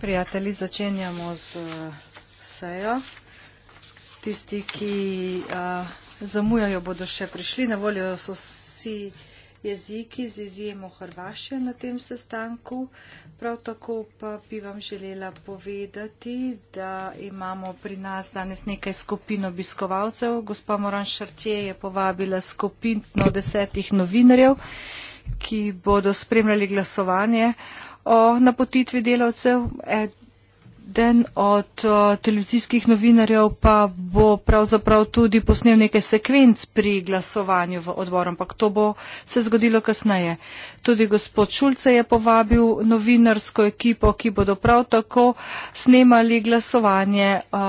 Prijatelji, začenjamo z eh, sejo. Tisti, ki eh, zamujajo, bodo še prišli. Na voljo so vsi jeziki, z izjemo Hrvaše na tem sestanku. Prav tako pa bi vam želela povedati, da imamo pri nas danes nekaj skupin obiskovalcev. Gospa Moran Šartje je povabila skupino desetih novinarjev, ki bodo spremljali glasovanje o napotitvi delavcev. Eden od o, televizijskih novinarjev pa bo pravzaprav tudi posnel nekaj sekvenc pri glasovanju v odboru, ampak to bo se zgodilo kasneje. Tudi gospod Šulce je povabil novinarsko ekipo, ki bodo prav tako snemali glasovanje o,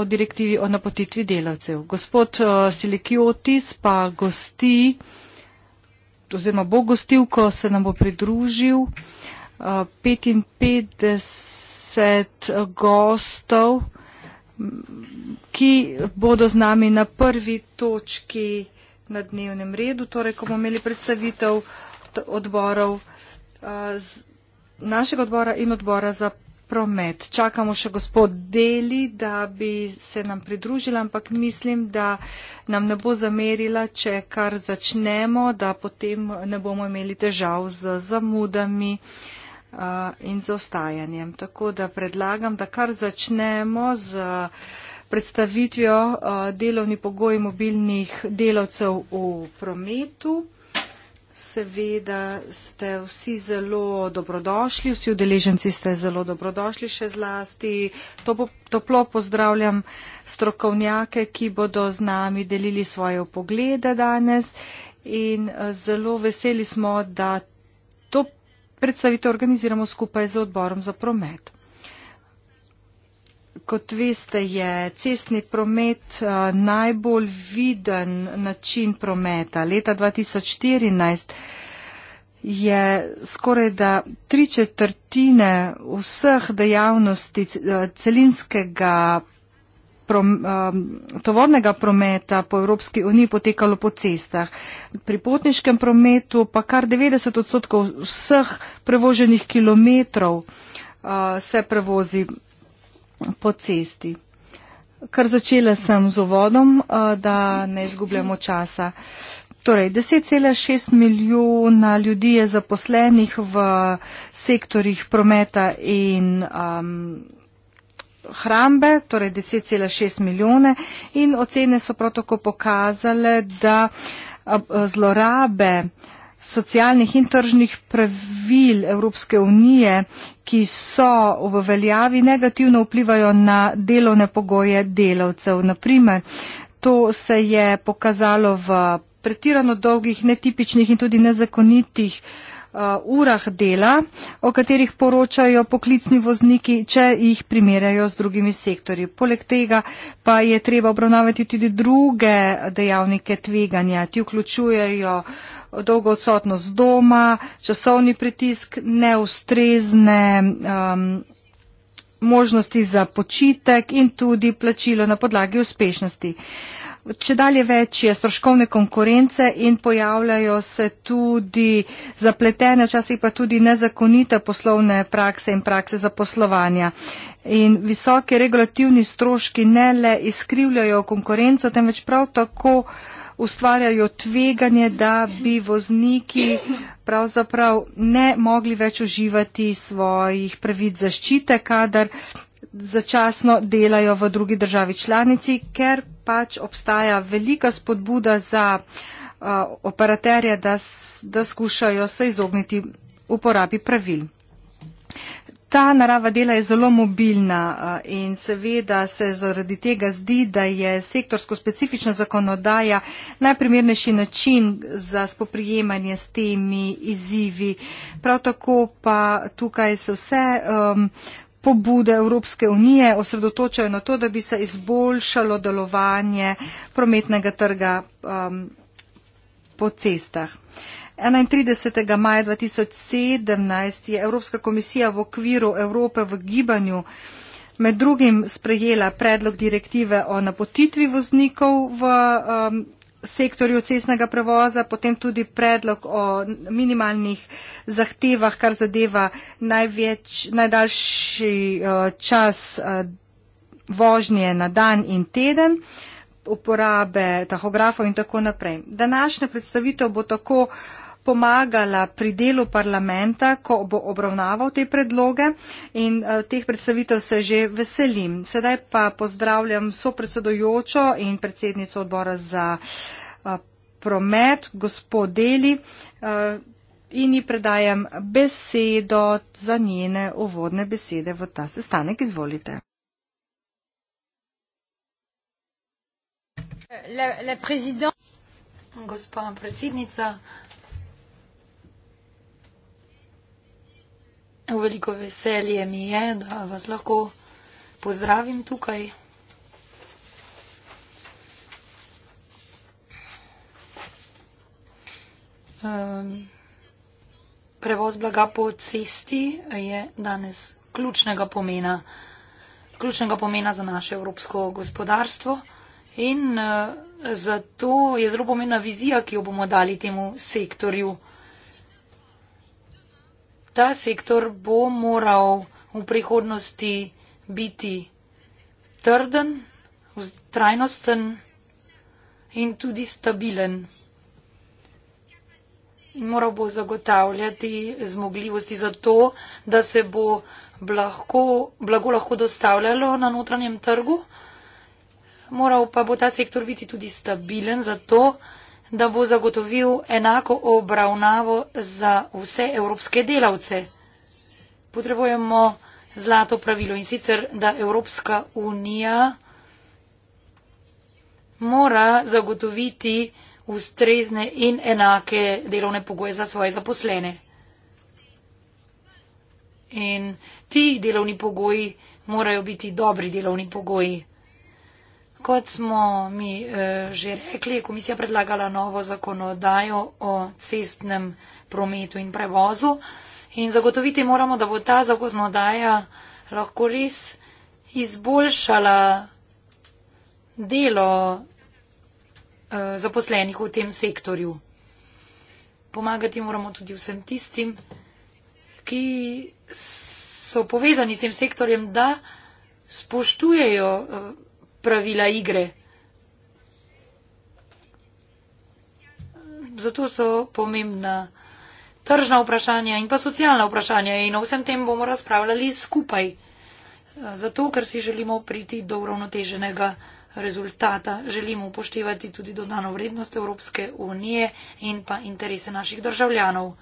o direktivi o napotitvi delavcev. Gospod Silikiotis pa gosti, oziroma bo gostil, ko se nam bo pridružil petinpetdeset gostov, ki bodo z nami na prvi točki na dnevnem redu, torej, ko bomo imeli predstavitev odborov našega odbora in odbora za promet. Čakamo še gospod Deli, da bi se nam pridružila, ampak mislim, da nam ne bo zamerila, če kar začnemo, da potem ne bomo imeli težav z zamudami. Uh, uh, in z ostajanjem. Tako da predlagam, da kar začnemo z predstavitvijo uh, delovni pogoji mobilnih delavcev v prometu. Seveda ste vsi zelo dobrodošli, vsi udeleženci ste zelo dobrodošli še zlasti. Toplo pozdravljam strokovnjake, ki bodo z nami delili svoje poglede danes in zelo veseli smo, da to predstavitev organiziramo skupaj z odborom za promet. Kot veste, je cestni promet eh, najbolj viden način prometa. Leta 2014 je skoraj da tri četrtine vseh dejavnosti eh, celinskega prom, um, tovornega prometa po Evropski uniji potekalo po cestah. Pri potniškem prometu pa kar 90 odstotkov vseh prevoženih kilometrov uh, se prevozi po cesti. Kar začela sem z uvodom, uh, da ne izgubljamo časa. Torej, 10,6 milijona ljudi je zaposlenih v sektorjih prometa in um, hrambe, torej 10,6 milijone in ocene so prav tako pokazale, da zlorabe socialnih in tržnih pravil Evropske unije, ki so v veljavi, negativno vplivajo na delovne pogoje delavcev. Naprimer, to se je pokazalo v pretirano dolgih, netipičnih in tudi nezakonitih uh, uh, urah dela, o katerih poročajo poklicni vozniki, če jih primerjajo z drugimi sektorji. Poleg tega pa je treba obravnavati tudi druge dejavnike tveganja. Ti vključujejo dolgo odsotnost doma, časovni pritisk, neustrezne. Um, možnosti za počitek in tudi plačilo na podlagi uspešnosti. Uh, Če dalje več je stroškovne konkurence in pojavljajo se tudi zapletene, včasih pa tudi nezakonite poslovne prakse in prakse zaposlovanja. In visoke regulativni stroški ne le izkrivljajo konkurenco, temveč prav tako ustvarjajo tveganje, da bi vozniki pravzaprav ne mogli več uživati svojih pravic zaščite, kadar začasno delajo v drugi državi članici, ker pač obstaja velika spodbuda za uh, operaterje, da, da skušajo se izogniti uporabi pravil. Ta narava dela je zelo mobilna uh, in seveda se zaradi tega zdi, da je sektorsko specifična zakonodaja najprimernejši način za spoprijemanje s temi izzivi. Prav tako pa tukaj se vse um, pobude Evropske unije osredotočajo na to, da bi se izboljšalo delovanje prometnega trga um, po cestah. 31. maja 2017 je Evropska komisija v okviru Evrope v gibanju med drugim sprejela predlog direktive o napotitvi voznikov v um, sektorju cestnega prevoza, potem tudi predlog o minimalnih zahtevah, kar zadeva največ, najdaljši eh, čas eh, vožnje na dan in teden, uporabe tahografov in tako naprej. Današnja predstavitev bo tako uh, pomagala pri delu parlamenta, ko bo obravnaval te predloge in uh, teh predstavitev se že veselim. Sedaj pa pozdravljam so predsedojočo in predsednico odbora za uh, promet, gospod Deli, uh, in ji predajam besedo za njene uvodne besede v ta sestanek. Izvolite. Le, le Gospa predsednica, Veliko veselje mi je, da vas lahko pozdravim tukaj. Um, prevoz blaga po cesti je danes ključnega pomena, ključnega pomena za naše evropsko gospodarstvo in uh, zato je zelo pomena vizija, ki jo bomo dali temu sektorju ta sektor bo moral v prihodnosti biti trden, trajnosten in tudi stabilen. In moral bo zagotavljati zmogljivosti za to, da se bo lahko, blago lahko dostavljalo na notranjem trgu. Moral pa bo ta sektor biti tudi stabilen za to, da da bo zagotovil enako obravnavo za vse evropske delavce. Potrebujemo zlato pravilo in sicer, da Evropska unija mora zagotoviti ustrezne in enake delovne pogoje za svoje zaposlene. In ti delovni pogoji morajo biti dobri delovni pogoji. Kot smo mi eh, že rekli, komisija predlagala novo zakonodajo o cestnem prometu in prevozu in zagotoviti moramo, da bo ta zakonodaja lahko res izboljšala delo eh, zaposlenih v tem sektorju. Pomagati moramo tudi vsem tistim, ki so povezani s tem sektorjem, da spoštujejo. Eh, pravila igre. Zato so pomembna tržna vprašanja in pa socialna vprašanja in o vsem tem bomo razpravljali skupaj. Zato, ker si želimo priti do uravnoteženega rezultata, želimo upoštevati tudi dodano vrednost Evropske unije in pa interese naših državljanov.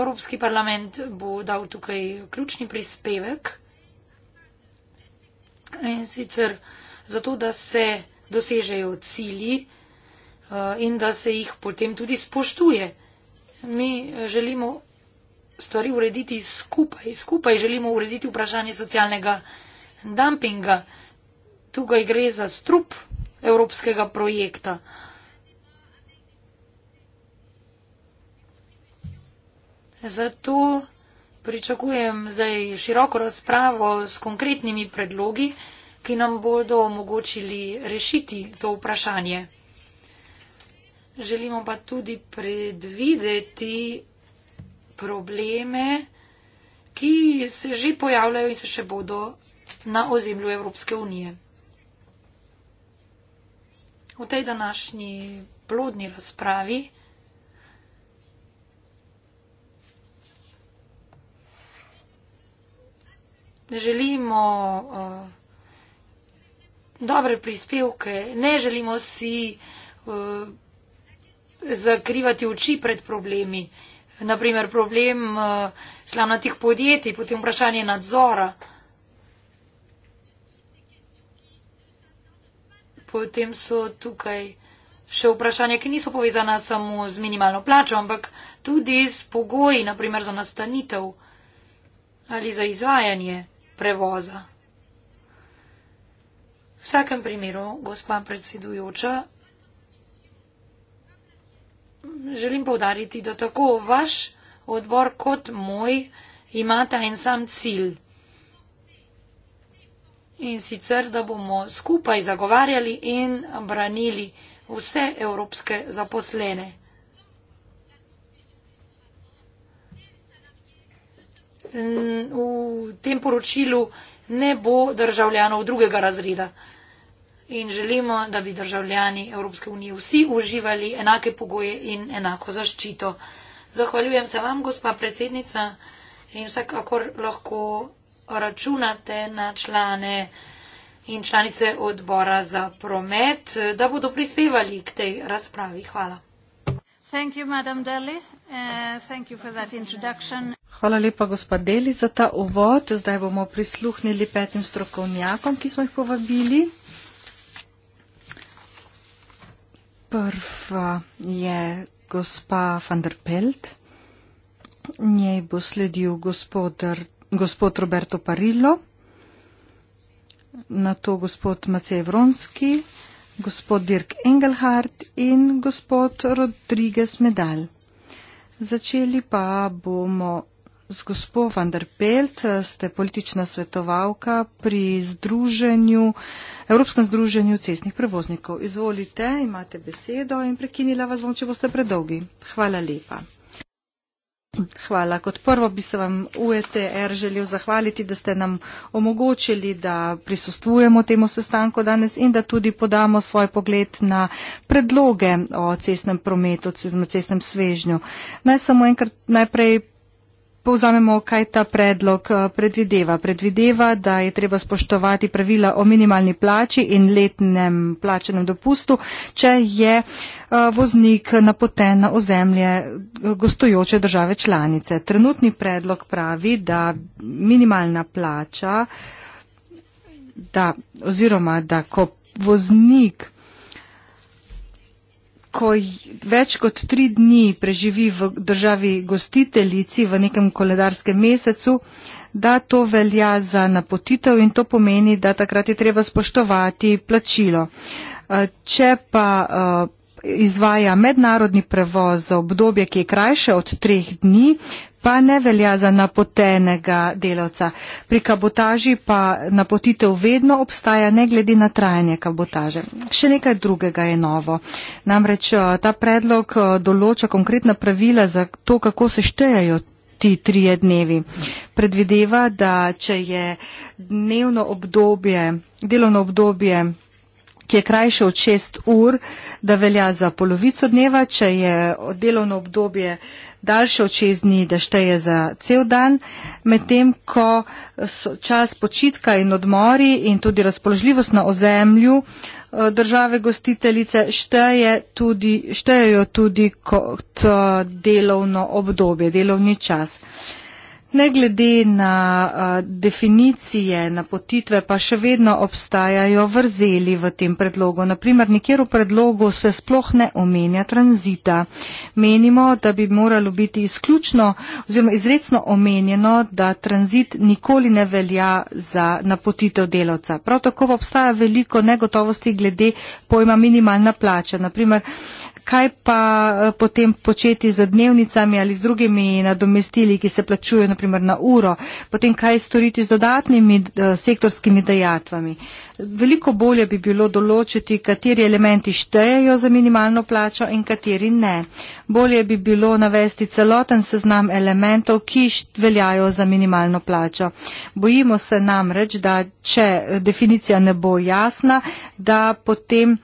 Evropski parlament bo dal tukaj ključni prispevek. In sicer zato, da se dosežejo cilji eh, in da se jih potem tudi spoštuje. Mi želimo stvari urediti skupaj, skupaj želimo urediti vprašanje socialnega dumpinga. Tukaj gre za strup evropskega projekta. Zato pričakujem zdaj široko razpravo s konkretnimi predlogi, ki nam bodo omogočili rešiti to vprašanje. Želimo pa tudi predvideti probleme, ki se že pojavljajo in se še bodo na ozemlju Evropske unije. V tej današnji plodni razpravi želimo eh, dobre prispevke, ne želimo si eh, zakrivati oči pred problemi. Naprimer, problem eh, slavnatih podjetij, potem vprašanje nadzora. Potem so tukaj še vprašanja, ki niso povezana samo z minimalno plačo, ampak tudi z pogoji, naprimer za nastanitev ali za izvajanje prevoza. V vsakem primeru, gospa predsedujoča, želim povdariti, da tako vaš odbor kot moj imata en sam cilj. In sicer, da bomo skupaj zagovarjali in branili vse evropske zaposlene. Mm, v tem poročilu ne bo državljanov drugega razreda. In želimo, da bi državljani Evropske unije vsi uživali enake pogoje in enako zaščito. Zahvaljujem se vam, gospa predsednica, in vsakakor lahko računate na člane in članice odbora za promet, da bodo prispevali k tej razpravi. Hvala. Thank you, Madam Deli. Uh, thank you for that introduction. Hvala lepa, gospod Deli, za ta uvod. Zdaj bomo prisluhnili petim strokovnjakom, ki smo jih povabili. Prva je gospa van der Pelt, njej bo sledil gospod, gospod Roberto Parillo, na to gospod Macej Vronski, gospod Dirk Engelhardt in gospod Rodriguez Medal. Začeli pa bomo Z gospo Van der Pelt eh, ste politična svetovalka pri združenju, Evropskem združenju cestnih prevoznikov. Izvolite, imate besedo in prekinila vas bom, če boste predolgi. Hvala lepa. Hvala. Kot prvo bi se vam UETR želel zahvaliti, da ste nam omogočili, da prisustujemo temu sestanku danes in da tudi podamo svoj pogled na predloge o cestnem prometu, o cestnem svežnju. Naj samo enkrat najprej povzamemo, kaj ta predlog eh, predvideva. Predvideva, da je treba spoštovati pravila o minimalni plači in letnem plačenem dopustu, če je eh, voznik napoten na ozemlje eh, gostujoče države članice. Trenutni predlog pravi, da minimalna plača, da, oziroma da ko voznik ko več kot tri dni preživi v državi gostiteljici v nekem koledarskem mesecu, da to velja za napotitev in to pomeni, da takrat je treba spoštovati plačilo. Eh, če pa eh, izvaja mednarodni prevoz za obdobje, ki je krajše od treh dni, pa ne velja za napotenega delavca. Pri kabotaži pa napotitev vedno obstaja, ne glede na trajanje kabotaže. Še nekaj drugega je novo. Namreč eh, ta predlog eh, določa konkretna pravila za to, kako se štejejo ti trije dnevi. Predvideva, da če je dnevno obdobje, delovno obdobje ki je krajše od 6 ur, da velja za polovico dneva, če je delovno obdobje daljše od 6 dni, da šteje za cel dan, medtem ko čas počitka in odmori in tudi razpoložljivost na ozemlju eh, države gostiteljice šteje tudi, štejejo tudi kot eh, delovno obdobje, delovni čas. Ne glede na a, definicije, napotitve, pa še vedno obstajajo vrzeli v tem predlogu. Naprimer, nikjer v predlogu se sploh ne omenja tranzita. Menimo, da bi moralo biti izključno oziroma izredno omenjeno, da tranzit nikoli ne velja za napotitev delavca. Prav tako obstaja veliko negotovosti glede pojma minimalna plača. Naprimer, kaj pa eh, potem početi z dnevnicami ali z drugimi nadomestili, ki se plačujejo naprimer na uro, potem kaj storiti z dodatnimi eh, sektorskimi dejatvami. Veliko bolje bi bilo določiti, kateri elementi štejejo za minimalno plačo in kateri ne. Bolje bi bilo navesti celoten seznam elementov, ki veljajo za minimalno plačo. Bojimo se namreč, da če definicija ne bo jasna, da potem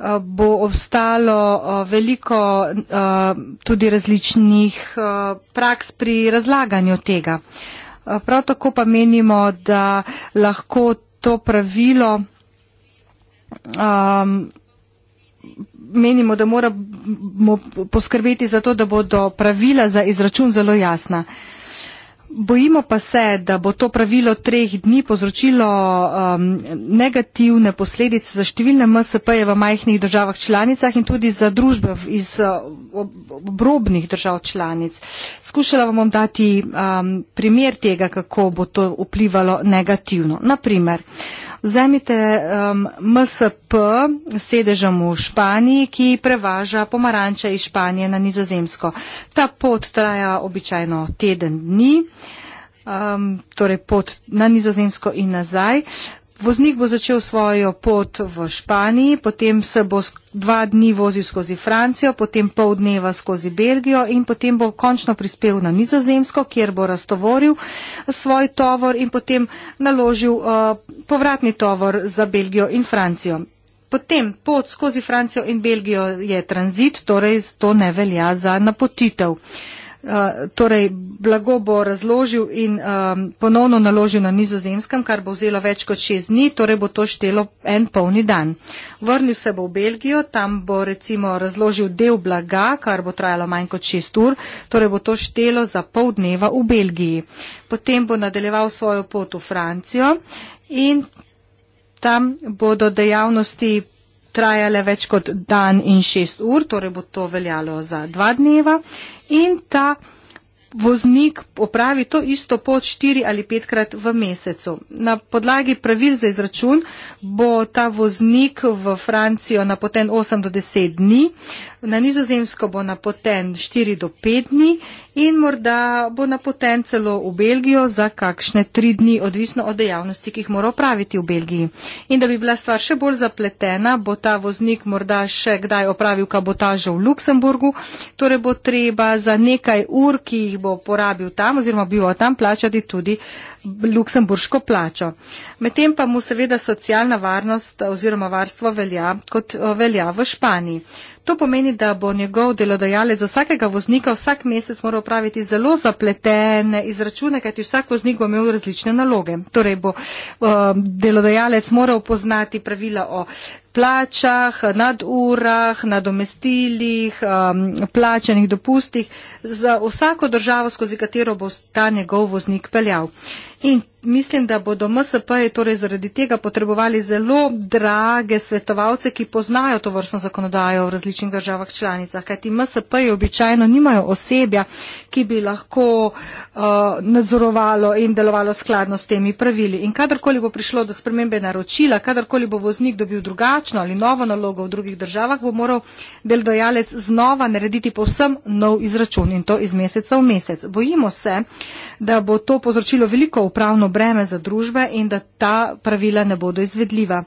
Eh, bo obstalo eh, veliko eh, tudi različnih praks pri razlaganju tega. Prav tako pa menimo, da lahko to pravilo, um, menimo, da moramo poskrbeti za to, da bodo pravila za izračun zelo jasna. Uh, Bojimo pa se, da bo to pravilo treh dni povzročilo um, negativne posledice za številne MSP-je v majhnih državah članicah in tudi za družbe iz uh, obrobnih držav članic. Skušala vam bom dati um, primer tega, kako bo to vplivalo negativno. Naprimer, Vzemite um, MSP s sedežem v Španiji, ki prevaža pomaranče iz Španije na nizozemsko. Ta pot traja običajno teden dni, um, torej pot na nizozemsko in nazaj. Uh, Voznik bo začel svojo pot v Španiji, potem se bo dva dni vozil skozi Francijo, potem pol dneva skozi Belgijo in potem bo končno prispel na nizozemsko, kjer bo raztovoril eh, svoj tovor in potem naložil uh, povratni tovor za Belgijo in Francijo. Potem pot skozi Francijo in Belgijo je tranzit, torej to ne velja za napotitev. Uh, Eh, torej blago bo razložil in um, ponovno naložil na nizozemskem, kar bo vzelo več kot šest dni, torej bo to štelo en polni dan. Vrnil se bo v Belgijo, tam bo recimo razložil del blaga, kar bo trajalo manj kot šest ur, torej bo to štelo za pol dneva v Belgiji. Potem bo nadaljeval svojo pot v Francijo in tam bodo dejavnosti trajale več kot dan in šest ur, torej bo to veljalo za dva dneva in ta voznik opravi to isto pot štiri ali petkrat v mesecu. Na podlagi pravil za izračun bo ta voznik v Francijo napoten 8 do 10 dni. Uh, na nizozemsko bo napoten 4 do 5 dni in morda bo napoten celo v Belgijo za kakšne 3 dni, odvisno od dejavnosti, ki jih mora opraviti v Belgiji. In da bi bila stvar še bolj zapletena, bo ta voznik morda še kdaj opravil kabotažo v Luksemburgu, torej bo treba za nekaj ur, ki jih bo porabil tam oziroma bil tam, plačati tudi luksemburško plačo. Medtem pa mu seveda socialna varnost oziroma varstvo velja kot eh, velja v Španiji. To pomeni, da bo njegov delodajalec za vsakega voznika vsak mesec moral praviti zelo zapletene izračune, kajti vsak voznik bo imel različne naloge. Torej bo um, delodajalec moral poznati pravila o plačah, nadurah, nadomestilih, um, plačanih dopustih za vsako državo, skozi katero bo ta njegov voznik peljal. In mislim, da bodo MSP-ji torej zaradi tega potrebovali zelo drage svetovalce, ki poznajo to vrstno zakonodajo v različnih državah članicah, kajti MSP-ji običajno nimajo osebja, ki bi lahko uh, nadzorovalo in delovalo skladno s temi pravili. In kadarkoli bo prišlo do spremembe naročila, kadarkoli bo voznik dobil drugače, davčno ali novo nalogo v drugih državah, bo moral delodajalec znova narediti povsem nov izračun in to iz meseca v mesec. Bojimo se, da bo to povzročilo veliko upravno breme za družbe in da ta pravila ne bodo izvedljiva.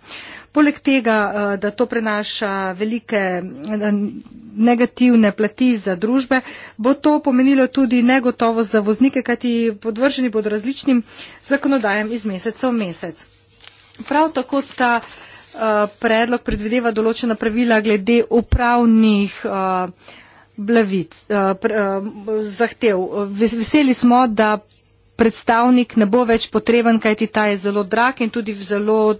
Poleg tega, eh, da to prenaša velike eh, negativne plati za družbe, bo to pomenilo tudi negotovost za voznike, kajti podvrženi bodo različnim zakonodajem iz meseca v mesec. Prav tako ta uh, Eh, predlog predvideva določena pravila glede upravnih eh, blavic, eh, zahtev. Veseli smo, da predstavnik ne bo več potreben, kajti ta je zelo drag in tudi zelo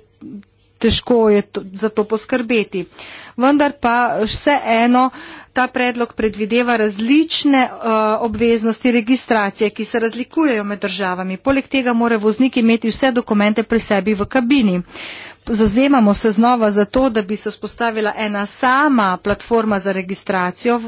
težko je za to poskrbeti. Vendar pa vse eno, ta predlog predvideva različne uh, obveznosti registracije, ki se razlikujejo med državami. Poleg tega mora voznik imeti vse dokumente pri sebi v kabini. Uh, Zavzemamo se znova za to, da bi se vzpostavila ena sama platforma za registracijo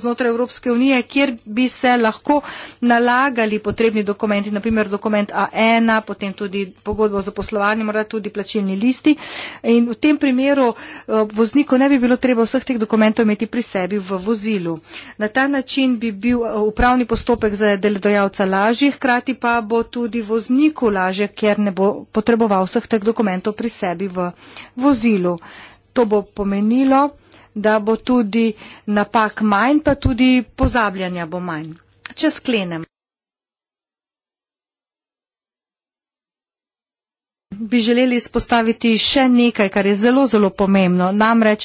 znotraj Evropske unije, kjer bi se lahko nalagali potrebni dokumenti, naprimer dokument A1, potem tudi pogodbo za poslovanje, morda tudi plačilni listi. In v tem primeru eh, vozniku ne bi bilo treba vseh teh dokumentov imeti pri sebi v vozilu. Na ta način bi bil eh, upravni postopek za delodajalca lažji, hkrati pa bo tudi vozniku lažje, ker ne bo potreboval vseh teh dokumentov pri sebi sebi v vozilu. To bo pomenilo, da bo tudi napak manj, pa tudi pozabljanja bo manj. Če sklenem. Bi želeli izpostaviti še nekaj, kar je zelo, zelo pomembno. Namreč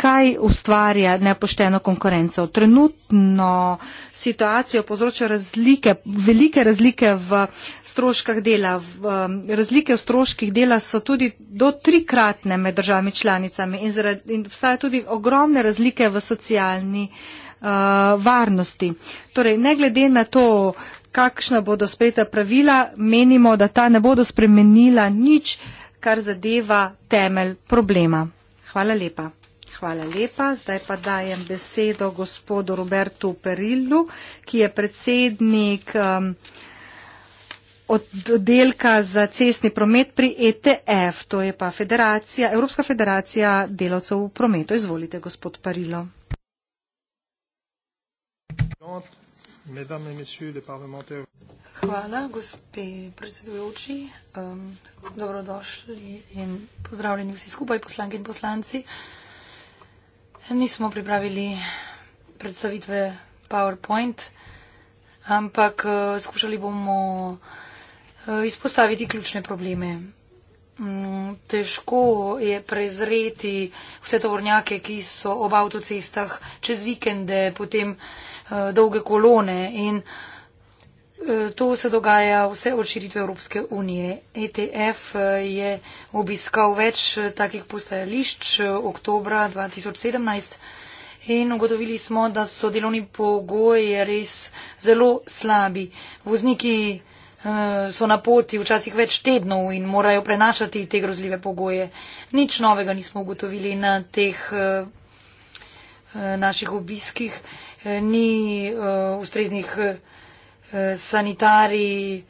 kaj ustvarja nepošteno konkurenco. Trenutno situacijo povzroča razlike, velike razlike v stroških dela. V, um, razlike v stroških dela so tudi do trikratne med državami članicami in, zaradi, in obstaja tudi ogromne razlike v socialni uh, varnosti. Torej, ne glede na to, kakšna bodo sprejeta pravila, menimo, da ta ne bodo spremenila nič, kar zadeva temelj problema. Hvala lepa. Hvala lepa. Zdaj pa dajem besedo gospodu Robertu Perillu, ki je predsednik um, oddelka za cestni promet pri ETF, to je pa federacija, Evropska federacija delavcev v prometu. Izvolite, gospod Perillo. Hvala, gospe predsedujoči. Um, dobrodošli in pozdravljeni vsi skupaj, poslanke in poslanci. Uh, Nismo pripravili predstavitve PowerPoint, ampak eh, skušali bomo eh, izpostaviti ključne probleme. Mm, težko je prezreti vse tovornjake, ki so ob avtocestah čez vikende, potem eh, dolge kolone in. E, to se dogaja vse od širitve Evropske unije. ETF e, je obiskal več e, takih postajališč oktobra 2017 in ugotovili smo, da so delovni pogoji res zelo slabi. Vozniki so na poti včasih več tednov in morajo prenašati te grozljive pogoje. Nič novega nismo ugotovili na teh naših obiskih, ni ustreznih. Uh, Eh, sanitari,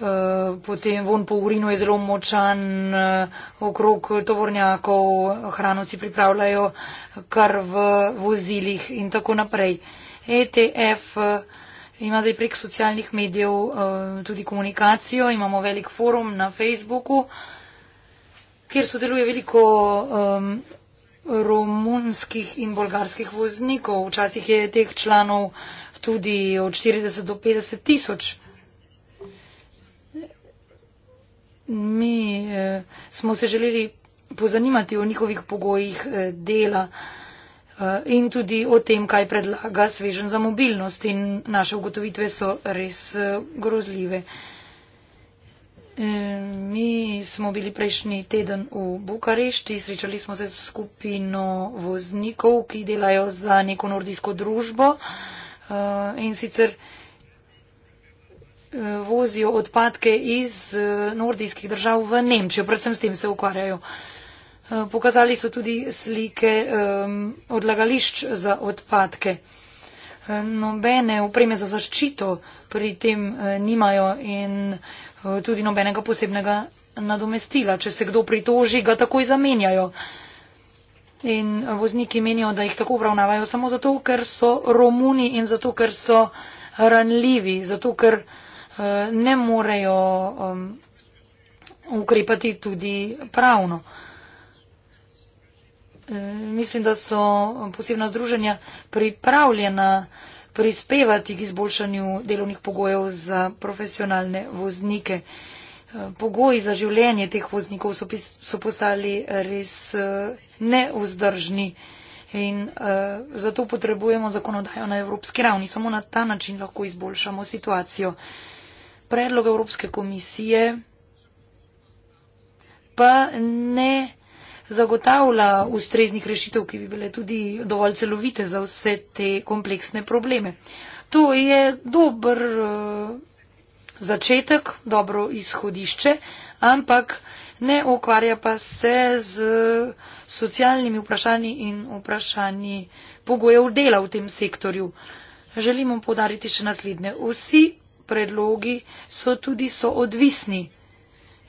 eh, potem von po urinu je zelo močan, eh, okrog tovornjakov hrano si pripravljajo kar v vozilih in tako naprej. ETF ima zdaj prek socialnih medijev tudi komunikacijo, imamo velik forum na Facebooku, kjer sodeluje veliko um, romunskih in bolgarskih voznikov. Včasih je teh članov tudi od 40 do 50 tisoč. Mi eh, smo se želeli pozanimati o njihovih pogojih eh, dela eh, in tudi o tem, kaj predlaga svežen za mobilnost in naše ugotovitve so res eh, grozljive. Eh, mi smo bili prejšnji teden v Bukarešti, srečali smo se s skupino voznikov, ki delajo za neko nordijsko družbo uh, in sicer eh, vozijo odpadke iz eh, nordijskih držav v Nemčijo, predvsem s tem se ukvarjajo. Pokazali so tudi slike odlagališč za odpadke. Nobene upreme za zaščito pri tem nimajo in tudi nobenega posebnega nadomestila. Če se kdo pritoži, ga takoj zamenjajo. In vozniki menijo, da jih tako obravnavajo samo zato, ker so Romuni in zato, ker so ranljivi, zato, ker uh, ne morejo um, ukrepati tudi pravno. Eh, mislim, da so posebna združenja pripravljena prispevati k izboljšanju delovnih pogojev za profesionalne voznike. Uh, pogoji za življenje teh voznikov so, pis, so postali res eh, neuzdržni in uh, zato potrebujemo zakonodajo na evropski ravni. Samo na ta način lahko izboljšamo situacijo. Predlog Evropske komisije pa ne zagotavlja ustreznih rešitev, ki bi bile tudi dovolj celovite za vse te kompleksne probleme. To je dober. Uh, začetek, dobro izhodišče, ampak ne ukvarja pa se z socialnimi vprašanji in vprašanji pogojev dela v tem sektorju. Želimo podariti še naslednje. Vsi predlogi so tudi soodvisni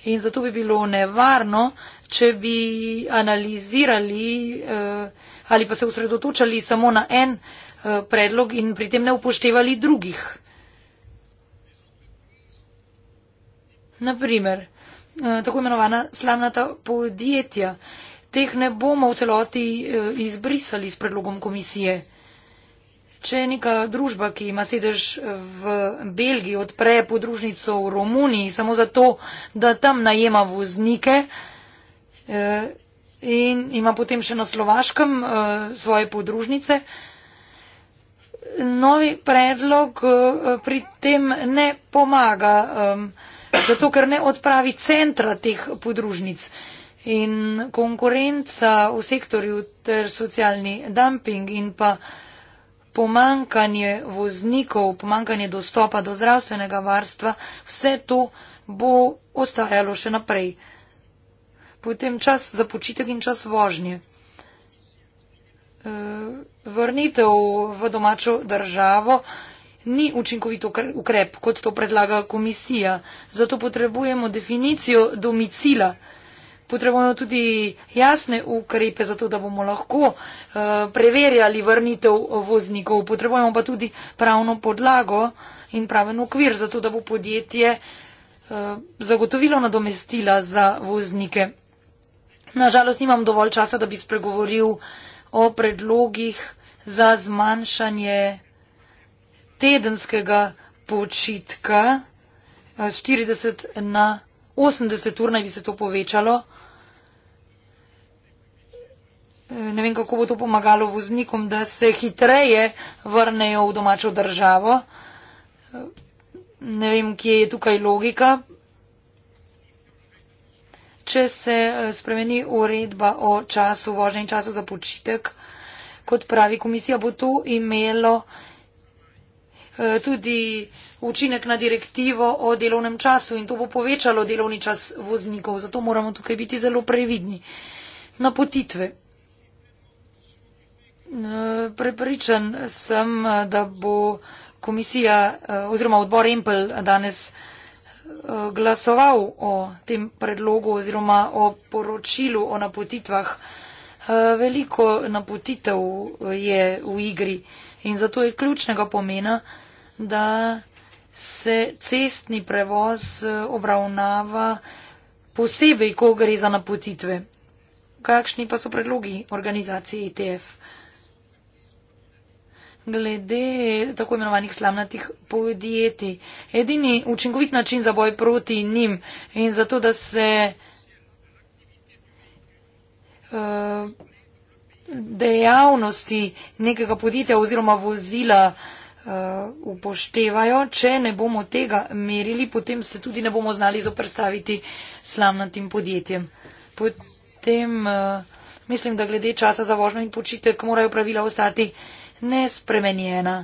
in zato bi bilo nevarno, če bi analizirali eh, ali pa se usredotočali samo na en eh, predlog in pri tem ne upoštevali drugih. Naprimer, eh, tako imenovana slamnata podjetja. Teh ne bomo v celoti eh, izbrisali s predlogom komisije. Če neka družba, ki ima sedež v Belgiji, odpre podružnico v Romuniji samo zato, da tam najema voznike eh, in ima potem še na Slovaškem svoje podružnice, novi predlog pri tem ne pomaga zato ker ne odpravi centra teh podružnic. In konkurenca v sektorju ter socialni dumping in pa pomankanje voznikov, pomankanje dostopa do zdravstvenega varstva, vse to bo ostajalo še naprej. Potem čas za počitek in čas vožnje. Eh, vrnitev v domačo državo ni učinkovito ukrep, kot to predlaga komisija. Zato potrebujemo definicijo domicila. Potrebujemo tudi jasne ukrepe, zato da bomo lahko uh, preverjali vrnitev voznikov. Potrebujemo pa tudi pravno podlago in praven okvir, zato da bo podjetje uh, zagotovilo nadomestila za voznike. Nažalost, nimam dovolj časa, da bi spregovoril o predlogih za zmanjšanje tedenskega počitka, 40 eh, na 80 ur naj bi se to povečalo. Eh, ne vem, kako bo to pomagalo voznikom, da se hitreje vrnejo v domačo državo. Eh, ne vem, kje je tukaj logika. Če se spremeni uredba o času vožnje in času za počitek, kot pravi komisija, bo to imelo Eh, tudi učinek na direktivo o delovnem času in to bo povečalo delovni čas voznikov, zato moramo tukaj biti zelo previdni. Napotitve. Eh, prepričan sem, da bo komisija eh, oziroma odbor Empel danes glasoval o tem predlogu oziroma o poročilu o napotitvah. Veliko napotitev je v igri in zato je ključnega pomena, da se cestni prevoz eh, obravnava posebej, ko gre za napotitve. Kakšni pa so predlogi organizacije ITF? Glede tako imenovanih slamnatih podjetij. Edini učinkovit način za boj proti njim in zato, da se uh, dejavnosti nekega podjetja oziroma vozila uh, uh, upoštevajo. Če ne bomo tega merili, potem se tudi ne bomo znali zoprstaviti slamnatim podjetjem. Potem uh, mislim, da glede časa za vožnjo in počitek morajo pravila ostati nespremenjena.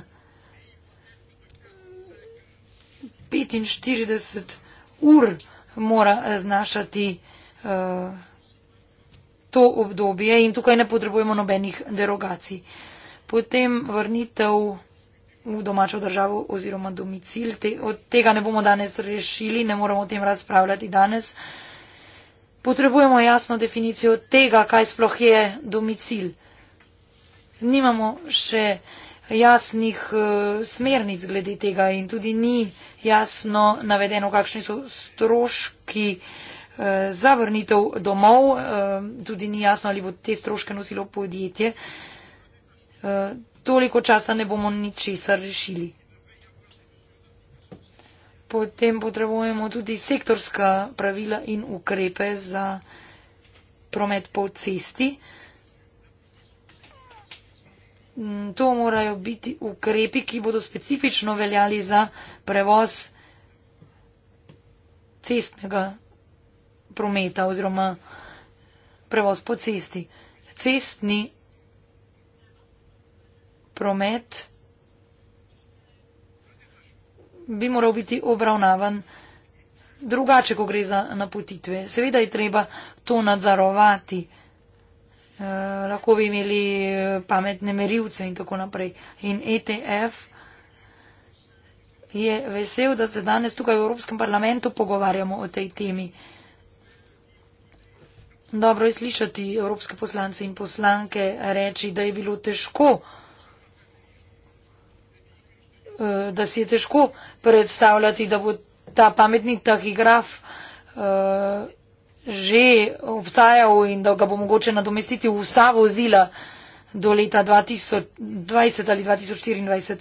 45 ur mora znašati uh, to obdobje in tukaj ne potrebujemo nobenih derogacij. Potem vrnitev v domačo državo oziroma domicil. Te, od tega ne bomo danes rešili, ne moramo o tem razpravljati danes. Potrebujemo jasno definicijo tega, kaj sploh je domicil. Nimamo še jasnih uh, smernic glede tega in tudi ni jasno navedeno, kakšni so stroški uh, za vrnitev domov. Uh, tudi ni jasno, ali bo te stroške nosilo podjetje. Uh, toliko časa ne bomo ničesar rešili. Potem potrebujemo tudi sektorska pravila in ukrepe za promet po cesti. Mm, to morajo biti ukrepi, ki bodo specifično veljali za prevoz cestnega prometa oziroma prevoz po cesti. Cestni promet bi moral biti obravnavan drugače, ko gre za napotitve. Seveda je treba to nadzorovati. E, lahko bi imeli eh, pametne merilce in tako naprej. In ETF je vesel, da se danes tukaj v Evropskem parlamentu pogovarjamo o tej temi. Dobro je slišati evropske poslance in poslanke reči, da je bilo težko. Eh, da si je težko predstavljati, da bo ta pametni tahigraf eh, že obstajal in da ga bo mogoče nadomestiti vsa vozila do leta 2020 ali 2024.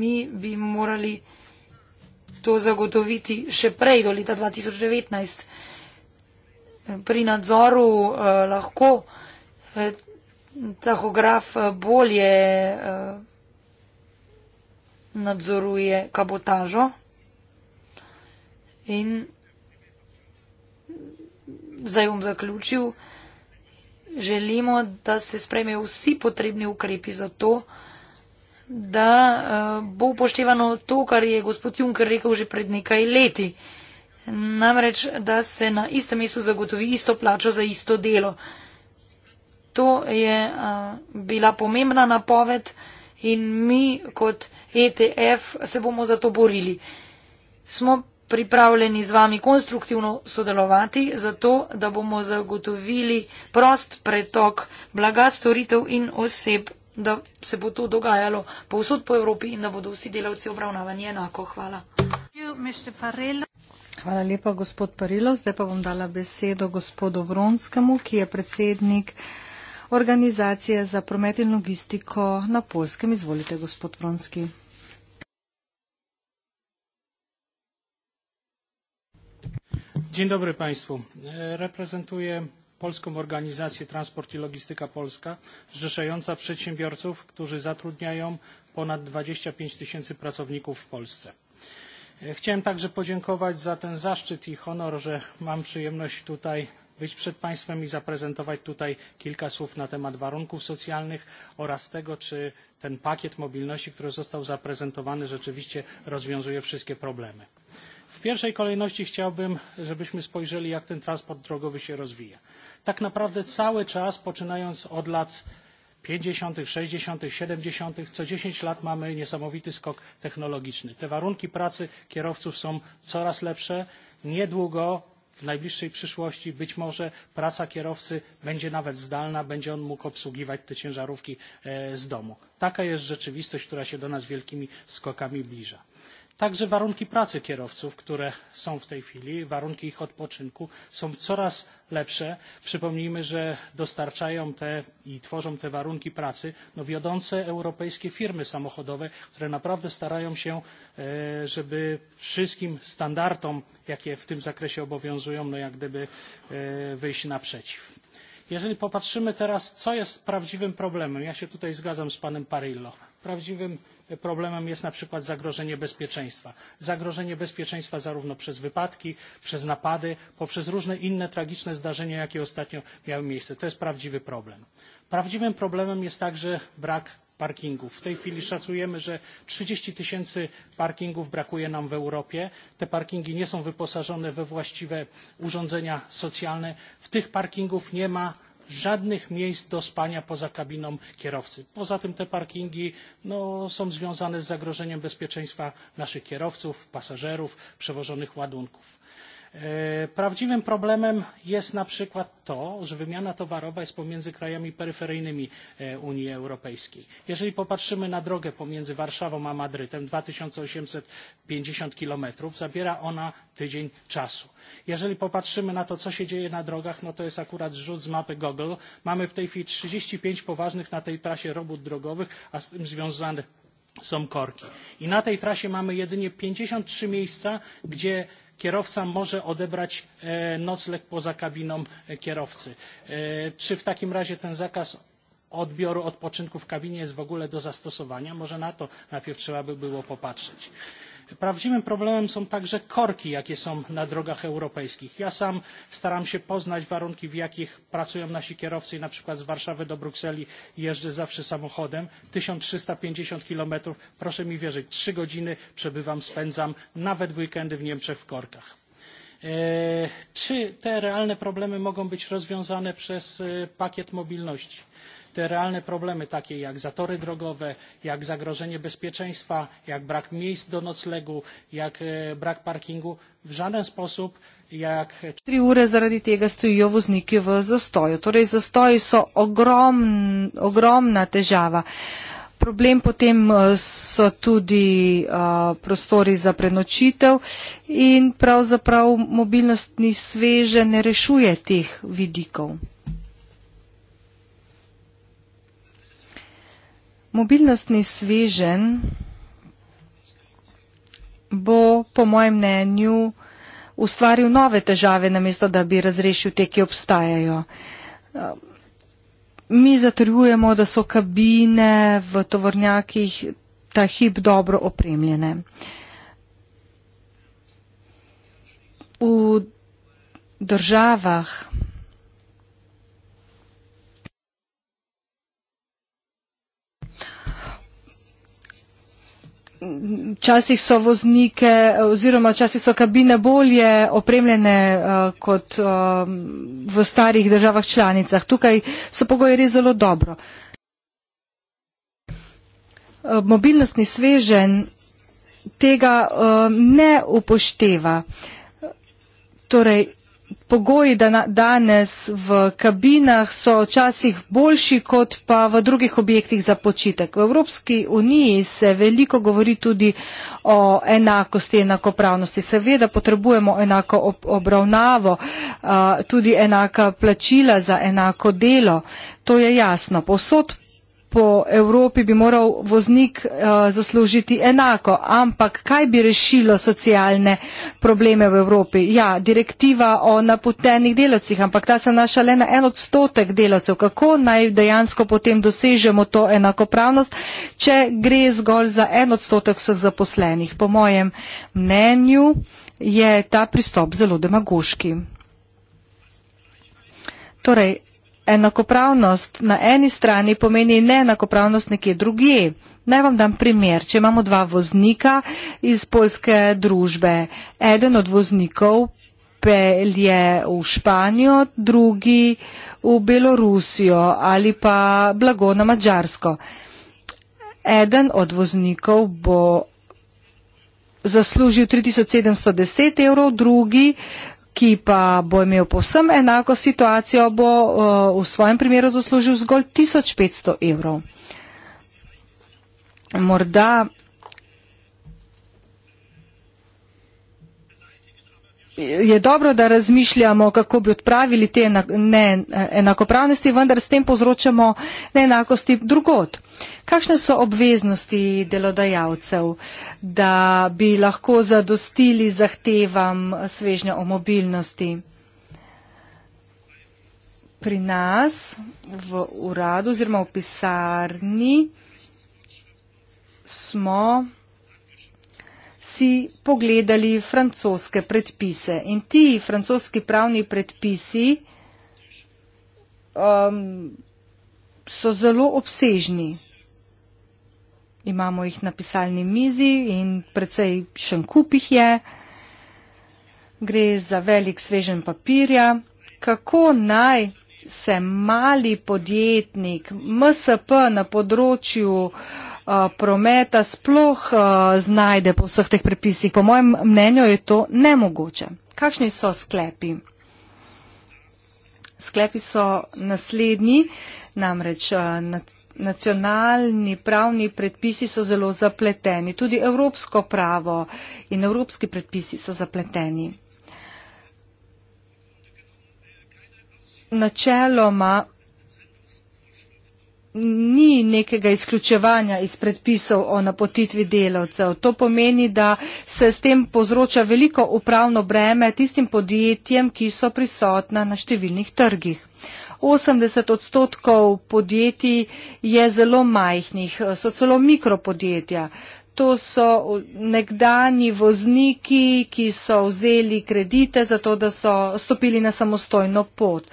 Mi bi morali to zagotoviti še prej do leta 2019 pri nadzoru eh, lahko eh, tahograf eh, bolje eh, nadzoruje kabotažo in zdaj bom zaključil, želimo, da se spremejo vsi potrebni ukrepi za to, da eh, bo upoštevano to, kar je gospod Juncker rekel že pred nekaj leti. Eh, Namreč, da se na istem mestu zagotovi isto plačo za isto delo. To je a, bila pomembna napoved in mi kot ETF se bomo za to borili. Smo pripravljeni z vami konstruktivno sodelovati, zato da bomo zagotovili prost pretok blaga, storitev in oseb, da se bo to dogajalo povsod po Evropi in da bodo vsi delavci obravnavani enako. Hvala. Hvala lepa, gospod Parilo. Zdaj pa bom dala besedo gospodu Vronskemu, ki je predsednik organizacije za promet in logistiko na Polskem. Izvolite, gospod Vronski. Dzień dobry Państwu. E, reprezentuję Polską Organizację Transport i Logistyka Polska, zrzeszająca przedsiębiorców, którzy zatrudniają ponad 25 tysięcy pracowników w Polsce. E, chciałem także podziękować za ten zaszczyt i honor, że mam przyjemność tutaj być przed Państwem i zaprezentować tutaj kilka słów na temat warunków socjalnych oraz tego, czy ten pakiet mobilności, który został zaprezentowany, rzeczywiście rozwiązuje wszystkie problemy. W pierwszej kolejności chciałbym, żebyśmy spojrzeli, jak ten transport drogowy się rozwija. Tak naprawdę cały czas, poczynając od lat 50., 60., 70., co 10 lat mamy niesamowity skok technologiczny. Te warunki pracy kierowców są coraz lepsze. Niedługo, w najbliższej przyszłości, być może praca kierowcy będzie nawet zdalna, będzie on mógł obsługiwać te ciężarówki e, z domu. Taka jest rzeczywistość, która się do nas wielkimi skokami bliża. Także warunki pracy kierowców, które są w tej chwili, warunki ich odpoczynku są coraz lepsze. Przypomnijmy, że dostarczają te i tworzą te warunki pracy no, wiodące europejskie firmy samochodowe, które naprawdę starają się, e, żeby wszystkim standardom, jakie w tym zakresie obowiązują, no, jak gdyby e, wyjść naprzeciw. Jeżeli popatrzymy teraz, co jest prawdziwym problemem, ja się tutaj zgadzam z panem Parillo, prawdziwym problemem, problemem jest na przykład zagrożenie bezpieczeństwa. Zagrożenie bezpieczeństwa zarówno przez wypadki, przez napady, poprzez różne inne tragiczne zdarzenia, jakie ostatnio miały miejsce. To jest prawdziwy problem. Prawdziwym problemem jest także brak parkingów. W tej chwili szacujemy, że 30 tysięcy parkingów brakuje nam w Europie. Te parkingi nie są wyposażone we właściwe urządzenia socjalne. W tych parkingów nie ma żadnych miejsc do spania poza kabiną kierowcy. Poza tym te parkingi no, są związane z zagrożeniem bezpieczeństwa naszych kierowców, pasażerów, przewożonych ładunków. E, prawdziwym problemem jest na przykład to, że wymiana towarowa jest pomiędzy krajami peryferyjnymi e, Unii Europejskiej. Jeżeli popatrzymy na drogę pomiędzy Warszawą a Madrytem, 2850 kilometrów, zabiera ona tydzień czasu. Jeżeli popatrzymy na to, co się dzieje na drogach, no to jest akurat rzut z mapy Google. Mamy w tej chwili 35 poważnych na tej trasie robót drogowych, a z tym związane są korki. I na tej trasie mamy jedynie 53 miejsca, gdzie kierowca może odebrać e, nocleg poza kabiną e, kierowcy. E, czy w takim razie ten zakaz odbioru odpoczynku w kabinie jest w ogóle do zastosowania? Może na to najpierw trzeba by było popatrzeć. Prawdziwym problemem są także korki, jakie są na drogach europejskich. Ja sam staram się poznać warunki, w jakich pracują nasi kierowcy i na przykład z Warszawy do Brukseli jeżdżę zawsze samochodem. 1350 kilometrów, proszę mi wierzyć, 3 godziny przebywam, spędzam nawet w weekendy w Niemczech w korkach. E, czy te realne problemy mogą być rozwiązane przez e, pakiet mobilności? te realne problemy, takie jak zatory drogowe, jak zagrożenie bezpieczeństwa, jak brak miejsc do noclegu, jak e, brak parkingu, w żaden sposób. Jak... Tri ure zaradi tega stojijo vozniki v zastoju. Torej, zastoji so ogrom, ogromna težava. Problem potem e, so tudi uh, prostori za prenočitev in pravzaprav mobilnostni sveže ne rešuje teh vidikov. Mobilnostni svežen bo, po mojem mnenju, ustvaril nove težave, namesto da bi razrešil te, ki obstajajo. Mi zatrjujemo, da so kabine v tovornjakih ta hip dobro opremljene. V državah, včasih so voznike eh, oziroma včasih so kabine bolje opremljene eh, kot eh, v starih državah članicah. Tukaj so pogoji res zelo dobro. Mobilnostni svežen tega ne upošteva. Torej, pogoji danes v kabinah so včasih boljši kot pa v drugih objektih za počitek. V Evropski uniji se veliko govori tudi o enakosti, enakopravnosti. Seveda potrebujemo enako obravnavo, tudi enaka plačila za enako delo. To je jasno. Posod po Evropi bi moral voznik eh, zaslužiti enako, ampak kaj bi rešilo socialne probleme v Evropi? Ja, direktiva o napotenih delavcih, ampak ta se naša le na en odstotek delavcev. Kako naj dejansko potem dosežemo to enakopravnost, če gre zgolj za en odstotek vseh zaposlenih? Po mojem mnenju je ta pristop zelo demagoški. Torej, enakopravnost na eni strani pomeni neenakopravnost nekje drugje. Naj vam dam primer. Če imamo dva voznika iz polske družbe, eden od voznikov pelje v Španijo, drugi v Belorusijo ali pa blago na Mačarsko. Eden od voznikov bo zaslužil 3710 evrov, drugi ki pa bo imel povsem enako situacijo, bo eh, v svojem primeru zaslužil zgolj 1500 evrov. Morda je dobro, da razmišljamo, kako bi odpravili te neenakopravnosti, vendar s tem povzročamo neenakosti drugot. Kakšne so obveznosti delodajalcev, da bi lahko zadostili zahtevam svežnja o mobilnosti? Pri nas v uradu oziroma v pisarni smo si pogledali francoske predpise. In ti francoski pravni predpisi um, so zelo obsežni. Imamo jih na pisalni mizi in precej še kup jih je. Gre za velik svežen papirja. Kako naj se mali podjetnik MSP na področju uh, Eh, prometa sploh eh, znajde po vseh teh prepisih. Po mojem mnenju je to nemogoče. Kakšni so sklepi? Sklepi so naslednji, namreč eh, nacionalni pravni predpisi so zelo zapleteni, tudi evropsko pravo in evropski predpisi so zapleteni. Načeloma ni nekega izključevanja iz predpisov o napotitvi delavcev. To pomeni, da se s tem povzroča veliko upravno breme tistim podjetjem, ki so prisotna na številnih trgih. 80 odstotkov podjetij je zelo majhnih, so celo mikropodjetja to so nekdani vozniki, ki so vzeli kredite za to, da so stopili na samostojno pot.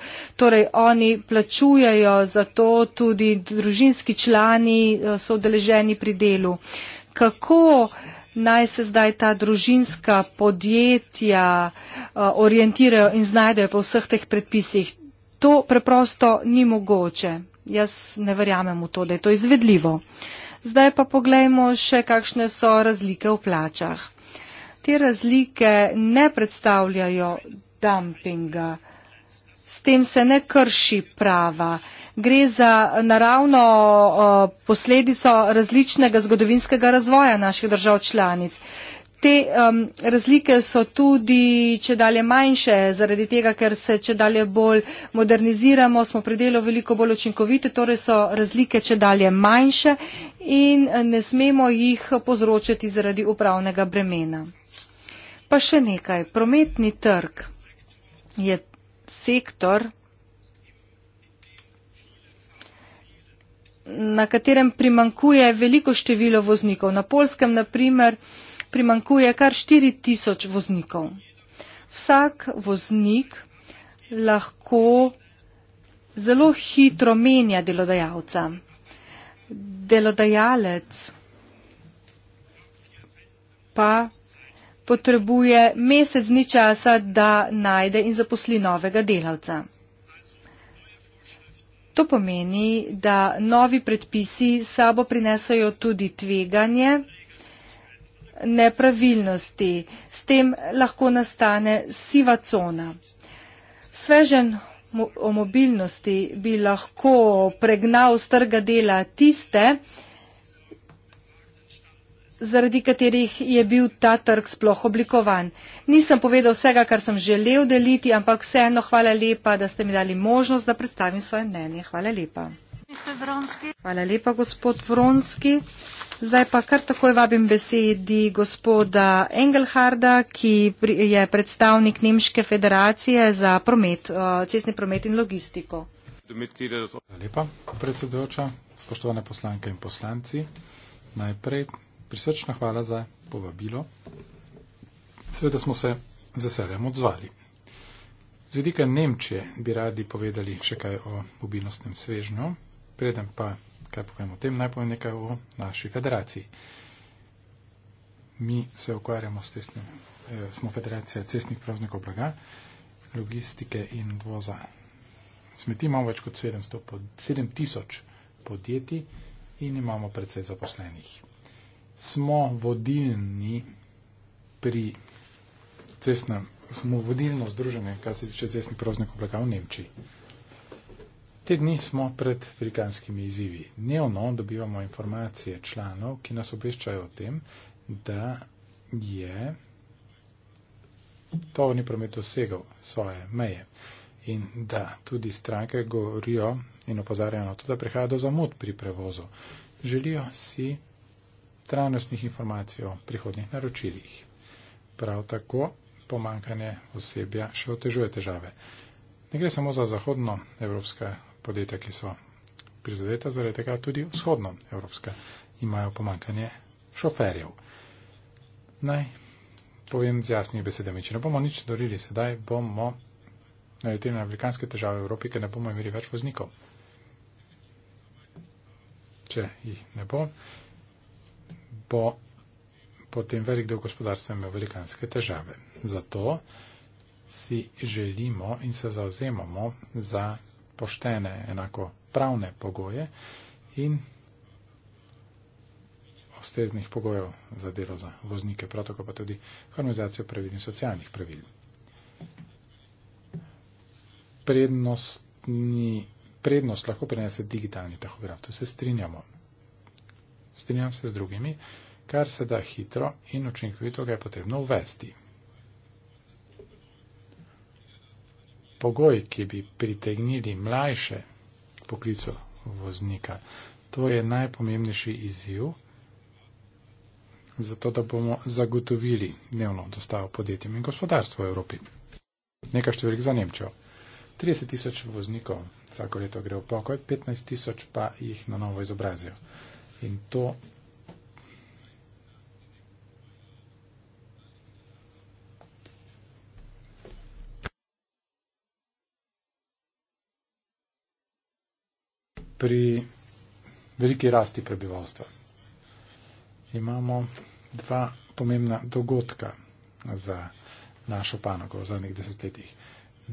Torej, oni plačujejo za to, tudi družinski člani eh, so odeleženi pri delu. Kako naj se zdaj ta družinska podjetja eh, orientirajo in znajdejo po vseh teh predpisih? To preprosto ni mogoče. Jaz ne verjamem v to, da je to izvedljivo. Uh, Zdaj pa pogledajmo še, kakšne so razlike v plačah. Te razlike ne predstavljajo dumpinga. S tem se ne krši prava. Gre za naravno posledico različnega zgodovinskega razvoja naših držav članic. Te um, razlike so tudi če dalje manjše, zaradi tega, ker se če dalje bolj moderniziramo, smo pri delu veliko bolj učinkovite, torej so razlike če dalje manjše in eh, ne smemo jih povzročiti zaradi upravnega bremena. Pa še nekaj. Prometni trg je sektor, na katerem primankuje veliko število voznikov. Na polskem, naprimer, primankuje kar 4000 voznikov. Vsak voznik lahko zelo hitro menja delodajalca. Delodajalec pa potrebuje mesec dni časa, da najde in zaposli novega delavca. To pomeni, da novi predpisi sabo prinesajo tudi tveganje, nepravilnosti. S tem lahko nastane siva cona. Svežen o mobilnosti bi lahko pregnal z trga dela tiste, zaradi katerih je bil ta trg sploh oblikovan. Nisem povedal vsega, kar sem želel deliti, ampak vseeno hvala lepa, da ste mi dali možnost, da predstavim svoje mnenje. Hvala lepa. Hvala lepa, gospod Vronski. Zdaj pa kar takoj vabim besedi gospoda Engelharda, ki je predstavnik Nemške federacije za promet, eh, cestni promet in logistiko. Lepa, predsedujoča, spoštovane poslanke in poslanci. Najprej prisrčna hvala za povabilo. Sveda smo se z veseljem odzvali. Z vidika Nemčije bi radi povedali še kaj o mobilnostnem svežnju, preden pa kaj povem o tem, naj povem nekaj o naši federaciji. Mi se ukvarjamo s cestnim, eh, smo federacija cestnih pravznikov blaga, logistike in dvoza. Smeti imamo več kot 700, 7000 podjetij in imamo predvsej zaposlenih. Smo vodilni pri cestnem, smo vodilno združenje, kar se tiče cestnih pravznikov blaga v Nemčiji. Te dni smo pred velikanskimi izzivi. Dnevno dobivamo informacije članov, ki nas obveščajo o tem, da je tovorni promet dosegel svoje meje in da tudi stranke govorijo in opozarjajo na to, da prihaja do zamud pri prevozu. Želijo si trajnostnih informacij o prihodnih naročilih. Prav tako pomankanje osebja še otežuje težave. Ne gre samo za zahodno evropske podjetja, ki so prizadeta, zaradi tega tudi vzhodno evropska imajo pomankanje šoferjev. Naj povem z jasnimi besedami, če ne bomo nič dorili sedaj, bomo naleteli na velikanske težave v Evropi, ker ne bomo imeli več voznikov. Če jih ne bo, bo potem velik del gospodarstva imel velikanske težave. Zato si želimo in se zauzemamo za poštene, enako pravne pogoje in osteznih pogojev za delo za voznike, prav tako pa tudi harmonizacijo pravil in socialnih pravil. Prednostni, prednost lahko prenese digitalni tahograf, to se strinjamo. Strinjam se z drugimi, kar se da hitro in učinkovito ga je potrebno uvesti. pogoj, ki bi pritegnili mlajše poklico voznika. To je najpomembnejši izziv, zato da bomo zagotovili dnevno dostavo podjetjem in gospodarstvu v Evropi. Nekaj številk za Nemčijo. 30 tisoč voznikov vsako leto gre v pokoj, 15 tisoč pa jih na novo izobrazijo. In to pri veliki rasti prebivalstva. Imamo dva pomembna dogodka za našo panogo v zadnjih desetletjih.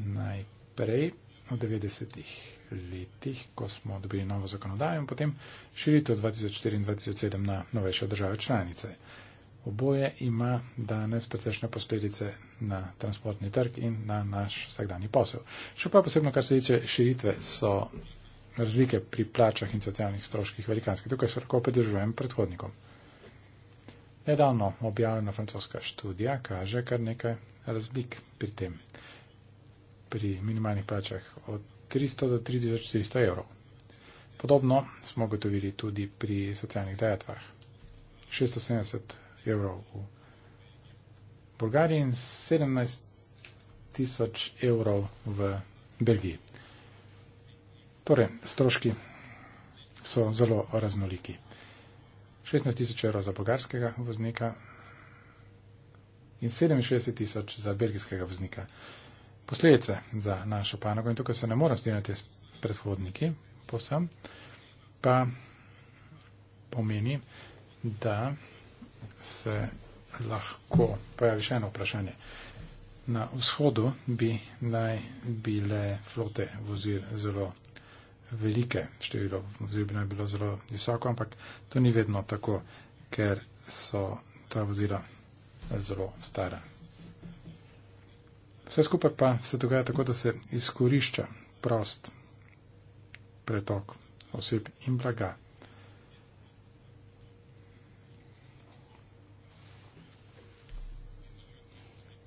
Najprej v 90-ih letih, ko smo dobili novo zakonodajo in potem širitev 2004 in 2007 na novejše države članice. Oboje ima danes precejšnje posledice na transportni trg in na naš vsakdani posel. Še pa posebno, kar se tiče širitve, so razlike pri plačah in socialnih stroških velikanskih. Tukaj se lahko pridržujem predhodnikom. Nedavno objavljena francoska študija kaže kar nekaj razlik pri tem, pri minimalnih plačah od 300 do 3400 evrov. Podobno smo gotovili tudi pri socialnih dajatvah. 670 evrov v Bulgariji in 17 tisoč evrov v Belgiji. Torej, stroški so zelo raznoliki. 16 tisoč evrov za bolgarskega voznika in 67 tisoč za belgijskega voznika. Posledice za našo panogo, in tukaj se ne moram strinjati s predhodniki, posem, pa pomeni, da se lahko pojavi še eno vprašanje. Na vzhodu bi naj bile flote vozil zelo velike število, oziroma naj bi bilo zelo visoko, ampak to ni vedno tako, ker so ta vozila zelo stara. Vse skupaj pa se dogaja tako, da se izkorišča prost pretok oseb in blaga.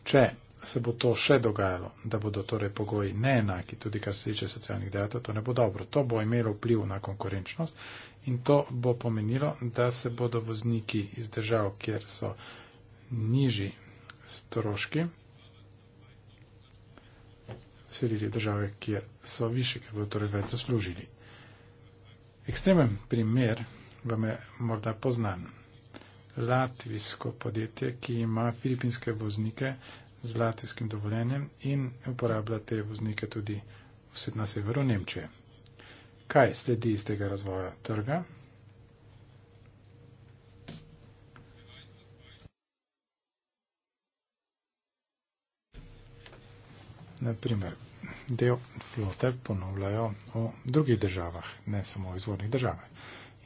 Če se bo to še dogajalo, da bodo torej pogoji neenaki, tudi kar se tiče socialnih dejatov, to ne bo dobro. To bo imelo vpliv na konkurenčnost in to bo pomenilo, da se bodo vozniki iz držav, kjer so nižji stroški, selili v države, kjer so više, ker bodo torej več zaslužili. Ekstremen primer vam je morda poznan. Latvijsko podjetje, ki ima filipinske voznike, z latvijskim dovoljenjem in uporablja te voznike tudi na severu Nemčije. Kaj sledi iz tega razvoja trga? Naprimer, del flote ponovljajo v drugih državah, ne samo v izvornih državah.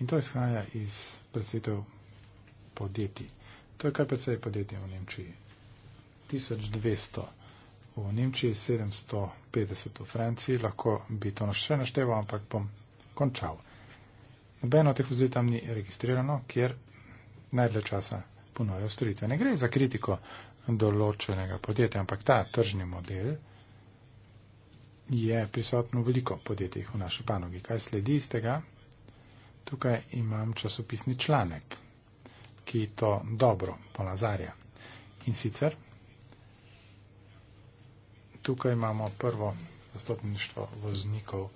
In to izhaja iz predsedov podjetij. To je kar predsedje podjetij v Nemčiji. 1200, v Nemčiji 750, v Franciji lahko bi to še našteval, ampak bom končal. Nobeno teh vozil tam ni registrirano, kjer najdlje časa ponujajo storitve. Ne gre za kritiko določenega podjetja, ampak ta tržni model je prisotno v veliko podjetjih v naši panogi. Kaj sledi iz tega? Tukaj imam časopisni članek, ki to dobro ponazarja. In sicer tukaj imamo prvo zastopništvo voznikov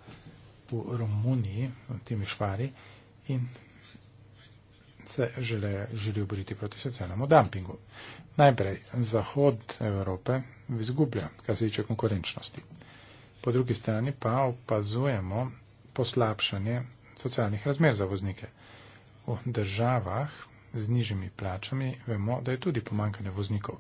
v Romuniji, Timišvari, in se žele, želijo boriti proti socialnemu dumpingu. Najprej zahod Evrope izgublja, kar se tiče konkurenčnosti. Po drugi strani pa opazujemo poslabšanje socialnih razmer za voznike. V državah z nižjimi plačami vemo, da je tudi pomankanje voznikov.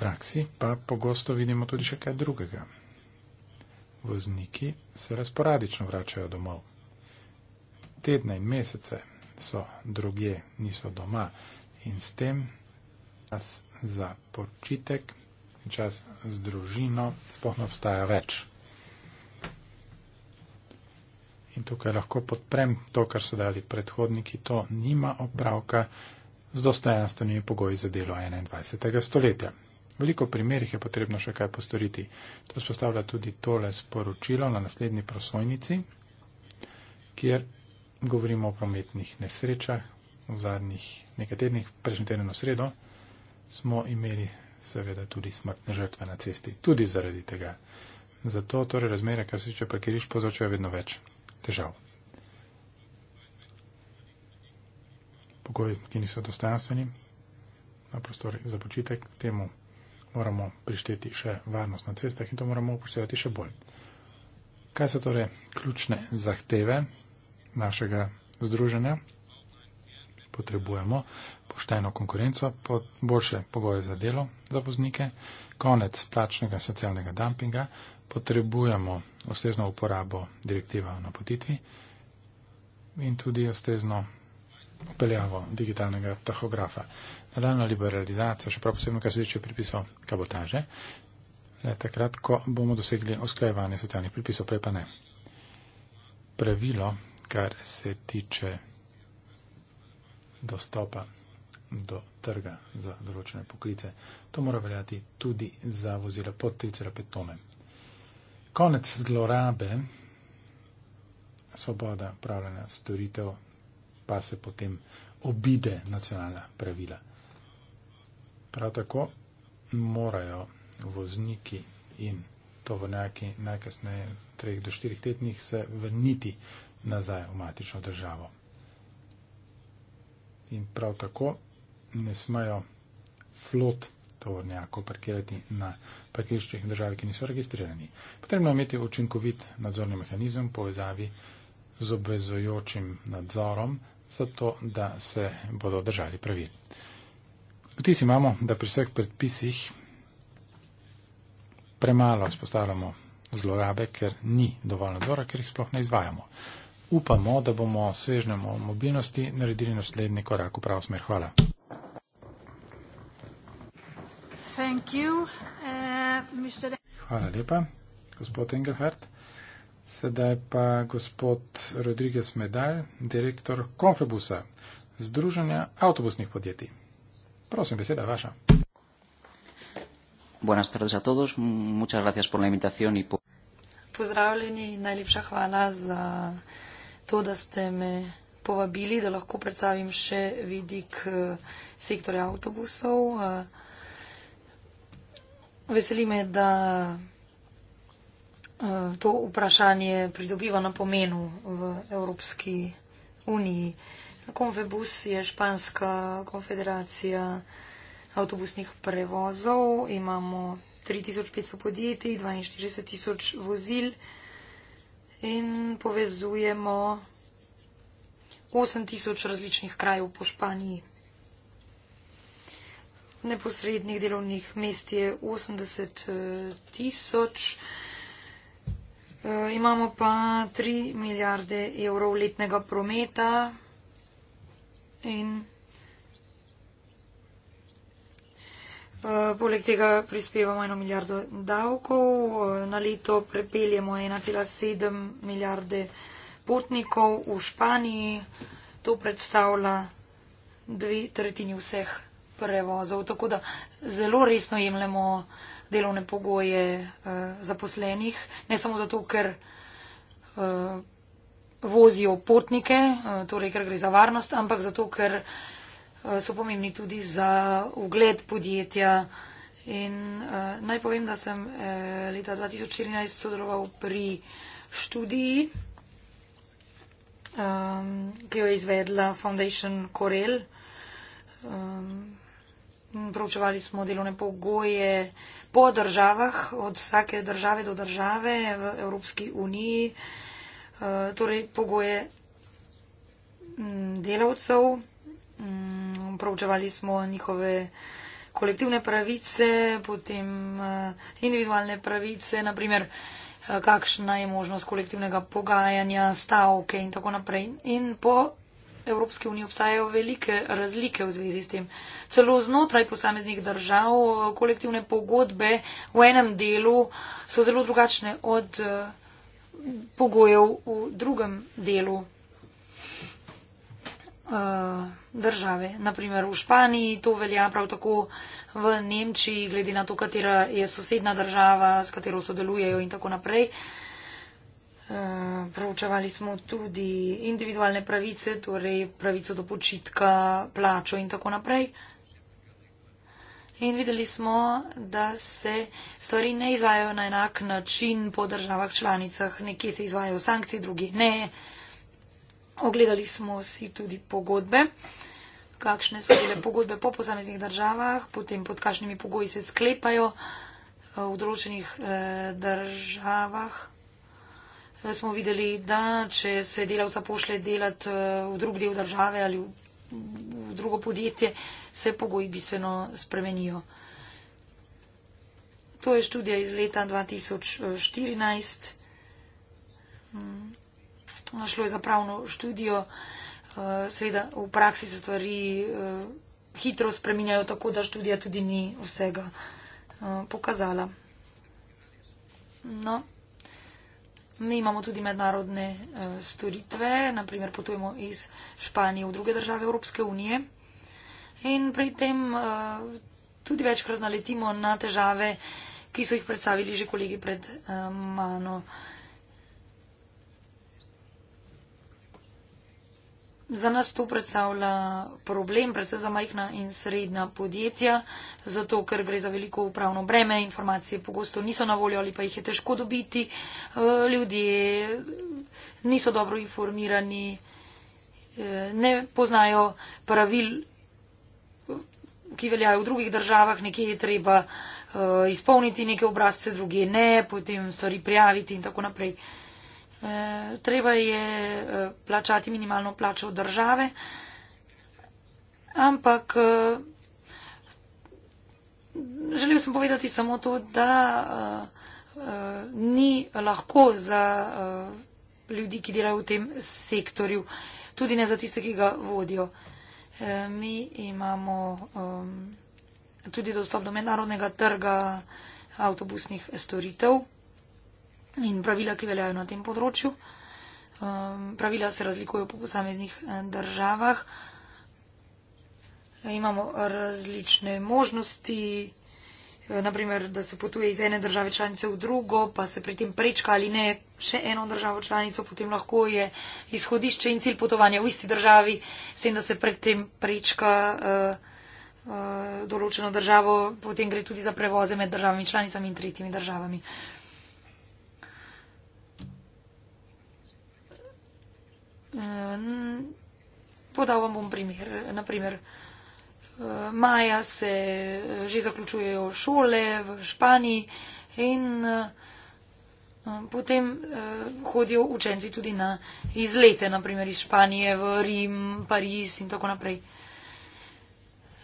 praksi pa pogosto vidimo tudi še kaj drugega. Vozniki se razporadično vračajo domov. Tedne in mesece so druge, niso doma in s tem čas za počitek, čas z družino sploh ne obstaja več. In tukaj lahko podprem to, kar so dali predhodniki, to nima opravka z dostojanstvenimi pogoji za delo 21. stoletja veliko primerih je potrebno še kaj postoriti. To spostavlja tudi tole sporočilo na naslednji prosojnici, kjer govorimo o prometnih nesrečah. V zadnjih nekaj tednih, prejšnji teden v sredo, smo imeli seveda tudi smrtne žrtve na cesti, tudi zaradi tega. Zato torej razmere, kar se tiče parkirišč, povzročajo vedno več težav. Pogoji, ki niso dostojanstveni, na prostor za počitek temu moramo prišteti še varnost na cestah in to moramo upoštevati še bolj. Kaj so torej ključne zahteve našega združenja? Potrebujemo pošteno konkurenco, boljše pogoje za delo za voznike, konec plačnega socialnega dumpinga, potrebujemo ustrezno uporabo direktiva o napotitvi in tudi ustrezno upeljavo digitalnega tahografa nadaljno liberalizacijo, še prav posebno, kar se tiče pripisov kabotaže, le takrat, ko bomo dosegli usklajevanje socialnih pripisov, prej pa ne. Pravilo, kar se tiče dostopa do trga za določene poklice, to mora veljati tudi za vozila pod 3,5 tone. Konec zlorabe, svoboda upravljanja storitev pa se potem obide nacionalna pravila. Prav tako morajo vozniki in tovornjaki najkasneje v treh do štirih tednih se vrniti nazaj v matično državo. In prav tako ne smajo flot tovornjakov parkirati na parkiriščih državi, ki niso registrirani. Potrebno je imeti učinkovit nadzorni mehanizem v povezavi z obvezojočim nadzorom, zato da se bodo držali pravil. Vtis imamo, da pri vseh predpisih premalo izpostavljamo zlorabe, ker ni dovolj nadzora, ker jih sploh ne izvajamo. Upamo, da bomo s svežnjem o mobilnosti naredili naslednji korak v pravo smer. Hvala. Uh, Hvala lepa, gospod Engelhardt. Sedaj pa gospod Rodriguez Medal, direktor Konfebusa, Združenja avtobusnih podjetij. Prosim, beseda vaša. Buenas tardes a todos, muchas gracias por la invitación y por... Pozdravljeni, najlepša hvala za to, da ste me povabili, da lahko predstavim še vidik eh, sektorja avtobusov. Eh, veseli me, da eh, to vprašanje pridobiva na pomenu v Evropski uniji. Konvebus je španska konfederacija avtobusnih prevozov. Imamo 3500 podjetij, 42 tisoč vozil in povezujemo 8000 različnih krajev po Španiji. Neposrednih delovnih mest je 80 tisoč. Eh, imamo pa 3 milijarde evrov letnega prometa. In Uh, poleg tega prispevamo eno milijardo davkov, uh, na leto prepeljemo 1,7 milijarde potnikov v Španiji. To predstavlja dve tretjini vseh prevozov. Tako da zelo resno jemljemo delovne pogoje uh, zaposlenih, ne samo zato, ker. Uh, vozijo potnike, eh, torej ker gre za varnost, ampak zato, ker eh, so pomembni tudi za ugled podjetja. In eh, naj povem, da sem leta 2014 sodeloval pri študiji, ehm, ki jo je izvedla Foundation Corel. Ehm, Pravčevali smo delovne pogoje po državah, od vsake države do države v Evropski uniji. Eh, torej pogoje mm, delavcev, mm, proučevali smo njihove kolektivne pravice, potem eh, individualne pravice, naprimer eh, kakšna je možnost kolektivnega pogajanja, stavke in tako naprej. In po Evropske unije obstajajo velike razlike v zvezi s tem. Celo znotraj posameznih držav kolektivne pogodbe v enem delu so zelo drugačne od pogojev v drugem delu uh, države. Naprimer v Španiji to velja prav tako v Nemčiji, glede na to, katera je sosedna država, s katero sodelujejo in tako naprej. Uh, eh, Pravčevali smo tudi individualne pravice, torej pravico do počitka, plačo in tako naprej. Uh, In videli smo, da se stvari ne izvajo na enak način po državah članicah. Nekje se izvajo sankcije, drugi ne. Ogledali smo si tudi pogodbe, kakšne so bile pogodbe po posameznih državah, potem pod kakšnimi pogoji se sklepajo eh, v določenih eh, državah. Eh, smo videli, da če se delavca pošle delati v drug del države ali v v drugo podjetje, se pogoji bistveno spremenijo. To je študija iz leta 2014. Našlo mm. je za pravno študijo. Eh, seveda v praksi se stvari eh, hitro spreminjajo, tako da študija tudi ni vsega eh, pokazala. No. Mi imamo tudi mednarodne uh, storitve, naprimer potujemo iz Španije v druge države Evropske unije in pri tem uh, tudi večkrat naletimo na težave, ki so jih predstavili že kolegi pred uh, mano. Uh, Za nas to predstavlja problem, predvsem za majhna in srednja podjetja, zato ker gre za veliko upravno breme, informacije pogosto niso na voljo ali pa jih je težko dobiti, eh, ljudje niso dobro informirani, eh, ne poznajo pravil, ki veljajo v drugih državah, nekje je treba eh, izpolniti neke obrazce, druge ne, potem stvari prijaviti in tako naprej. Eh, treba je eh, plačati minimalno plačo države, ampak eh, želel sem povedati samo to, da ni lahko za ljudi, ki delajo v tem sektorju, tudi ne za tiste, ki ga vodijo. Mi imamo tudi dostop do mednarodnega trga avtobusnih storitev in pravila, ki veljajo na tem področju. Um, pravila se razlikujejo po posameznih eh, državah. Imamo različne možnosti, eh, naprimer, da se potuje iz ene države članice v drugo, pa se pri tem prečka ali ne še eno državo članico, potem lahko je izhodišče in cilj potovanja v isti državi, s tem, da se pred tem prečka eh, določeno državo, potem gre tudi za prevoze med državami članicami in tretjimi državami. Eh, podal vam bom primer. Naprimer, eh, maja se eh, že zaključujejo šole v Španiji in potem hodijo učenci tudi na izlete, naprimer iz Španije v Rim, Pariz in tako naprej.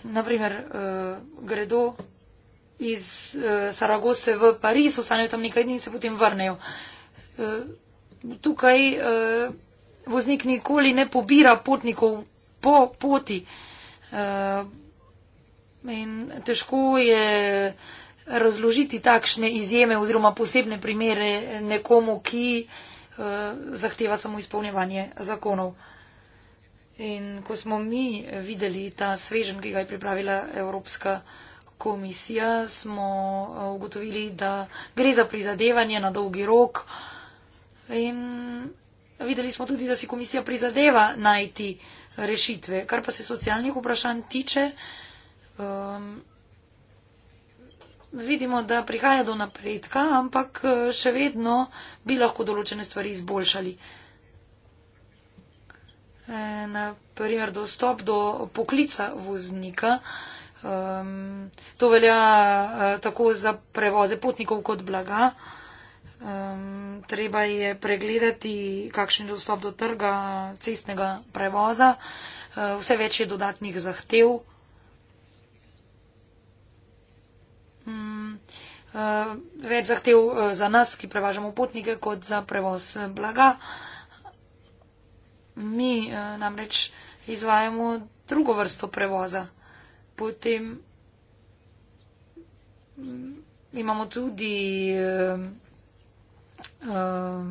Naprimer, gredo iz Saragose v Pariz, ostanejo tam nekaj dni in se potem vrnejo. Tukaj voznik nikoli ne pobira potnikov po poti. Eh, in težko je razložiti takšne izjeme oziroma posebne primere nekomu, ki eh, zahteva samo izpolnjevanje zakonov. In ko smo mi videli ta svežen, ki ga je pripravila Evropska komisija, smo eh, ugotovili, da gre za prizadevanje na dolgi rok. In Videli smo tudi, da si komisija prizadeva najti rešitve. Kar pa se socialnih vprašanj tiče, um, vidimo, da prihaja do napredka, ampak eh, še vedno bi lahko določene stvari izboljšali. E, na primer, dostop do poklica voznika. Um, to velja uh, tako za prevoze potnikov kot blaga. Uh, Um, treba je pregledati, kakšen je dostop do trga, cestnega prevoza, uh, vse več je dodatnih zahtev. Um, uh, več zahtev uh, za nas, ki prevažamo potnike, kot za prevoz blaga. Mi uh, namreč izvajamo drugo vrsto prevoza. Potem um, imamo tudi. Uh, Ehm,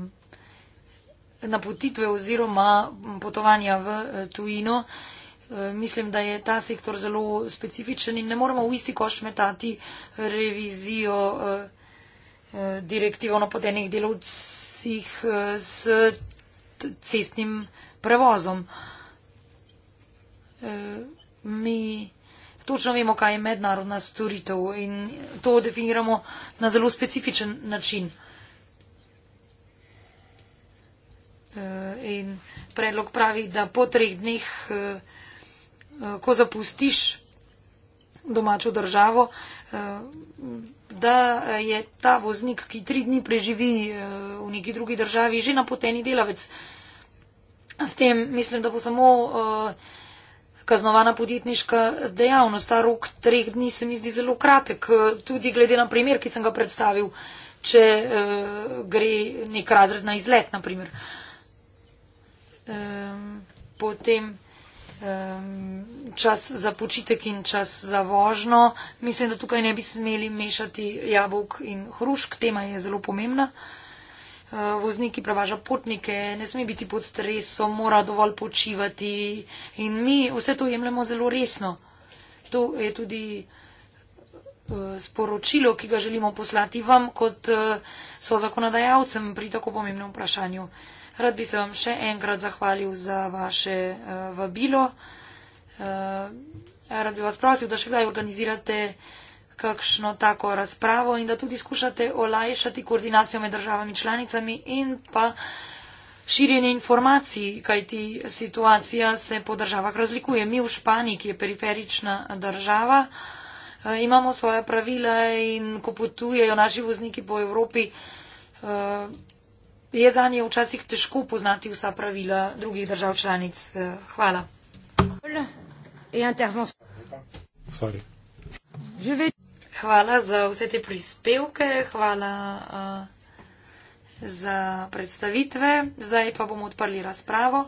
napotitve oziroma potovanja v eh, tujino. Eh, mislim, da je ta sektor zelo specifičen in ne moremo v isti koš metati revizijo eh, direktive o napotenih delovcih s cestnim prevozom. Mi točno vemo, kaj je mednarodna storitev in to definiramo na zelo specifičen način. Eh, in predlog pravi, da po treh dneh, eh, ko zapustiš domačo državo, eh, da je ta voznik, ki tri dni preživi v neki drugi državi, že napoteni delavec. S tem mislim, da bo samo kaznovana podjetniška dejavnost. Ta rok treh dni se mi zdi zelo kratek, tudi glede na primer, ki sem ga predstavil, če gre nek razred na izlet, na primer um, potem um, čas za počitek in čas za vožno. Mislim, da tukaj ne bi smeli mešati jabolk in hrušk, tema je zelo pomembna. Ehm, vozniki prevaža potnike, ne sme biti pod stresom, mora dovolj počivati in mi vse to jemljemo zelo resno. To je tudi eh, sporočilo, ki ga želimo poslati vam kot eh, so zakonodajalcem pri tako pomembnem vprašanju. Rad bi se vam še enkrat zahvalil za vaše uh, vabilo. Uh, rad bi vas prosil, da še kdaj organizirate kakšno tako razpravo in da tudi skušate olajšati koordinacijo med državami članicami in pa širjenje informacij, kajti situacija se po državah razlikuje. Mi v Španiji, ki je periferična država, eh, imamo svoje pravila in ko potujejo naši vozniki po Evropi, Je za nje včasih težko poznati vsa pravila drugih držav članic. Eh, hvala. Hvala za vse te prispevke, hvala uh, za predstavitve. Zdaj pa bomo odprli razpravo.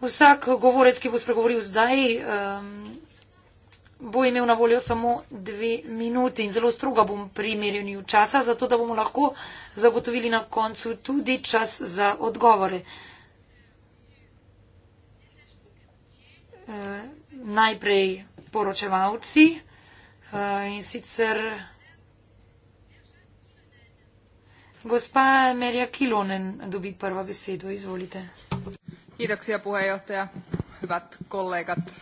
Vsak govorec, ki bo spregovoril zdaj, um, bo imel na voljo samo dve minuti in zelo strogo bom pri merjenju časa, zato da bomo lahko zagotovili na koncu tudi čas za odgovore. E, najprej poročevalci e, in sicer gospa Merja Kilonen dobi prvo besedo. Izvolite. Hvala, gospod predsednik. Hvala, kolegat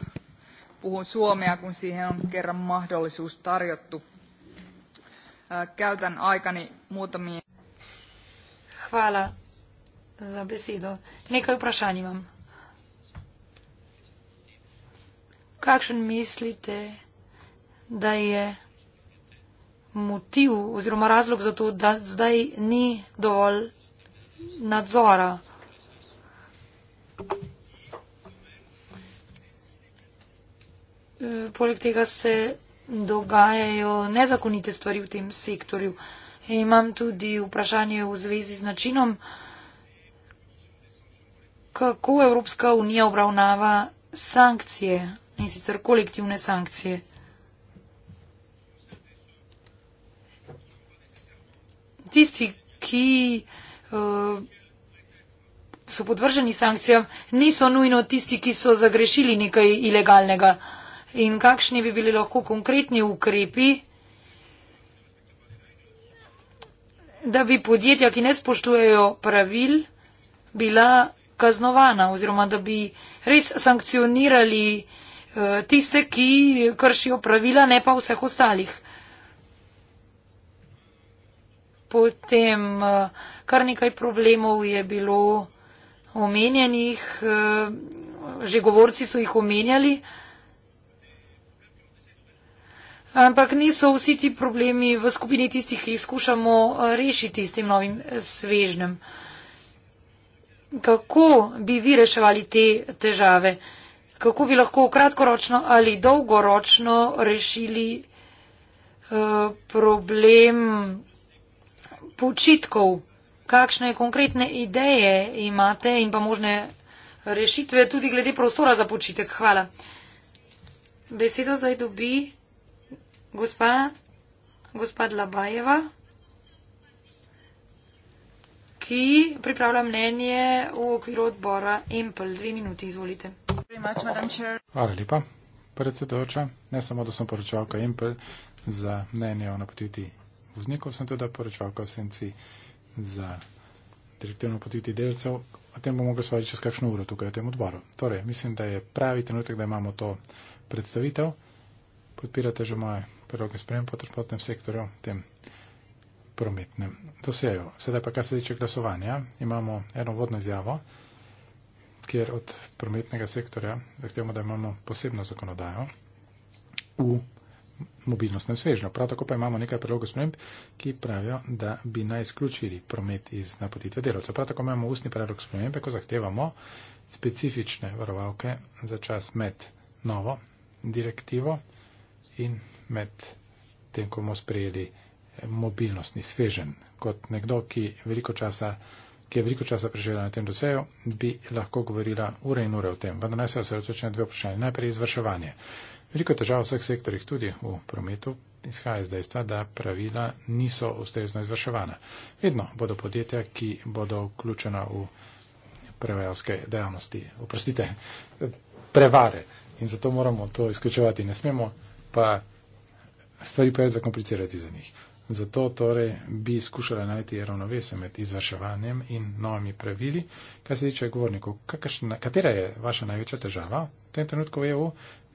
puhun suomea, kun siihen on kerran mahdollisuus tarjottu. Käytän aikani muutamia. Hvala za besedo. Nekaj vprašanj imam. Kakšen mislite, da je motiv oziroma razlog za to, da zdaj ni dovolj nadzora? E, poleg tega se dogajajo nezakonite stvari v tem sektorju. Imam tudi vprašanje v zvezi z načinom, kako Evropska unija obravnava sankcije in sicer kolektivne sankcije. Tisti, ki uh, so podvrženi sankcijam, niso nujno tisti, ki so zagrešili nekaj ilegalnega in kakšni bi bili lahko konkretni ukrepi, da bi podjetja, ki ne spoštujejo pravil, bila kaznovana oziroma da bi res sankcionirali eh, tiste, ki kršijo pravila, ne pa vseh ostalih. Potem eh, kar nekaj problemov je bilo omenjenih, eh, že govorci so jih omenjali. Ampak niso vsi ti problemi v skupini tistih, ki jih skušamo eh, rešiti s tem novim eh, svežnjem. Kako bi vi reševali te težave? Kako bi lahko kratkoročno ali dolgoročno rešili uh, problem počitkov? Kakšne konkretne ideje imate in pa možne rešitve tudi glede prostora za počitek? Hvala. Besedo zdaj dobi. Gospa, gospod Labajeva, ki pripravlja mnenje v okviru odbora Empel. Dve minuti, izvolite. Hvala lepa, predsedoča. Ne samo, da sem poročevalka Empel za mnenje o napotiti voznikov, sem tudi poročevalka Senci za direktivno napotiti delcev. O tem bomo glasovali čez kakšno uro tukaj v tem odboru. Torej, mislim, da je pravi trenutek, da imamo to predstavitev podpirate že moje predloge sprejem po trpotnem sektorju, tem prometnem dosejo. Sedaj pa, kar se tiče glasovanja, imamo eno vodno izjavo, kjer od prometnega sektorja zahtevamo, da imamo posebno zakonodajo v mobilnostnem svežnju. Prav tako pa imamo nekaj predlogov sprememb, ki pravijo, da bi naj izključili promet iz napotitve delovcev. Prav tako imamo ustni predlog spremembe, ko zahtevamo specifične varovalke za čas med novo direktivo in med tem, ko bomo sprejeli eh, mobilnostni svežen. Kot nekdo, ki, veliko časa, ki je veliko časa preživela na tem doseju, bi lahko govorila ure in ure o tem. Vendar naj se osredotočim na dve vprašanje. Najprej izvrševanje. Veliko težav v vseh sektorjih, tudi v prometu, izhaja iz dejstva, da pravila niso ustrezno izvrševana. Vedno bodo podjetja, ki bodo vključena v prevajalske dejavnosti, oprostite, prevare. In zato moramo to izključevati. Ne smemo pa stvari preveč zakomplicirati za njih. Zato torej bi skušala najti ravnovesje med izvrševanjem in novimi pravili. Kaj se tiče govornikov, kakšna, katera je vaša največja težava v tem trenutku v EU?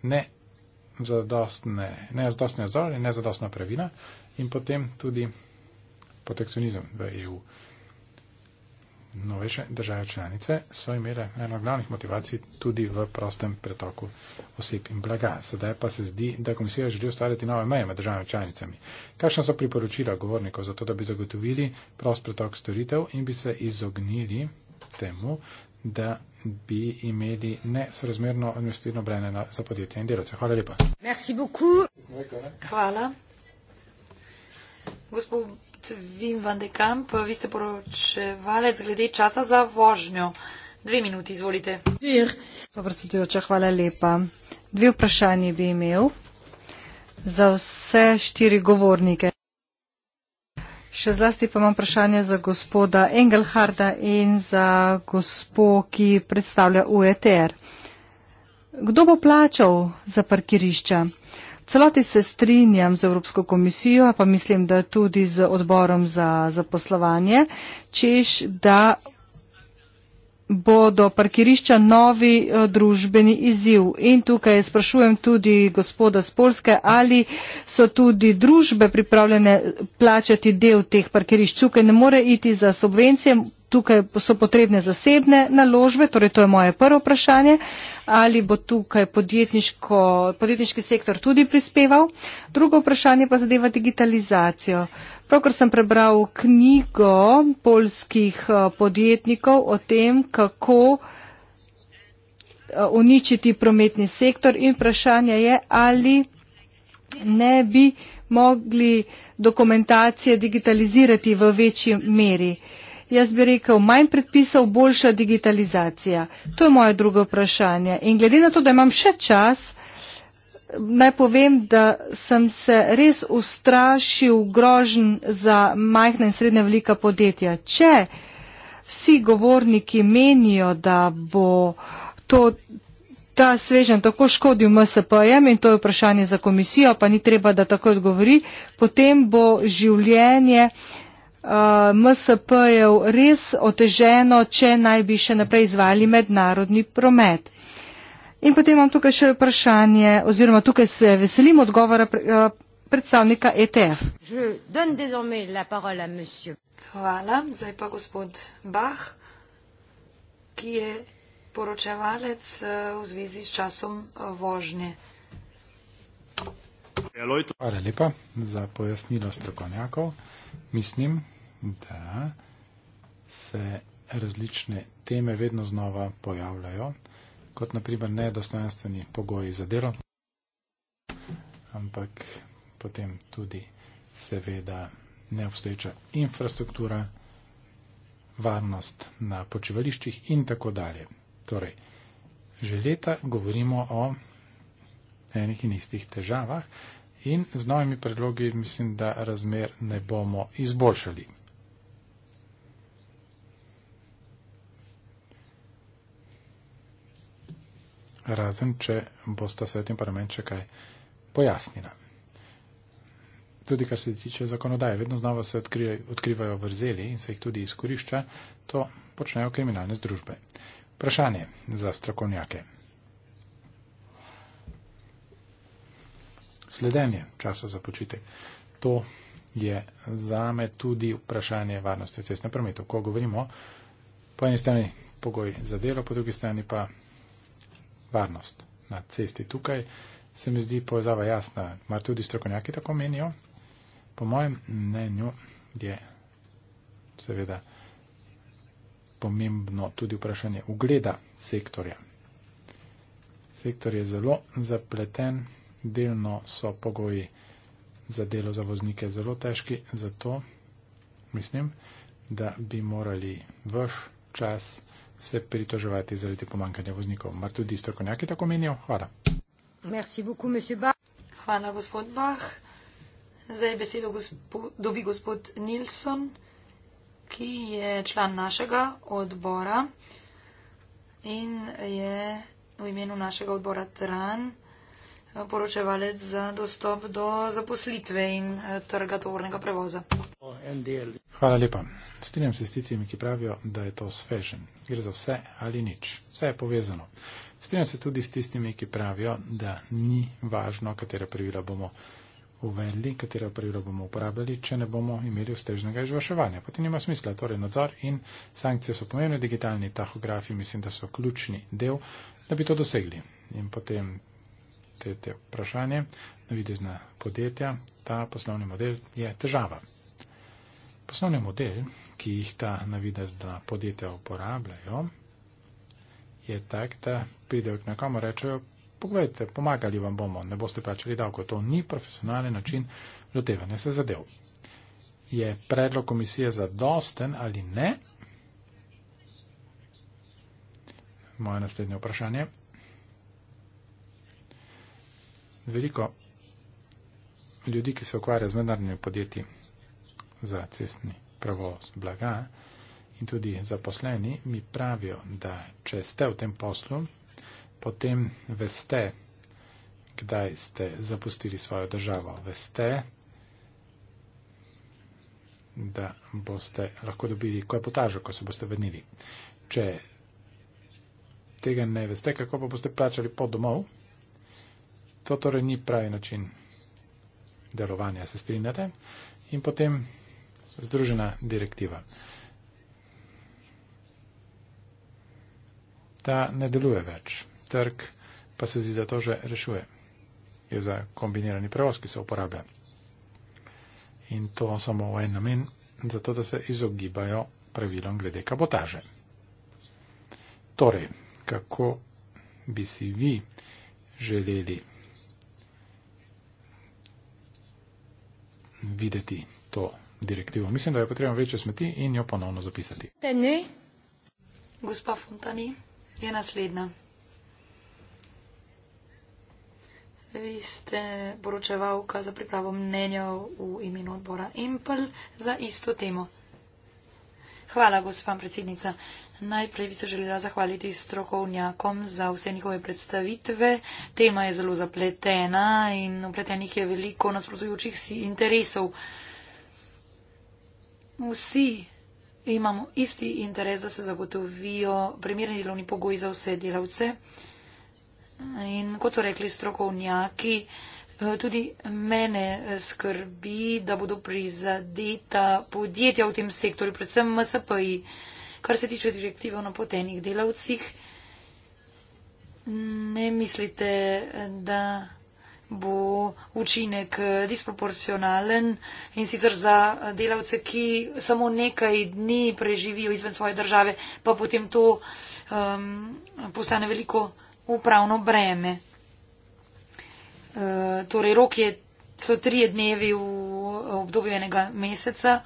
Ne zadostne nadzore, ne zadostna pravila in potem tudi protekcionizem v EU. Uh, novejše države članice so imele eno glavnih motivacij tudi v prostem pretoku oseb in blaga. Sedaj pa se zdi, da komisija želi ustvarjati nove meje med državami članicami. Kakšna so priporočila govornikov za to, da bi zagotovili prost pretok storitev in bi se izognili temu, da bi imeli nesrazmerno investirno breme za podjetje in delavce. Hvala lepa. Merci beaucoup. Hvala. Gospod Vim van de Kamp, vi ste poročevalec glede časa za vožnjo. Dve minuti, izvolite. Dobrostotujoča, hvala lepa. Dve vprašanje bi imel za vse štiri govornike. Še zlasti pa imam vprašanje za gospoda Engelharda in za gospo, ki predstavlja UETR. Kdo bo plačal za parkirišča? celoti se strinjam z Evropsko komisijo, pa mislim, da tudi z odborom za zaposlovanje, češ, da bodo parkirišča novi eh, družbeni izziv. In tukaj sprašujem tudi gospoda z Polske, ali so tudi družbe pripravljene plačati del teh parkirišč. Tukaj ne more iti za subvencije, tukaj so potrebne zasebne naložbe, torej to je moje prvo vprašanje, ali bo tukaj podjetniški sektor tudi prispeval. Drugo vprašanje pa zadeva digitalizacijo. Pravkar sem prebral knjigo polskih eh, podjetnikov o tem, kako eh, uničiti prometni sektor in vprašanje je, ali ne bi mogli dokumentacije digitalizirati v večji meri. Uh, jaz bi rekel, manj predpisov, boljša digitalizacija. To je moje drugo vprašanje. In glede na to, da imam še čas, naj povem, da sem se res ustrašil grožen za majhna in srednja velika podjetja. Če vsi govorniki menijo, da bo to. Ta svežen tako škodil MSP-jem in to je vprašanje za komisijo, pa ni treba, da tako odgovori, potem bo življenje uh, eh, MSP-jev res oteženo, če naj bi še naprej izvali mednarodni promet. In potem imam tukaj še vprašanje, oziroma tukaj se veselim odgovora pre, uh, predstavnika ETF. Hvala, zdaj pa gospod Bach, ki je poročevalec uh, v zvezi s časom vožnje. Hvala lepa za pojasnilo strokovnjakov. Mislim, da se različne teme vedno znova pojavljajo, kot naprimer nedostojenstveni pogoji za delo, ampak potem tudi seveda neobstoječa infrastruktura, varnost na počivališčih in tako dalje. Torej, že leta govorimo o enih in istih težavah in z novimi predlogi mislim, da razmer ne bomo izboljšali. razen če bo sta svetim parlamentu kaj pojasnila. Tudi kar se tiče zakonodaje, vedno znova se odkri, odkrivajo vrzeli in se jih tudi izkorišča, to počnejo kriminalne združbe. Vprašanje za strokovnjake. Sledenje časa za počitek. To je zame tudi vprašanje varnosti v cestnem prometu. Ko govorimo, po eni strani pogoj za delo, po drugi strani pa varnost na cesti tukaj. Se mi zdi povezava jasna, mar tudi strokovnjaki tako menijo. Po mojem mnenju je seveda pomembno tudi vprašanje ugleda sektorja. Sektor je zelo zapleten, delno so pogoji za delo za voznike zelo težki, zato mislim, da bi morali vrš čas se pritoževati zaradi pomankanja voznikov. Mar tudi strokovnjaki tako menijo? Hvala. Beaucoup, Hvala, gospod Bah. Zdaj besedo gospo, dobi gospod Nilsson, ki je član našega odbora in je v imenu našega odbora Tran poročevalec za dostop do zaposlitve in eh, trga tovornega prevoza. Hvala lepa. Strinjam se s tistimi, ki pravijo, da je to svežen gre za vse ali nič. Vse je povezano. Strinjam se tudi s tistimi, ki pravijo, da ni važno, katera pravila bomo uvedli, katera pravila bomo uporabljali, če ne bomo imeli ustrežnega izvrševanja. Potem nima smisla. Torej, nadzor in sankcije so pomembni, digitalni tahografi mislim, da so ključni del, da bi to dosegli. In potem te, te vprašanje, navidezna podjetja, ta poslovni model je težava. Poslovni model, ki jih ta navidezna podjetja uporabljajo, je tak, da pridejo k nekomu in rečejo, pogledajte, pomagali vam bomo, ne boste plačali davko. To ni profesionalen način lotevanja se zadev. Je predlog komisije zadosten ali ne? Moje naslednje vprašanje. Veliko ljudi, ki se ukvarja z mednarodnimi podjetji, za cestni prevoz blaga in tudi zaposleni mi pravijo, da če ste v tem poslu, potem veste, kdaj ste zapustili svojo državo. Veste, da boste lahko dobili kaj potažo, ko se boste vrnili. Če tega ne veste, kako pa boste plačali pot domov, to torej ni pravi način delovanja, se strinjate. In potem združena direktiva. Ta ne deluje več. Trg pa se zdi, da to že rešuje. Je za kombinirani prevoz, ki se uporablja. In to samo v en namen, zato da se izogibajo pravilom glede kabotaže. Torej, kako bi si vi želeli videti to direktivo. Mislim, da je potrebno večje smeti in jo ponovno zapisati. Tenji, gospa Fontani, je naslednja. Vi ste poročevalka za pripravo mnenja v imenu odbora Impel za isto temo. Hvala, gospa predsednica. Najprej bi se želela zahvaliti strokovnjakom za vse njihove predstavitve. Tema je zelo zapletena in upletenih je veliko nasprotujočih si interesov vsi imamo isti interes, da se zagotovijo primerni delovni pogoji za vse delavce. In kot so rekli strokovnjaki, eh, tudi mene eh, skrbi, da bodo prizadeta podjetja v tem sektorju, predvsem MSP-ji, kar se tiče direktive o napotenih delavcih. Ne mislite, eh, da bo učinek eh, disproporcionalen in sicer za delavce, ki samo nekaj dni preživijo izven svoje države, pa potem to um, postane veliko upravno breme. Uh, torej, rok je, so tri dnevi v obdobju enega meseca,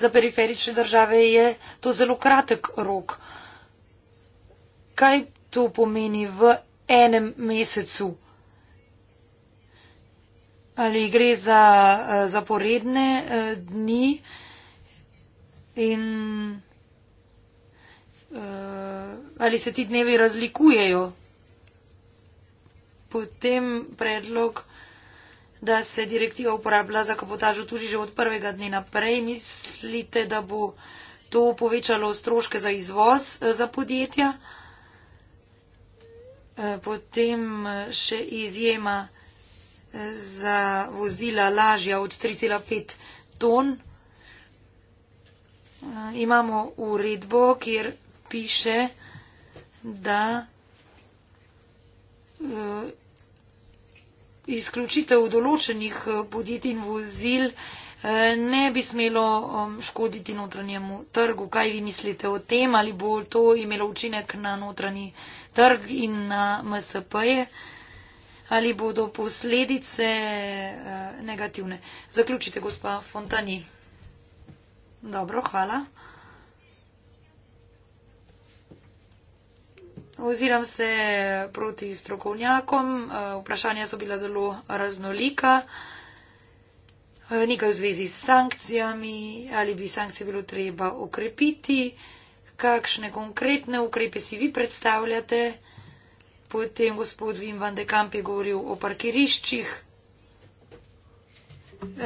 za periferične države je to zelo kratek rok. Kaj to pomeni v enem mesecu? Ali gre za eh, zaporedne eh, dni in eh, ali se ti dnevi razlikujejo? Potem predlog, da se direktiva uporablja za kapotažo tudi že od prvega dne naprej. Mislite, da bo to povečalo stroške za izvoz za podjetja? Potem še izjema za vozila lažja od 3,5 ton. Eh, imamo uredbo, kjer piše, da eh, izključitev določenih eh, podjetij in vozil ne bi smelo um, škoditi notranjemu trgu. Kaj vi mislite o tem, ali bo to imelo učinek na notranji trg in na MSP-je? ali bodo posledice eh, negativne. Zaključite, gospa Fontani. Dobro, hvala. Oziram se proti strokovnjakom. Eh, vprašanja so bila zelo raznolika. Eh, nekaj v zvezi s sankcijami, ali bi sankcije bilo treba okrepiti, kakšne konkretne ukrepe si vi predstavljate. Potem gospod Wim van de Kamp je govoril o parkiriščih.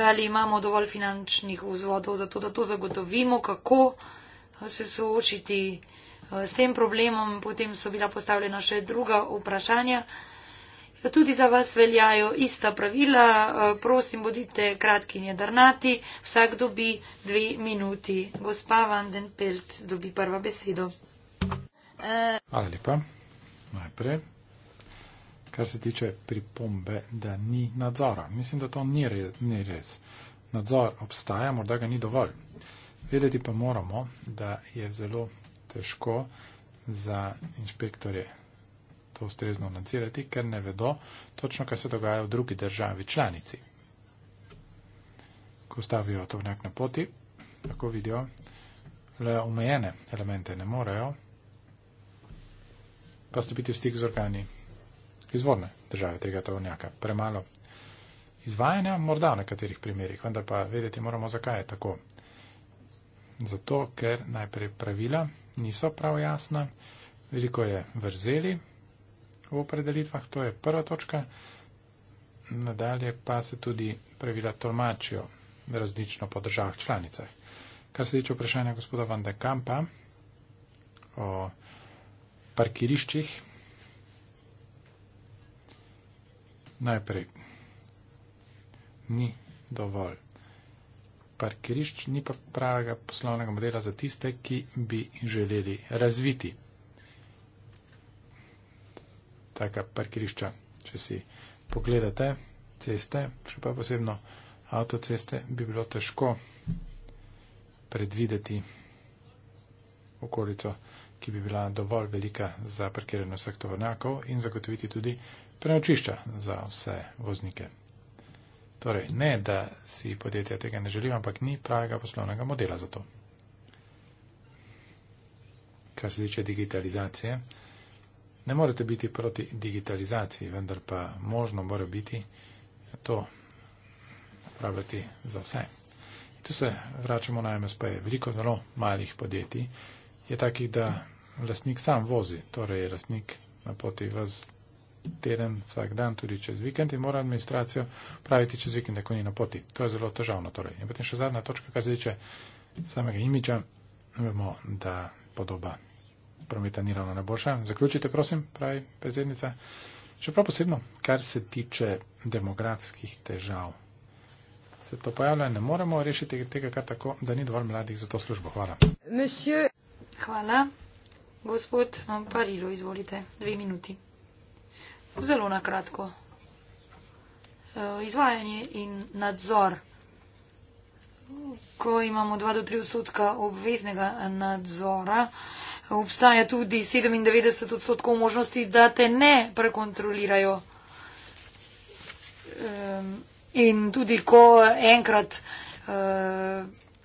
Ali imamo dovolj finančnih vzvodov za to, da to zagotovimo, kako eh, se soočiti eh, s tem problemom. Potem so bila postavljena še druga vprašanja. Ja, tudi za vas veljajo ista pravila. Eh, prosim, bodite kratki in jedrnati. Vsak dobi dve minuti. Gospa Van den Pelt dobi prva besedo. Hvala lepa. Najprej kar se tiče pripombe, da ni nadzora. Mislim, da to ni res. Ni res. Nadzor obstaja, morda ga ni dovolj. Vedeti pa moramo, da je zelo težko za inšpektorje to ustrezno nadzirati, ker ne vedo točno, kaj se dogaja v drugi državi članici. Ko stavijo tovnjak na poti, tako vidijo, le omejene elemente ne morejo pa stopiti v stik z organi izvorne države tega tovornjaka. Premalo izvajanja, morda v nekaterih primerjih, vendar pa vedeti moramo, zakaj je tako. Zato, ker najprej pravila niso prav jasna, veliko je vrzeli v opredelitvah, to je prva točka. Nadalje pa se tudi pravila tolmačijo različno po državah članicah. Kar se tiče vprašanja gospoda Van de Kampa o parkiriščih, Najprej, ni dovolj. Parkirišč ni pa pravega poslovnega modela za tiste, ki bi želeli razviti taka parkirišča. Če si pogledate ceste, še pa posebno avtoceste, bi bilo težko predvideti okolico, ki bi bila dovolj velika za parkiranje vseh tovornjakov in zagotoviti tudi prenočišča za vse voznike. Torej, ne, da si podjetja tega ne želijo, ampak ni pravega poslovnega modela za to. Kar se tiče digitalizacije, ne morete biti proti digitalizaciji, vendar pa možno mora biti to upravljati za vse. In tu se vračamo na MSP. Veliko zelo malih podjetij je takih, da lastnik sam vozi, torej je lastnik na poti vas teden, vsak dan, tudi čez vikend in mora administracijo praviti čez vikend, ko ni na poti. To je zelo težavno. Torej. In potem še zadnja točka, kar se tiče samega imidža, vemo, da podoba prometa ni ravno najboljša. Zaključite, prosim, pravi predsednica. Še prav posebno, kar se tiče demografskih težav. Se to pojavlja in ne moremo rešiti tega, kar tako, da ni dovolj mladih za to službo. Hvala. Monsieur. Hvala. Gospod Parilo, izvolite. Dve minuti zelo na kratko. E, izvajanje in nadzor. Ko imamo 2 do 3 odstotka obveznega nadzora, obstaja tudi 97 odstotkov možnosti, da te ne prekontrolirajo. E, in tudi, ko enkrat e,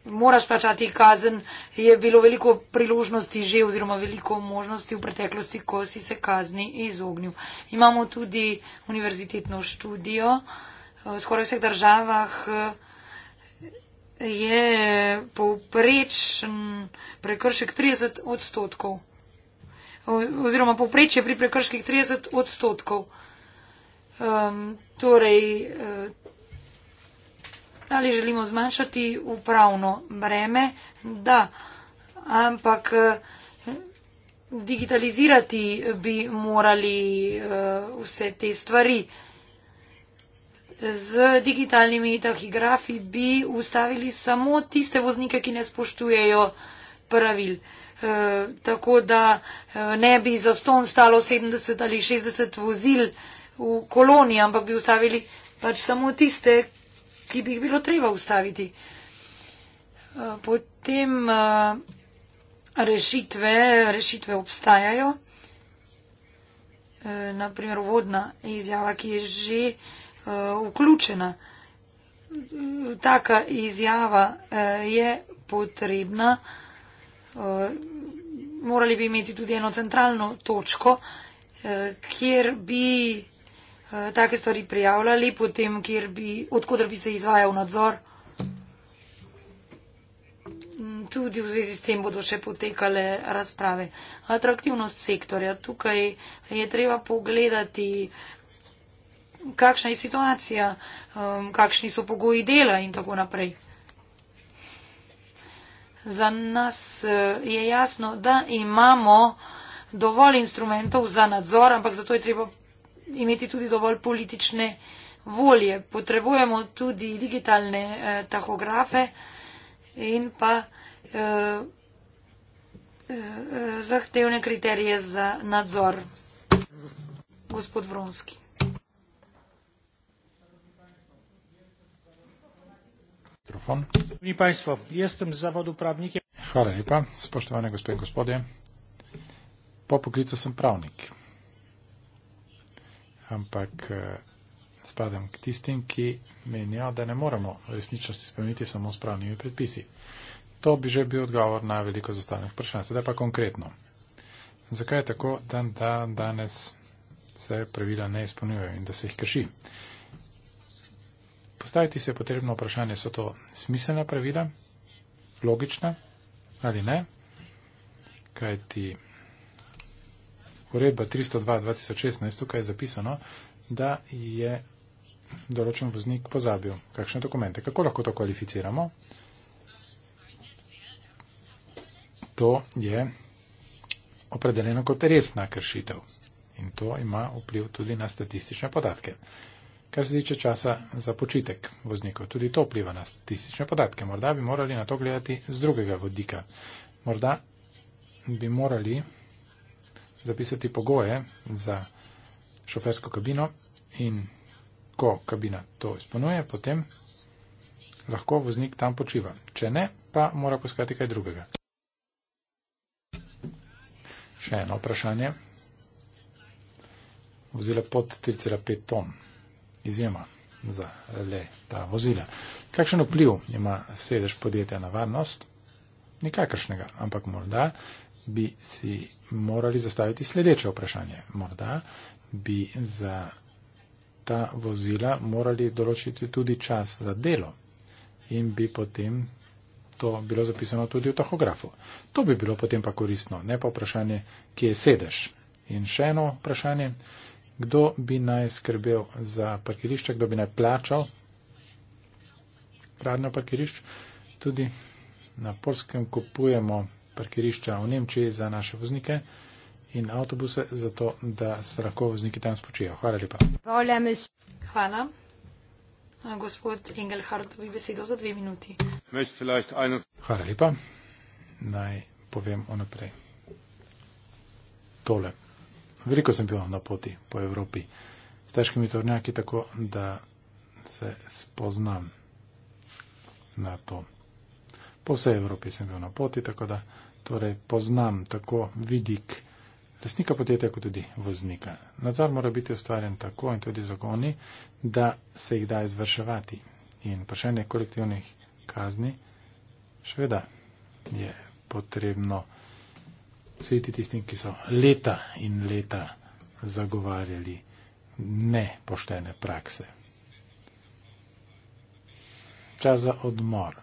moraš plačati kazen, je bilo veliko priložnosti že oziroma veliko možnosti v preteklosti, ko si se kazni izognil. Imamo tudi univerzitetno študijo. V skoraj vseh državah je povprečen prekršek 30 odstotkov. Oziroma povprečje pri prekrških 30 odstotkov. Um, torej, eh, ali želimo zmanjšati upravno breme, da, ampak eh, digitalizirati bi morali eh, vse te stvari. Z digitalnimi tahigrafi bi ustavili samo tiste voznike, ki ne spoštujejo pravil. E, tako da ne bi za ston stalo 70 ali 60 vozil v koloniji, ampak bi ustavili pač samo tiste, ki bi jih bilo treba ustaviti. Eh, potem eh, rešitve, rešitve obstajajo. Eh, Naprimer, vodna izjava, ki je že vključena. Taka izjava je potrebna. Morali bi imeti tudi eno centralno točko, kjer bi Eh, take stvari prijavljali, potem, odkudar bi se izvajal nadzor. Mm, tudi v zvezi s tem bodo še potekale razprave. Atraktivnost sektorja. Tukaj je treba pogledati, kakšna je situacija, kakšni so pogoji dela in tako naprej. Za nas eh, je jasno, da imamo dovolj instrumentov za nadzor, ampak zato je treba imeti tudi dovolj politične volje. Potrebujemo tudi digitalne eh, tahografe in pa eh, eh zahtevne kriterije za nadzor. Gospod Vronski. Hvala lepa, spoštovane gospe in gospodje. Po poklicu sem pravnik ampak eh, spadam k tistim, ki menijo, da ne moramo resničnosti spremeniti samo s pravnimi predpisi. To bi že bil odgovor na veliko zastavljenih vprašanj. Sedaj pa konkretno. Zakaj je tako, da dan, danes se pravila ne izpolnjujejo in da se jih krši? Postaviti se je potrebno vprašanje, so to smiselna pravila, logična ali ne, kaj ti uredba 302-2016, tukaj je zapisano, da je določen voznik pozabil kakšne dokumente. Kako lahko to kvalificiramo? To je opredeljeno kot resna kršitev in to ima vpliv tudi na statistične podatke. Kar se tiče časa za počitek voznikov, tudi to vpliva na statistične podatke. Morda bi morali na to gledati z drugega vodika. Morda bi morali zapisati pogoje za šofersko kabino in ko kabina to izpolnjuje, potem lahko voznik tam počiva. Če ne, pa mora poskati kaj drugega. Še eno vprašanje. Vozila pod 3,5 ton. Izjema za le ta vozila. Kakšen vpliv ima sedež podjetja na varnost? Nikakršnega, ampak morda bi si morali zastaviti sledeče vprašanje. Morda bi za ta vozila morali določiti tudi čas za delo in bi potem to bilo zapisano tudi v tahografu. To bi bilo potem pa koristno, ne pa vprašanje, kje sedeš. In še eno vprašanje, kdo bi naj skrbel za parkirišče, kdo bi naj plačal gradnjo parkirišč. Tudi na Polskem kupujemo parkirišča v Nemčiji za naše voznike in avtobuse, zato da se lahko vozniki tam spočijo. Hvala lepa. Hvala. Hvala. Gospod Engelhardt, vi besedo za dve minuti. Hvala lepa. Naj povem onaprej. Tole. Veliko sem bil na poti po Evropi s težkimi tornjaki, tako da se spoznam na to po vsej Evropi sem bil na poti, tako da torej poznam tako vidik lastnika podjetja kot tudi voznika. Nadzor mora biti ustvarjen tako in tudi zagoni, da se jih da izvrševati. In vprašanje kolektivnih kazni, šveda je potrebno sveti tistim, ki so leta in leta zagovarjali nepoštene prakse. Čas za odmor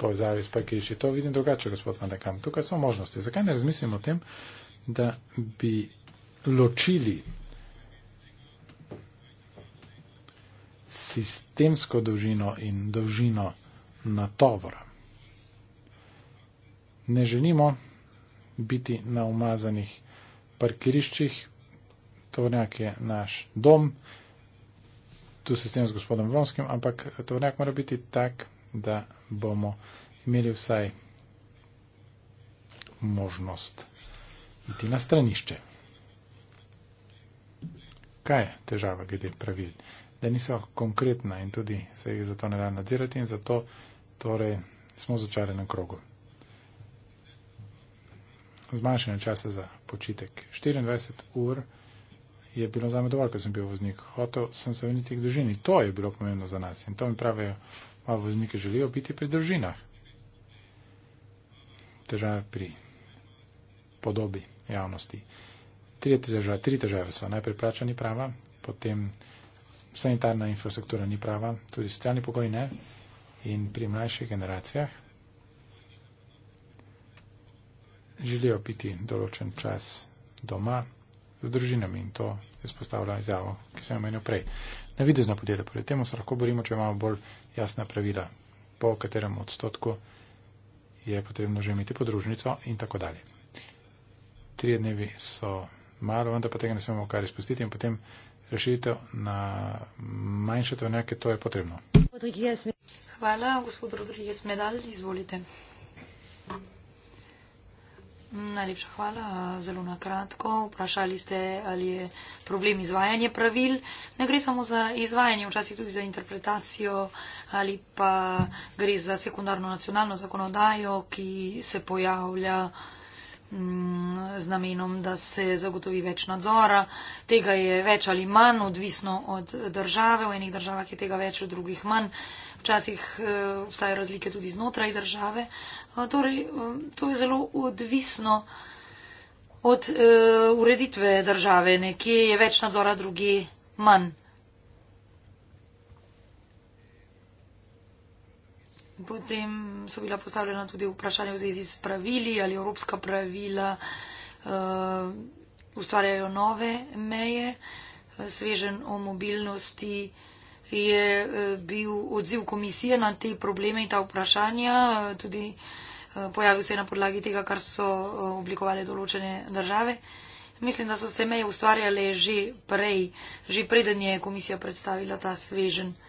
povezavi s pakiči. To vidim drugače, gospod Vandekam. Tukaj so možnosti. Zakaj ne razmislimo o tem, da bi ločili sistemsko dolžino in dolžino na tovora? Ne želimo biti na umazanih parkiriščih, tovornjak je naš dom, tu se s tem z gospodom Vronskim, ampak tovornjak mora biti tak, da bomo imeli vsaj možnost iti na stranišče. Kaj je težava glede pravil? Da niso konkretna in tudi se jih zato ne da nadzirati in zato torej, smo začarali na krogu. Zmanjšanje časa za počitek 24 ur je bilo zame dovolj, ker sem bil voznik. Hotel sem se vniti k družini. To je bilo pomembno za nas. In to mi pravijo, malo vozniki želijo biti pri družinah. Težave pri podobi javnosti. Tri težave, tri težave so. Najprej plača ni prava, potem sanitarna infrastruktura ni prava, tudi socialni pogoj ne. In pri mlajših generacijah želijo biti določen čas doma, z družinami in to je spostavila izjavo, ki sem jo menil prej. Navidezna podjetja, pred tem se lahko borimo, če imamo bolj jasna pravila, po katerem odstotku je potrebno že imeti podružnico in tako dalje. Trije dnevi so malo, vendar pa tega ne smemo kar izpustiti in potem rešitev na manjše tovnjake, to je potrebno. Hvala, gospod Rodriguez Medal, izvolite. Najlepša hvala. Eh, zelo na kratko. Vprašali ste, ali je problem izvajanje pravil. Ne gre samo za izvajanje, včasih tudi za interpretacijo ali pa gre za sekundarno nacionalno zakonodajo, ki se pojavlja. Mm, z namenom, da se zagotovi več nadzora. Tega je več ali manj, odvisno od države. V enih državah je tega več, v drugih manj. Včasih eh, obstajajo razlike tudi znotraj države. Torej, eh, to je zelo odvisno od eh, ureditve države. Nekje je več nadzora, druge manj. Potem so bila postavljena tudi vprašanja v zvezi s pravili, ali evropska pravila uh, ustvarjajo nove meje. Svežen o mobilnosti je uh, bil odziv komisije na te probleme in ta vprašanja. Uh, tudi uh, pojavil se je na podlagi tega, kar so uh, oblikovali določene države. Mislim, da so se meje ustvarjale že prej, že preden je komisija predstavila ta svežen. Uh,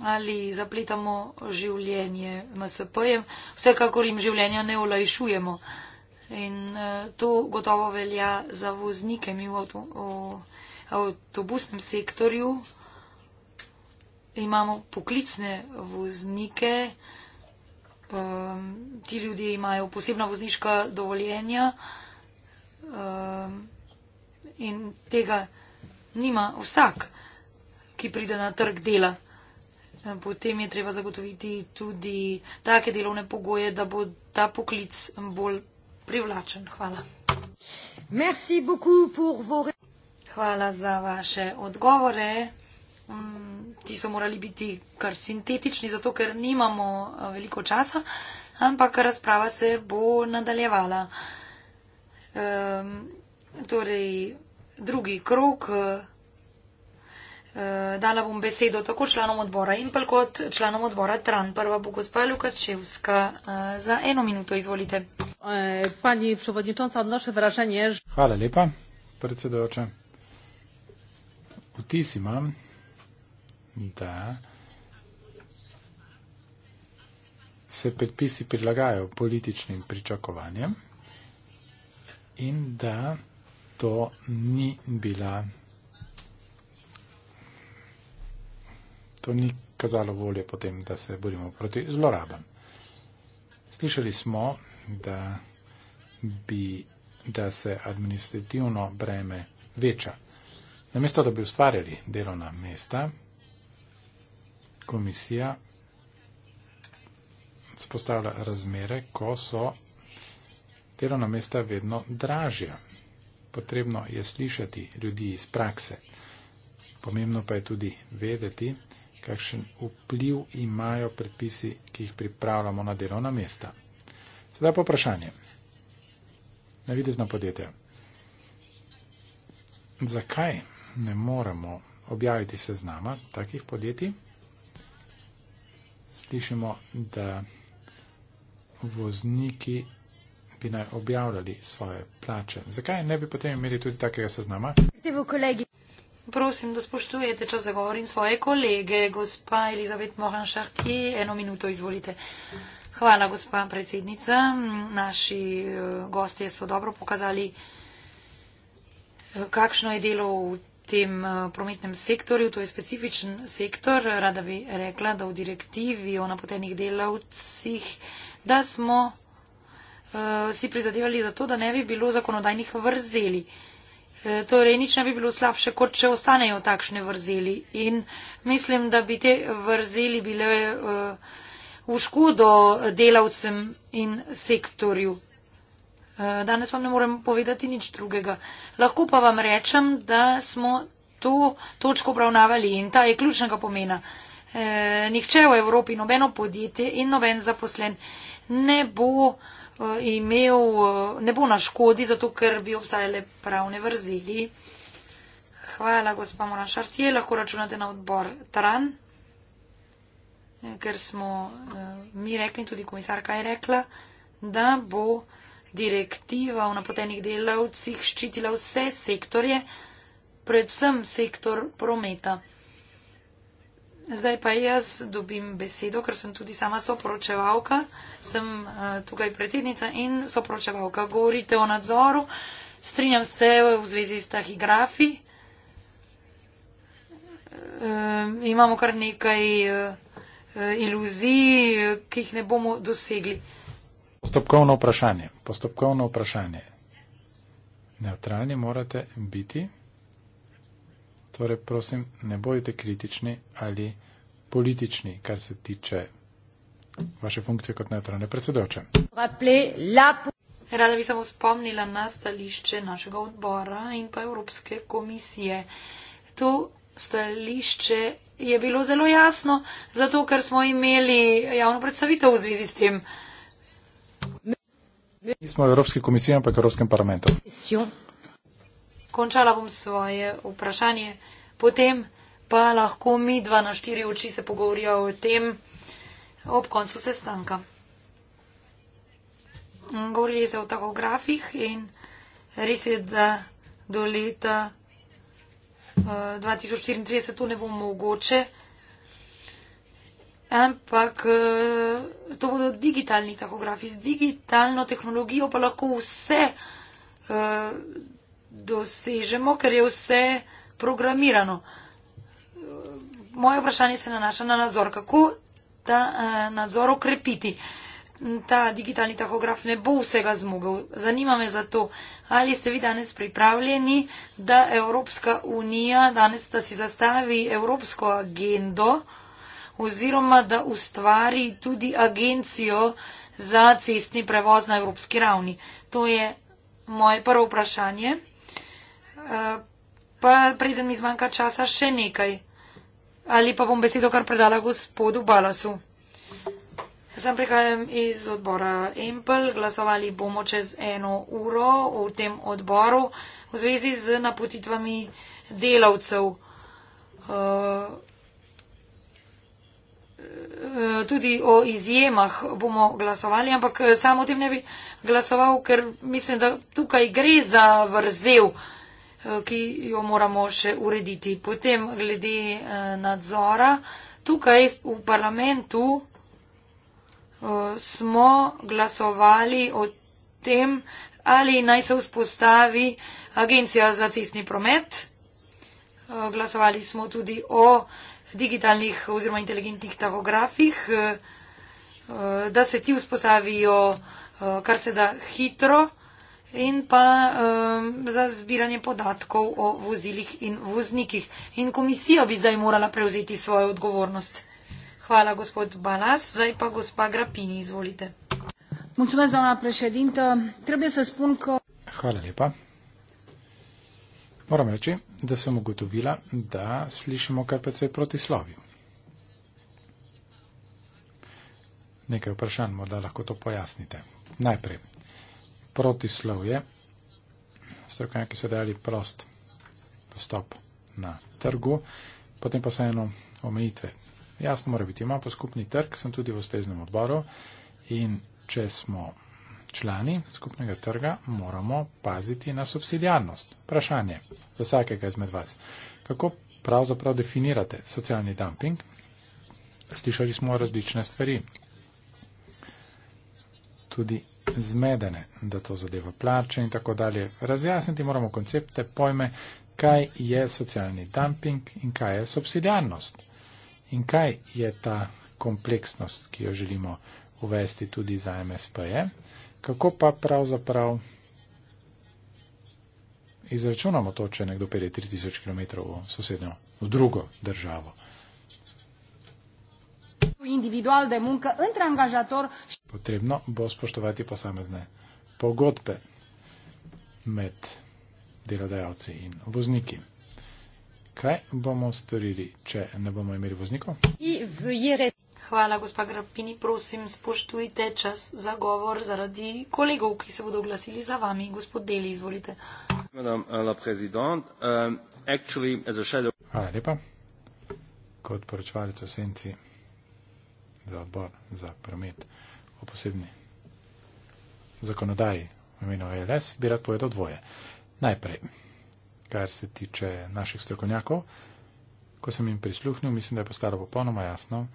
ali zapletamo življenje MSP-jem. Vsekakor jim življenja ne olajšujemo. In uh, to gotovo velja za voznike mi v, avto, v avtobusnem sektorju. Imamo poklicne voznike, um, ti ljudje imajo posebna vozniška dovoljenja um, in tega nima vsak, ki pride na trg dela. Potem je treba zagotoviti tudi take delovne pogoje, da bo ta poklic bolj privlačen. Hvala. Hvala za vaše odgovore. Mm, ti so morali biti kar sintetični, zato ker nimamo eh, veliko časa, ampak razprava se bo nadaljevala. Ehm, torej, drugi krok. Eh, Eh, dala bom besedo tako članom odbora in pa kot članom odbora Tran. Prva bo gospa Lukačevska. Eh, za eno minuto izvolite. Eh, pani predsednica, odnoše vražanje. Hvala lepa, predsedujoča. Vtis imam, da se predpisi prilagajajo političnim pričakovanjem in da to ni bila to ni kazalo volje potem, da se bodimo proti zlorabam. Slišali smo, da, bi, da se administrativno breme veča. Namesto, da bi ustvarjali delovna mesta, komisija spostavlja razmere, ko so delovna mesta vedno dražja. Potrebno je slišati ljudi iz prakse. Pomembno pa je tudi vedeti, kakšen vpliv imajo predpisi, ki jih pripravljamo na delovna mesta. Sedaj pa vprašanje. Navidezno podjetje. Zakaj ne moremo objaviti seznama takih podjetij? Slišimo, da vozniki bi naj objavljali svoje plače. Zakaj ne bi potem imeli tudi takega seznama? prosim, da spoštujete čas, da govorim svoje kolege, gospa Elizabet Mohan Šartje, eno minuto izvolite. Hvala, gospa predsednica. Naši eh, gostje so dobro pokazali, eh, kakšno je delo v tem eh, prometnem sektorju. To je specifičen sektor. Rada bi rekla, da v direktivi o napotenih delavcih, da smo uh, si prizadevali za to, da ne bi bilo zakonodajnih vrzeli. Uh, E, torej, nič ne bi bilo slabše, kot če ostanejo takšne vrzeli. In mislim, da bi te vrzeli bile e, v škodo delavcem in sektorju. E, danes vam ne morem povedati nič drugega. Lahko pa vam rečem, da smo to točko obravnavali in ta je ključnega pomena. Nihče v Evropi, nobeno podjetje in noben zaposlen ne bo Eh, imel, eh, ne bo na škodi, zato ker bi obstajale pravne vrzeli. Hvala, gospa Moran Šartje, lahko računate na odbor Taran, eh, ker smo mi rekli, tudi komisarka je rekla, da bo direktiva o napotenih delavcih ščitila vse sektorje, predvsem sektor prometa. Zdaj pa jaz dobim besedo, ker sem tudi sama soporočevalka, sem uh, tukaj predsednica in soporočevalka. Govorite o nadzoru, strinjam se v zvezi s tahigrafi. Uh, imamo kar nekaj uh, iluzij, ki jih ne bomo dosegli. Postopkovno vprašanje. Postopkovno vprašanje. Neutralni morate biti. Torej, prosim, ne bojte kritični ali politični, kar se tiče vaše funkcije kot neutralne predsedoče. Rada bi samo spomnila na stališče našega odbora in pa Evropske komisije. Tu stališče je bilo zelo jasno, zato ker smo imeli javno predstavitev v zvezi s tem. Mi smo v Evropski komisiji, ampak v Evropskem parlamentu končala bom svoje vprašanje, potem pa lahko mi dva na štiri oči se pogovorijo o tem ob koncu sestanka. Govorili se o takografih in res je, da do leta 2034 eh, to ne bo mogoče, ampak eh, to bodo digitalni takografi. Z digitalno tehnologijo pa lahko vse eh, dosežemo, ker je vse programirano. Moje vprašanje se nanaša na nadzor. Kako ta eh, nadzor okrepiti? Ta digitalni tahograf ne bo vsega zmogel. Zanima me zato, ali ste vi danes pripravljeni, da Evropska unija danes da si zastavi evropsko agendo oziroma da ustvari tudi agencijo za cestni prevoz na evropski ravni. To je moje prvo vprašanje pa preden mi zmanjka časa še nekaj. Ali pa bom besedo kar predala gospodu Balasu. Sam prihajam iz odbora Empel, glasovali bomo čez eno uro v tem odboru v zvezi z napotitvami delavcev. Eh, tudi o izjemah bomo glasovali, ampak eh, samo o tem ne bi glasoval, ker mislim, da tukaj gre za vrzel. Eh, ki jo moramo še urediti. Potem glede eh, nadzora. Tukaj v parlamentu eh, smo glasovali o tem, ali naj se vzpostavi agencija za cestni promet. Glasovali smo tudi o digitalnih oziroma inteligentnih tahografih, da se ti vzpostavijo kar se da hitro in pa um, za zbiranje podatkov o vozilih in voznikih. In komisija bi zdaj morala prevzeti svojo odgovornost. Hvala, gospod Balas. Zdaj pa gospa Grapini, izvolite. Mulțumesc, doamna președintă. Trebuie să spun că... Hvala lepa. Moram reči, da sem ugotovila, da slišimo kar precej protislovi. Nekaj vprašanj morda lahko to pojasnite. Najprej protislovje. Strokovnjaki so dali prost dostop na trgu, potem pa so eno omejitve. Jasno mora biti, imamo skupni trg, sem tudi v ustreznem odboru in če smo člani skupnega trga, moramo paziti na subsidijarnost. Vprašanje za vsakega izmed vas. Kako pravzaprav definirate socialni dumping? Slišali smo različne stvari. Tudi zmedene, da to zadeva plače in tako dalje. Razjasniti moramo koncepte, pojme, kaj je socialni dumping in kaj je subsidijarnost. In kaj je ta kompleksnost, ki jo želimo uvesti tudi za MSP-je, kako pa pravzaprav izračunamo to, če nekdo pere 3000 km v sosednjo, v drugo državo. individual de muncă între angajator potrebno bo spoštovati posamezne pogodbe med delodajalci in vozniki. Kaj bomo storili, če ne bomo imeli voznikov? Hvala, gospa Grapini. Prosim, spoštujte čas za govor zaradi kolegov, ki se bodo oglasili za vami. Gospod Deli, izvolite. Euh, Hvala lepa. Kot poročvalec v senci za odbor za promet o posebni zakonodaji v imenu ALS, bi rad povedal dvoje. Najprej, kar se tiče naših strokovnjakov, ko sem jim prisluhnil, mislim, da je postalo popolnoma jasno,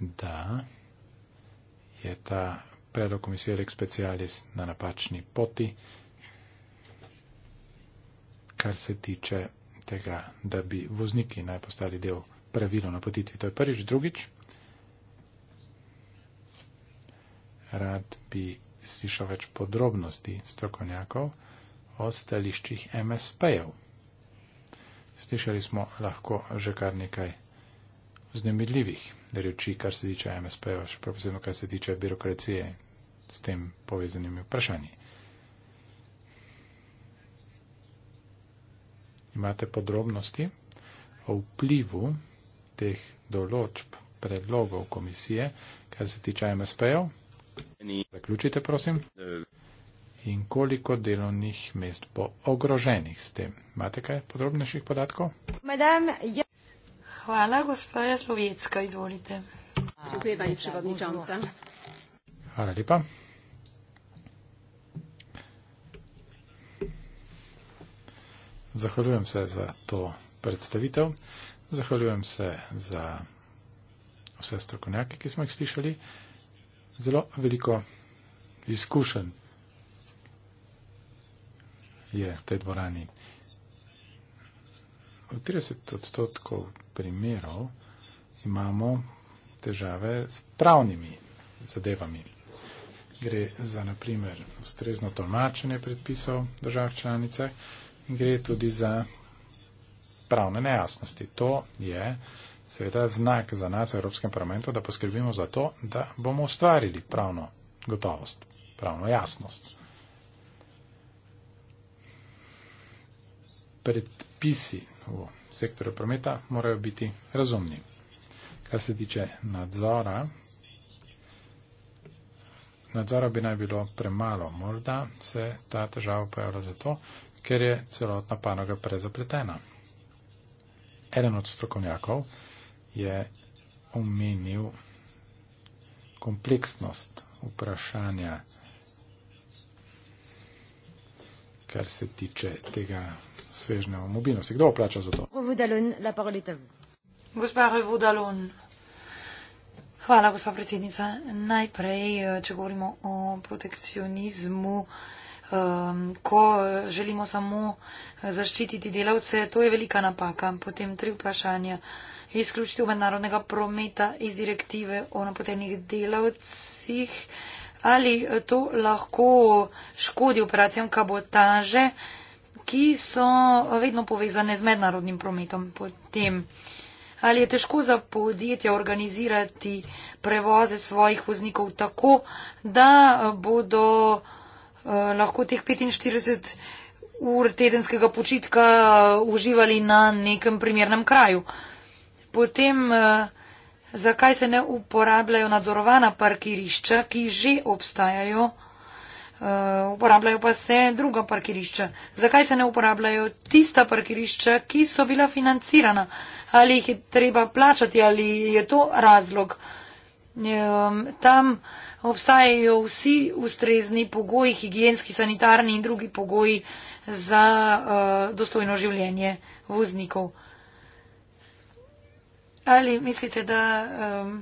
da je ta predlog komisije Lex Specialis na napačni poti, kar se tiče tega, da bi vozniki naj postali del pravilo na potitvi. To je prvič, drugič. rad bi slišal več podrobnosti strokovnjakov o stališčih MSP-jev. Slišali smo lahko že kar nekaj znemidljivih reči, kar se tiče MSP-jev, še posebno kar se tiče birokracije s tem povezanimi vprašanji. Imate podrobnosti o vplivu teh določb predlogov komisije, kar se tiče MSP-jev? Zaključite, prosim. Eh. In koliko delovnih mest bo ogroženih s tem? Imate kaj podrobnejših podatkov? Madame, ja. Hvala, gospoda Slovecka, izvolite. Hvala lepa. Zahvaljujem se za to predstavitev. Zahvaljujem se za vse strokovnjake, ki smo jih slišali zelo veliko izkušenj je v tej dvorani. V 30 odstotkov primerov imamo težave s pravnimi zadevami. Gre za, naprimer, ustrezno tolmačenje predpisov držav članice in gre tudi za pravne nejasnosti. To je seveda znak za nas v Evropskem parlamentu, da poskrbimo za to, da bomo ustvarili pravno gotovost, pravno jasnost. Predpisi v sektorju prometa morajo biti razumni. Kar se tiče nadzora, nadzora bi naj bilo premalo. Morda se ta težava pojavlja zato, ker je celotna panoga prezapletena. Eden od strokovnjakov, je omenil kompleksnost vprašanja, kar se tiče tega svežnja o mobilnosti. Kdo plača za to? Gospa Revudalon, hvala, gospa predsednica. Najprej, eh, če govorimo o protekcionizmu, um, ko želimo samo zaščititi delavce, to je velika napaka. Potem tri vprašanja. Izključiti v mednarodnega prometa iz direktive o napotenih delavcih. Ali to lahko škodi operacijam kabotaže, ki so vedno povezane z mednarodnim prometom? Potem, ali je težko za podjetja organizirati prevoze svojih voznikov tako, da bodo. Eh, lahko teh 45 ur tedenskega počitka uživali na nekem primernem kraju. Potem, eh, zakaj se ne uporabljajo nadzorovana parkirišča, ki že obstajajo, eh, uporabljajo pa se druga parkirišča? Zakaj se ne uporabljajo tista parkirišča, ki so bila financirana? Ali jih je treba plačati, ali je to razlog? Tam obstajajo vsi ustrezni pogoji, higijenski, sanitarni in drugi pogoji za uh, dostojno življenje voznikov. Ali mislite, da um,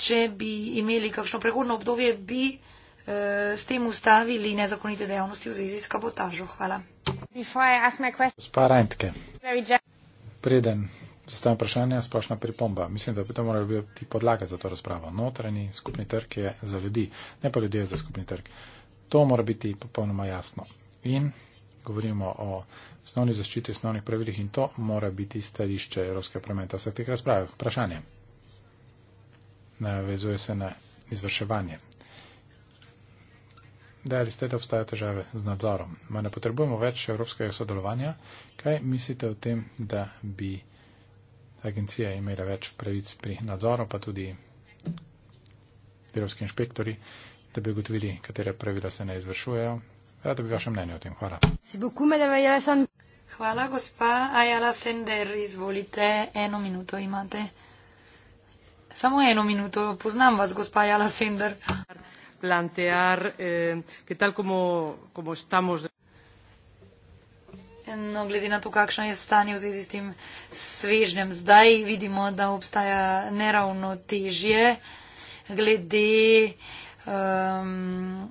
če bi imeli kakšno prehodno obdobje, bi uh, s tem ustavili nezakonite dejavnosti v zvezi s kabotažo? Hvala. Gospa Rajntke, preden zastavim vprašanje, splošna pripomba. Mislim, da bi to morali biti podlaga za to razpravo. Notranji skupni trg je za ljudi, ne pa ljudje za skupni trg. To mora biti popolnoma jasno. In govorimo o osnovni zaščiti, osnovnih pravilih in to mora biti stališče Evropskega parlamenta. Vse teh razprav, vprašanje, navezuje se na izvrševanje. Da ali ste, da obstajajo težave z nadzorom? Ma ne potrebujemo več evropskega sodelovanja? Kaj mislite o tem, da bi agencija je imela več pravic pri nadzoru, pa tudi delovski inšpektori, da bi ugotovili, katere pravila se ne izvršujejo. Rada bi vaše mnenje o tem. Hvala. Hvala, gospa Ajala Sender. Izvolite, eno minuto imate. Samo eno minuto. Poznam vas, gospa Ajala Sender. Plantear, eh, que tal como, como estamos... No, glede na to, kakšno je stanje v zvezi s tem svežnjem, zdaj vidimo, da obstaja neravno težje glede um,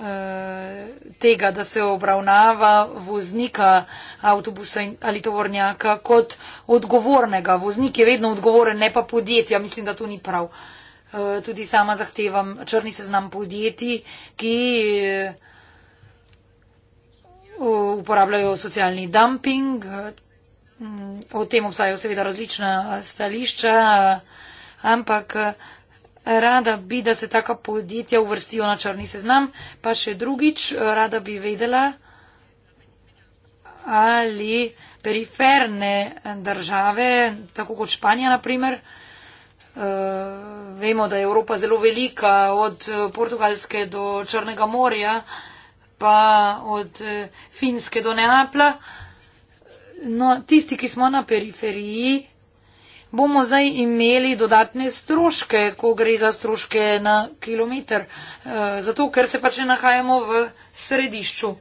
uh, tega, da se obravnava voznika avtobusa in, ali tovornjaka kot odgovornega. Voznik je vedno odgovoren, ne pa podjetja. Mislim, da to ni prav. Uh, tudi sama zahtevam črni seznam podjetij, ki. Uh, uporabljajo socialni dumping. O tem obstajajo seveda različna stališča, ampak rada bi, da se taka podjetja uvrstijo na črni seznam. Pa še drugič, rada bi vedela, ali periferne države, tako kot Španija naprimer, eh, vemo, da je Evropa zelo velika od Portugalske do Črnega morja, pa od eh, Finske do Neapla. No, tisti, ki smo na periferiji, bomo zdaj imeli dodatne stroške, ko gre za stroške na kilometr, eh, zato ker se pač ne nahajamo v središču.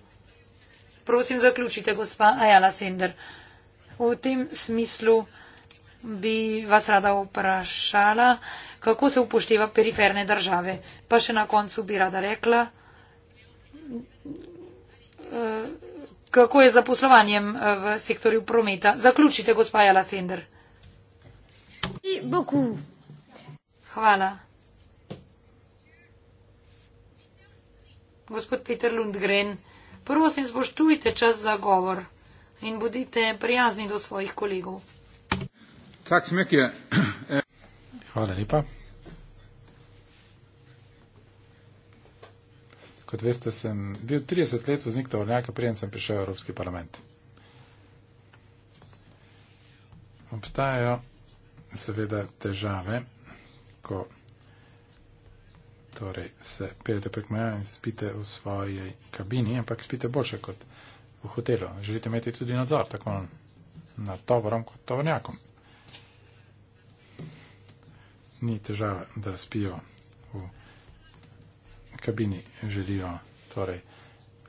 Prosim, zaključite, gospa Ajala Sender. V tem smislu bi vas rada vprašala, kako se upošteva periferne države. Pa še na koncu bi rada rekla kako je z zaposlovanjem eh, v sektorju prometa. Zaključite, gospa Jala Sender. Hvala. Gospod Peter Lundgren, prvo se spoštujte čas za govor in bodite prijazni do svojih kolegov. Tak, Hvala lepa. Kot veste, sem bil 30 let voznik tovornjaka, preden sem prišel v Evropski parlament. Obstajajo seveda težave, ko torej, se pijete prek meja in spite v svoji kabini, ampak spite boljše kot v hotelu. Želite imeti tudi nadzor, tako nad tovorom kot tovornjakom. Ni težava, da spijo kabini želijo torej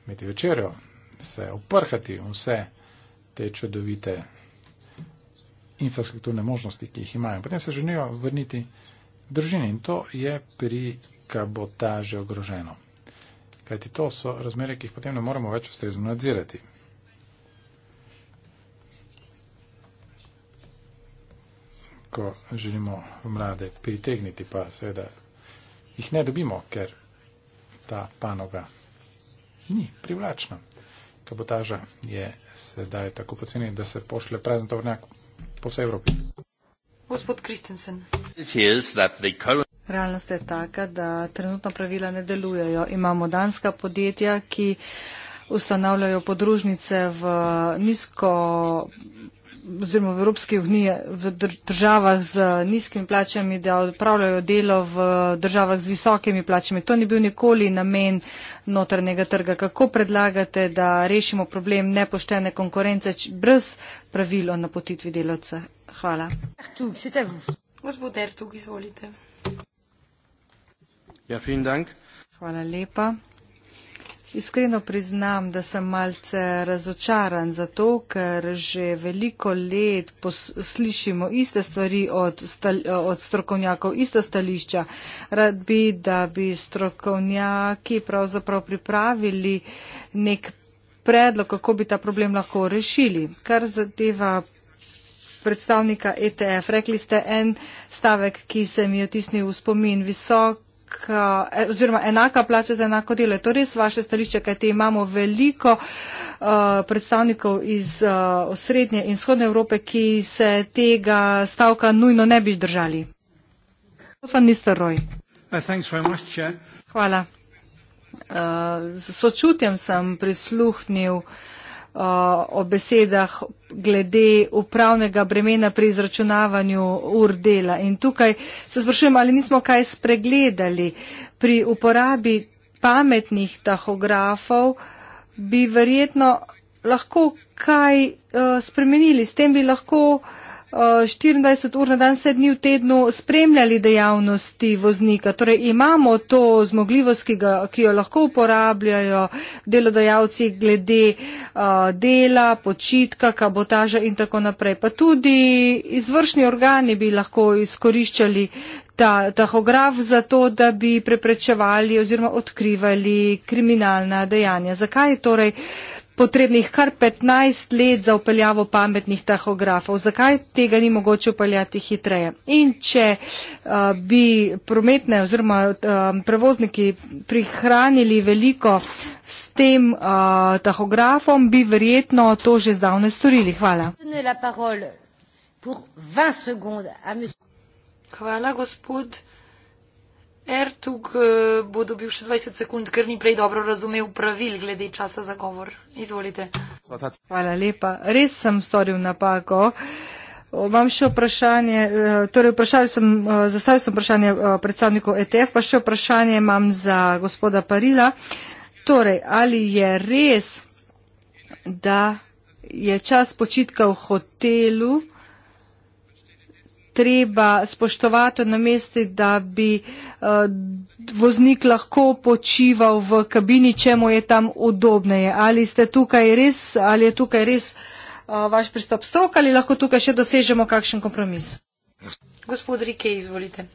imeti večerjo, se oprhati vse te čudovite infrastrukturne možnosti, ki jih imajo. Potem se želijo vrniti držini in to je pri kabotaže ogroženo. Kajti to so razmere, ki jih potem ne moremo več ustrezno nadzirati. Ko želimo mlade pritegniti, pa seveda jih ne dobimo, ker ta panoga ni privlačna. Kabotaža je sedaj tako poceni, da se pošle prazen tovrnjak po vsej Evropi. Gospod Kristensen. Realnost je taka, da trenutna pravila ne delujejo. Imamo danska podjetja, ki ustanavljajo podružnice v nizko oziroma v Evropske unije, v državah z nizkimi plačami, da odpravljajo delo v državah z visokimi plačami. To ni bil nikoli namen notrnega trga. Kako predlagate, da rešimo problem nepoštene konkurence brez pravil o napotitvi delavca? Hvala. Gospod Ertug, izvolite. Ja, Hvala lepa. Iskreno priznam, da sem malce razočaran zato, ker že veliko let slišimo iste stvari od, od strokovnjakov, ista stališča. Rad bi, da bi strokovnjaki pravzaprav pripravili nek predlog, kako bi ta problem lahko rešili. Kar zadeva predstavnika ETF, rekli ste en stavek, ki se mi je otisnil v spomin visok enaka, oziroma enaka plača za enako delo. Je to res vaše stališče, kajte imamo veliko uh, predstavnikov iz uh, srednje in vzhodne Evrope, ki se tega stavka nujno ne bi držali. Uh, Hvala. Sočutjem sem prisluhnil uh, o besedah glede upravnega bremena pri izračunavanju ur dela. In tukaj se sprašujem, ali nismo kaj spregledali pri uporabi pametnih tahografov, bi verjetno lahko kaj uh, spremenili. S tem bi lahko uh, 24 ur na dan, 7 dni v tednu spremljali dejavnosti voznika. Torej imamo to zmogljivost, ki, ga, ki jo lahko uporabljajo delodajalci glede uh, dela, počitka, kabotaža in tako naprej. Pa tudi izvršni organi bi lahko izkoriščali ta tahograf za to, da bi preprečevali oziroma odkrivali kriminalna dejanja. Zakaj torej? potrebnih kar 15 let za upeljavo pametnih tahografov. Zakaj tega ni mogoče upeljati hitreje? In če uh, bi prometne oziroma uh, prevozniki prihranili veliko s tem uh, tahografom, bi verjetno to že zdavne storili. Hvala. Hvala, gospod. Ertug eh, bo dobil še 20 sekund, ker ni prej dobro razumel pravil glede časa za govor. Izvolite. Hvala lepa. Res sem storil napako. Imam še vprašanje, eh, torej vprašanje sem, eh, zastavil sem vprašanje predstavniku ETF, pa še vprašanje imam za gospoda Parila. Torej, ali je res, da je čas počitka v hotelu? treba spoštovati na mesti, da bi uh, voznik lahko počival v kabini, če mu je tam udobneje. Ali ste tukaj res, ali je tukaj res uh, vaš pristop strok ali lahko tukaj še dosežemo kakšen kompromis? Gospod Rike, izvolite.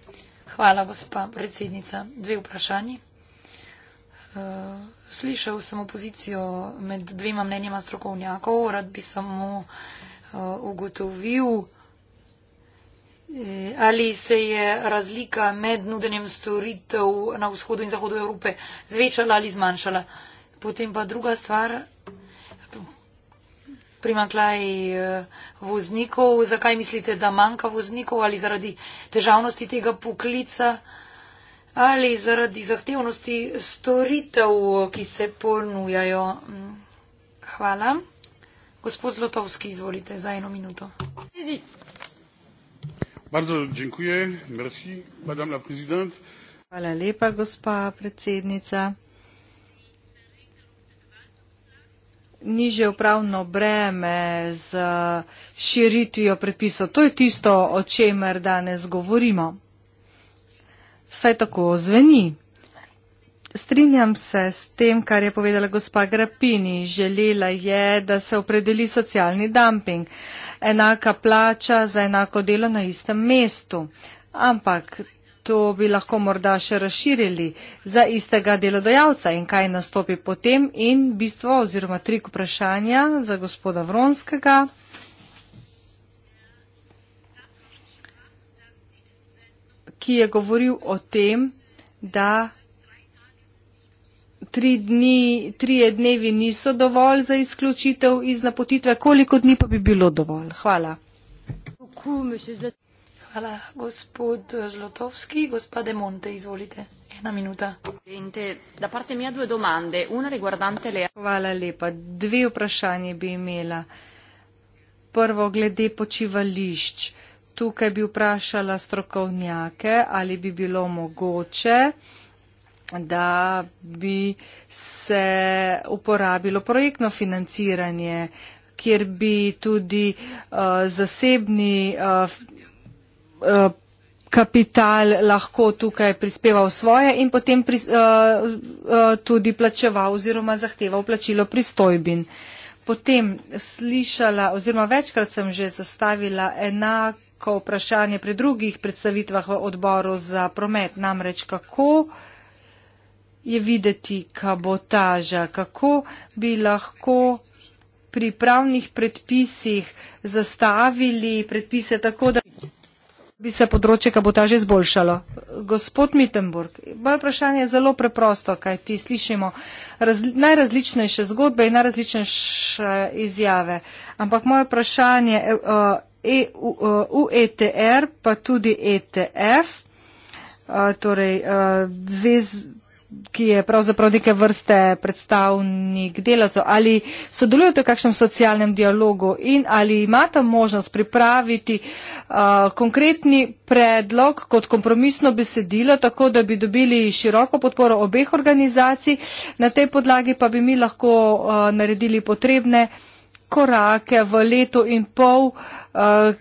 Hvala, gospa predsednica. Dve vprašanji. Uh, slišal sem opozicijo med dvema mnenjama strokovnjakov, rad bi samo uh, ugotovil, Eh, ali se je razlika med nudenjem storitev na vzhodu in zahodu Evrope zvečala ali zmanjšala? Potem pa druga stvar, primanklaj eh, voznikov. Zakaj mislite, da manjka voznikov ali zaradi težavnosti tega poklica ali zaradi zahtevnosti storitev, ki se ponujajo? Hm. Hvala. Gospod Zlotovski, izvolite za eno minuto. Hvala lepa, gospa predsednica. Niže upravno breme z širitijo predpisov, to je tisto, o čemer danes govorimo. Vsaj tako zveni. Strinjam se s tem, kar je povedala gospa Grapini. Želela je, da se opredeli socialni dumping, enaka plača za enako delo na istem mestu. Ampak to bi lahko morda še razširili za istega delodajalca in kaj nastopi potem in bistvo oziroma trik vprašanja za gospoda Vronskega. ki je govoril o tem, da tri dni, trije dnevi niso dovolj za izključitev iz napotitve, koliko dni pa bi bilo dovolj? Hvala. Hvala, gospod Zlotovski. Gospod De Monte, izvolite. Ena minuta. Da parte mi je dve domande. Una riguardante le... Hvala lepa. Dve vprašanje bi imela. Prvo, glede počivališč. Tukaj bi vprašala strokovnjake, ali bi bilo mogoče da bi se uporabilo projektno financiranje, kjer bi tudi uh, zasebni uh, kapital lahko tukaj prispeval svoje in potem pri, uh, uh, tudi plačeval oziroma zahteval plačilo pristojbin. Potem slišala oziroma večkrat sem že zastavila enako vprašanje pri drugih predstavitvah v odboru za promet, namreč kako uh, je videti kabotaža, kako bi lahko pri pravnih predpisih zastavili predpise tako, da bi se področje kabotaže izboljšalo. Gospod Mittenburg, moje vprašanje je zelo preprosto, kaj ti slišimo Razli najrazličnejše zgodbe in najrazličnejše izjave. Ampak moje vprašanje je v ETR, e pa tudi ETF, e, torej e, zvez, ki je pravzaprav neke vrste predstavnik delavcev, ali sodelujete v kakšnem socialnem dialogu in ali imate možnost pripraviti uh, konkretni predlog kot kompromisno besedilo, tako da bi dobili široko podporo obeh organizacij, na tej podlagi pa bi mi lahko uh, naredili potrebne korake v leto in pol. Uh,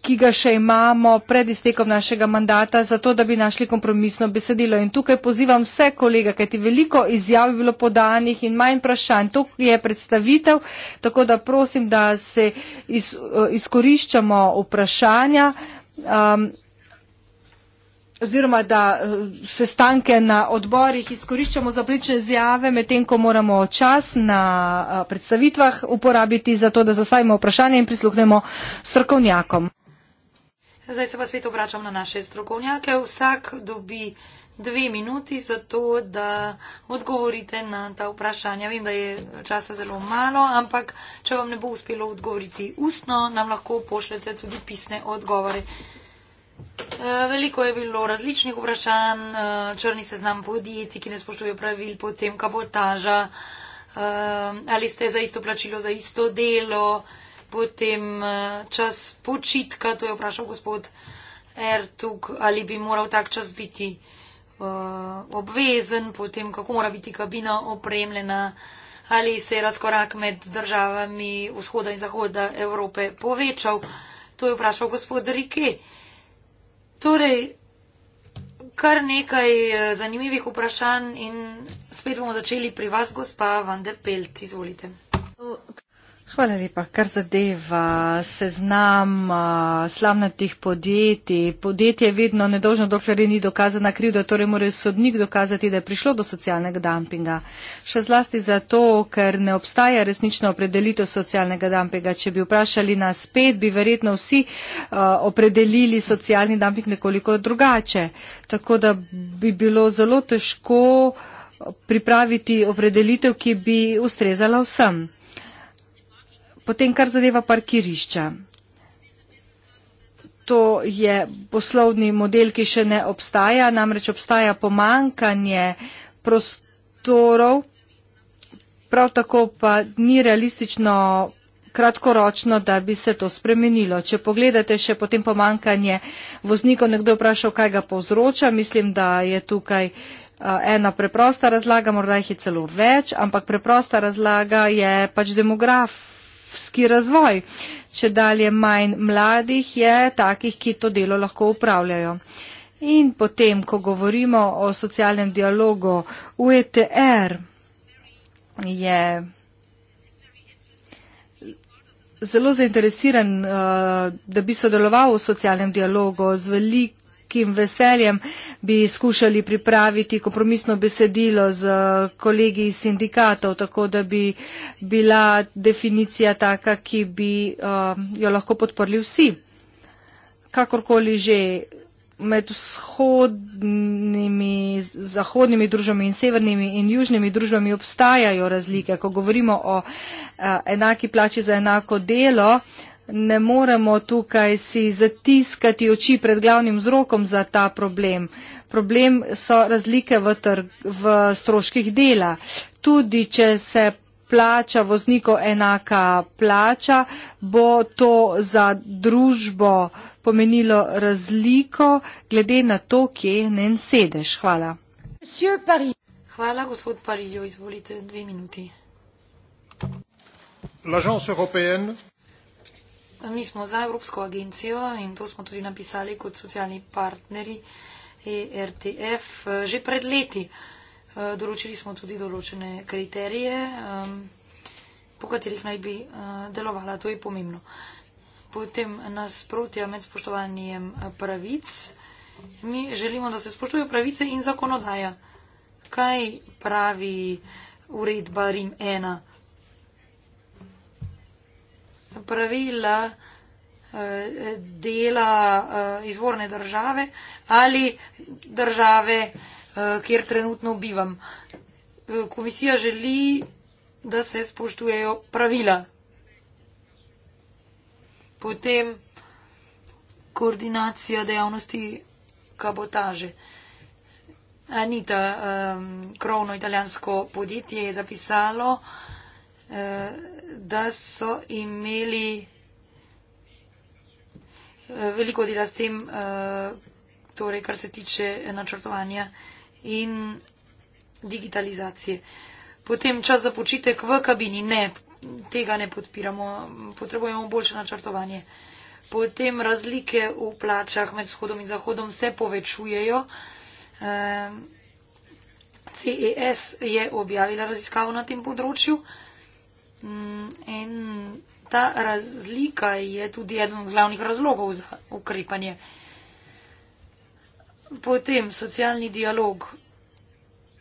ki ga še imamo pred iztekom našega mandata, zato da bi našli kompromisno besedilo. In tukaj pozivam vse kolega, kajti veliko izjav je bilo podanih in manj vprašanj. To je predstavitev, tako da prosim, da se iz, eh, izkoriščamo vprašanja. Um, oziroma, da eh, se stanke na odborih izkoriščamo za plične izjave, medtem ko moramo čas na eh, predstavitvah uporabiti za to, da zastavimo vprašanje in prisluhnemo strokovnjakom. Zdaj se pa spet obračam na naše strokovnjake. Vsak dobi dve minuti za to, da odgovorite na ta vprašanja. Vem, da je časa zelo malo, ampak če vam ne bo uspelo odgovoriti ustno, nam lahko pošljete tudi pisne odgovore. Eh, veliko je bilo različnih vprašanj, eh, črni seznam podjetij, ki ne spoštujejo pravil, potem kabotaža, eh, ali ste za isto plačilo, za isto delo, potem eh, čas počitka, to je vprašal gospod Ertug, ali bi moral tak čas biti uh, obvezen, potem kako mora biti kabina opremljena, ali se je razkorak med državami vzhoda in zahoda Evrope povečal, to je vprašal gospod Rike. Torej, kar nekaj eh, zanimivih vprašanj in spet bomo začeli pri vas, gospa Van der Pelt, izvolite. Oh, Hvala lepa. Kar zadeva seznam uh, slavnatih podjetij. Podjetje je vedno nedožno, dokler ni dokazana krivda, torej mora sodnik dokazati, da je prišlo do socialnega dampinga. Še zlasti zato, ker ne obstaja resnična opredelitev socialnega dampinga. Če bi vprašali nas pet, bi verjetno vsi uh, opredelili socialni damping nekoliko drugače. Tako da bi bilo zelo težko pripraviti opredelitev, ki bi ustrezala vsem. Potem, kar zadeva parkirišča. To je poslovni model, ki še ne obstaja, namreč obstaja pomankanje prostorov, prav tako pa ni realistično kratkoročno, da bi se to spremenilo. Če pogledate še potem pomankanje voznikov, nekdo vprašal, kaj ga povzroča, mislim, da je tukaj ena preprosta razlaga, morda jih je celo več, ampak preprosta razlaga je pač demograf profesijski razvoj. Če dalje manj mladih je takih, ki to delo lahko upravljajo. In potem, ko govorimo o socialnem dialogu, UETR je zelo zainteresiran, eh, da bi sodeloval v socialnem dialogu z velik velikim veseljem bi skušali pripraviti kompromisno besedilo z eh, kolegi iz sindikatov, tako da bi bila definicija taka, ki bi eh, jo lahko podporili vsi. Kakorkoli že med vzhodnimi, zahodnimi družbami in severnimi in južnimi družbami obstajajo razlike. Ko govorimo o eh, enaki plači za enako delo, ne moremo tukaj si zatiskati oči pred glavnim vzrokom za ta problem. Problem so razlike v, trg, v stroških dela. Tudi, če se plača vozniko enaka plača, bo to za družbo pomenilo razliko glede na to, kje je njen sedež. Hvala. Hvala, gospod Parijo. Izvolite dve minuti. L'Agence européenne Mi smo za Evropsko agencijo in to smo tudi napisali kot socialni partneri ERTF eh, že pred leti. Eh, določili smo tudi določene kriterije, po katerih naj bi eh, delovala. To je pomembno. Potem nasprotja med spoštovanjem pravic. Mi želimo, da se spoštujejo pravice in zakonodaja. Kaj pravi uredba Rim 1? pravil eh, dela eh, izvorne države ali države, eh, kjer trenutno bivam. Komisija želi, da se spoštujejo pravila. Potem koordinacija dejavnosti kabotaže. Anita, krovno italijansko podjetje je zapisalo da so imeli eh, veliko dela s tem, eh, torej, kar se tiče načrtovanja in digitalizacije. Potem čas za počitek v kabini. Ne, tega ne podpiramo. Potrebujemo boljše načrtovanje. Potem razlike v plačah med vzhodom in zahodom se povečujejo. Eh, CES je objavila raziskavo na tem področju. Mm, in ta razlika je tudi eden od glavnih razlogov za ukrepanje. Potem socialni dialog.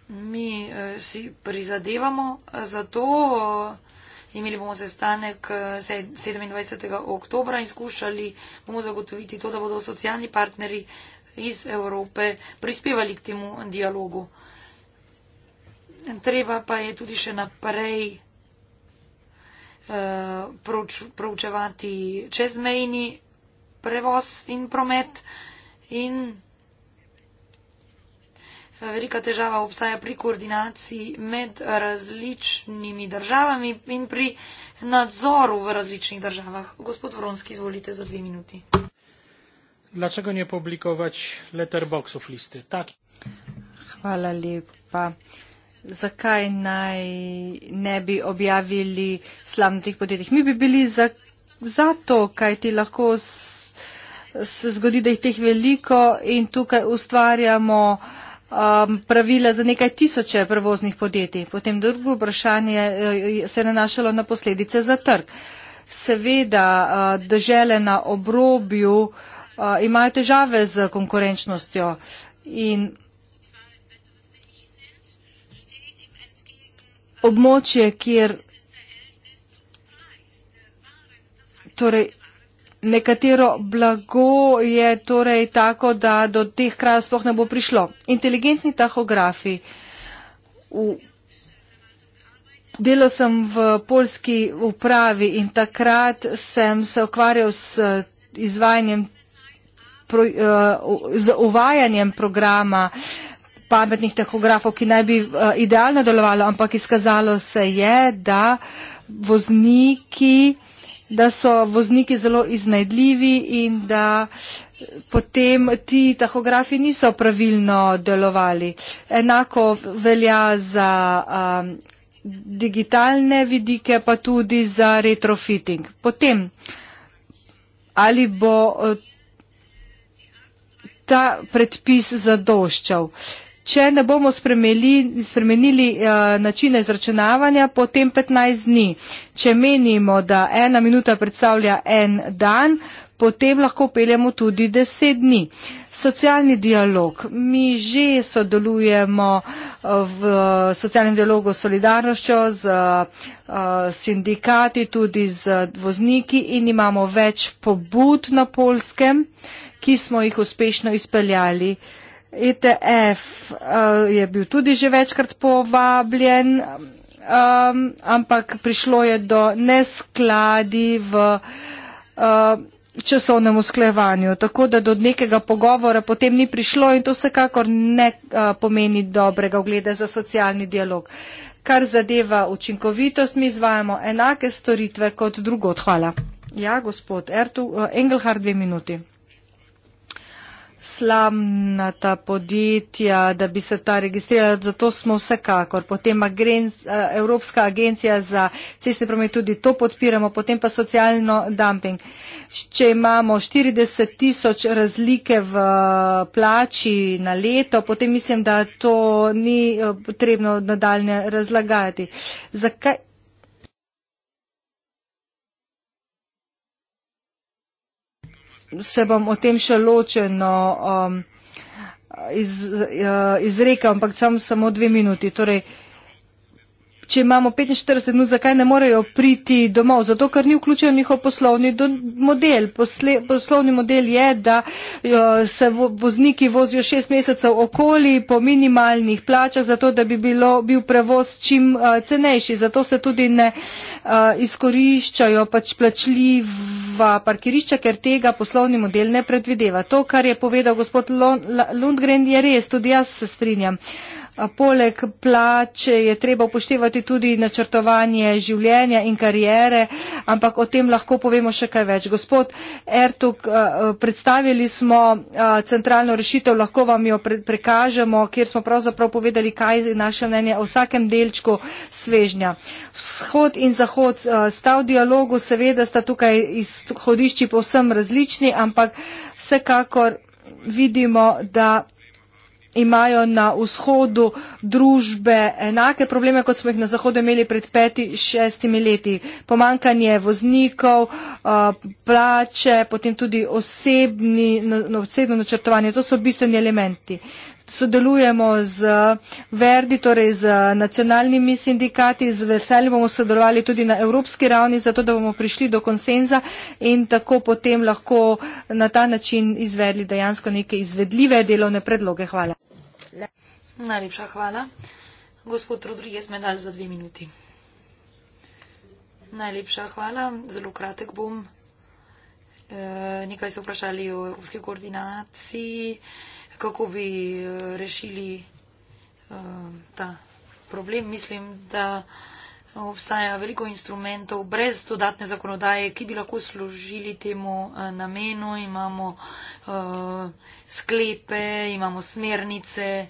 Mi eh, si prizadevamo za to. Imeli bomo sestanek 27. Eh, oktobra in skušali bomo zagotoviti to, da bodo socialni partneri iz Evrope prispevali k temu dialogu. Treba pa je tudi še naprej uh, proučevati čezmejni prevoz in promet. In eh, velika težava obstaja pri koordinaciji med različnimi državami in pri nadzoru v različnih državah. Gospod Vronski, izvolite za dve minuti. Dlačego ne publikovati letterboxov liste? Tak. Hvala lepa zakaj naj ne bi objavili slavnih podjetjih. Mi bi bili za, za to, kaj ti lahko se zgodi, da jih teh veliko in tukaj ustvarjamo um, pravila za nekaj tisoče prevoznih podjetij. Potem drugo vprašanje eh, se je nanašalo na posledice za trg. Seveda, eh, da žele na obrobju eh, imajo težave z konkurenčnostjo in območje, kjer torej, nekatero blago je torej tako, da do teh krajev sploh ne bo prišlo. Inteligentni tahografi. V Delo sem v polski upravi in takrat sem se ukvarjal s izvajanjem, pro, eh, z uvajanjem programa uh, pametnih tehografov, ki naj bi eh, idealno delovalo, ampak izkazalo se je, da, vozniki, da so vozniki zelo iznajdljivi in da eh, potem ti tahografi niso pravilno delovali. Enako velja za um, digitalne vidike, pa tudi za retrofitting. Potem, ali bo ta predpis zadoščal? Uh, če ne bomo spremenili eh, načine izračunavanja, potem 15 dni. Če menimo, da ena minuta predstavlja en dan, potem lahko peljemo tudi 10 dni. Socialni dialog. Mi že sodelujemo eh, v socialnem dialogu s solidarnostjo, z eh, sindikati, tudi z vozniki in imamo več pobud na polskem, ki smo jih uspešno izpeljali. ETF uh, eh, je bil tudi že večkrat povabljen, um, ampak prišlo je do neskladi v uh, časovnem usklevanju. Tako da do nekega pogovora potem ni prišlo in to vsekakor ne uh, pomeni dobrega ogleda za socialni dialog. Kar zadeva učinkovitost, mi izvajamo enake storitve kot drugot. Hvala. Ja, gospod Ertu, uh, Engelhard, dve minuti slamnata podjetja, da bi se ta registrirala, zato smo vsekakor. Potem agenc, eh, Evropska agencija za cestni promet tudi to podpiramo, potem pa socialno dumping. Če imamo 40 tisoč razlike v eh, plači na leto, potem mislim, da to ni eh, potrebno nadaljne razlagati. Zakaj, se bom o tem še ločeno um, iz, uh, izrekel, ampak sam samo dve minuti. Torej, uh, če imamo 45 minut, zakaj ne morejo priti domov? Zato, ker ni vključen njihov poslovni do, model. Posle, poslovni model je, da jo, se vo, vozniki vozijo 6 mesecev okoli po minimalnih plačah, zato da bi bilo, bil prevoz čim uh, cenejši. Zato se tudi ne uh, izkoriščajo pač plačljiva parkirišča, ker tega poslovni model ne predvideva. To, kar je povedal gospod Lundgren, je res, tudi jaz se strinjam. Uh, Poleg plače je treba upoštevati tudi načrtovanje življenja in karijere, ampak o tem lahko povemo še kaj več. Gospod Ertug, predstavili smo centralno rešitev, lahko vam jo prekažemo, kjer smo pravzaprav povedali, kaj je naše mnenje o vsakem delčku svežnja. Vzhod in zahod sta v dialogu, seveda sta tukaj izhodišči povsem različni, ampak vsekakor vidimo, da imajo na vzhodu družbe enake probleme, kot smo jih na zahodu imeli pred peti, šestimi leti. Pomankanje voznikov, plače, potem tudi osebni, osebno načrtovanje. To so bistveni elementi. Sodelujemo z Verdi, torej z nacionalnimi sindikati, z veseljem bomo sodelovali tudi na evropski ravni, zato da bomo prišli do konsenza in tako potem lahko na ta način izvedli dejansko neke izvedljive delovne predloge. Hvala le. Najlepša hvala. Gospod Rodrigez, medalj za dve minuti. Najlepša hvala. Zelo kratek bom. E, nekaj so vprašali o evropski koordinaciji, kako bi e, rešili e, ta problem. Mislim, da obstaja veliko instrumentov brez dodatne zakonodaje, ki bi lahko služili temu eh, namenu. Imamo uh, sklepe, imamo smernice,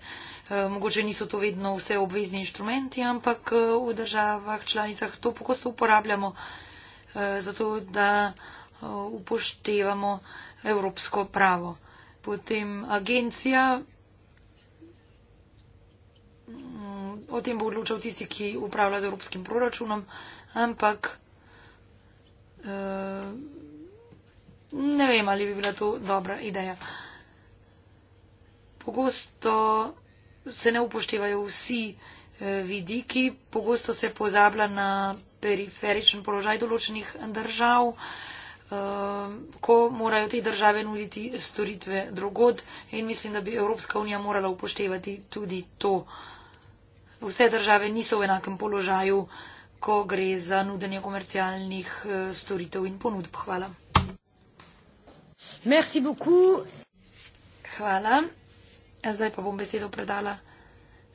uh, mogoče niso to vedno vse obvezni inštrumenti, ampak uh, v državah članicah to pogosto uporabljamo, uh, zato da uh, upoštevamo evropsko pravo. Potem agencija o tem bo odločal tisti, ki upravlja z evropskim proračunom, ampak eh, ne vem, ali bi bila to dobra ideja. Pogosto se ne upoštevajo vsi eh, vidiki, pogosto se pozablja na periferičen položaj določenih držav, eh, ko morajo te države nuditi storitve drugod in mislim, da bi Evropska unija morala upoštevati tudi to. Uh, vse države niso v enakem položaju, ko gre za nudenje komercialnih eh, storitev in ponudb. Hvala. Merci Hvala. Zdaj pa bom besedo predala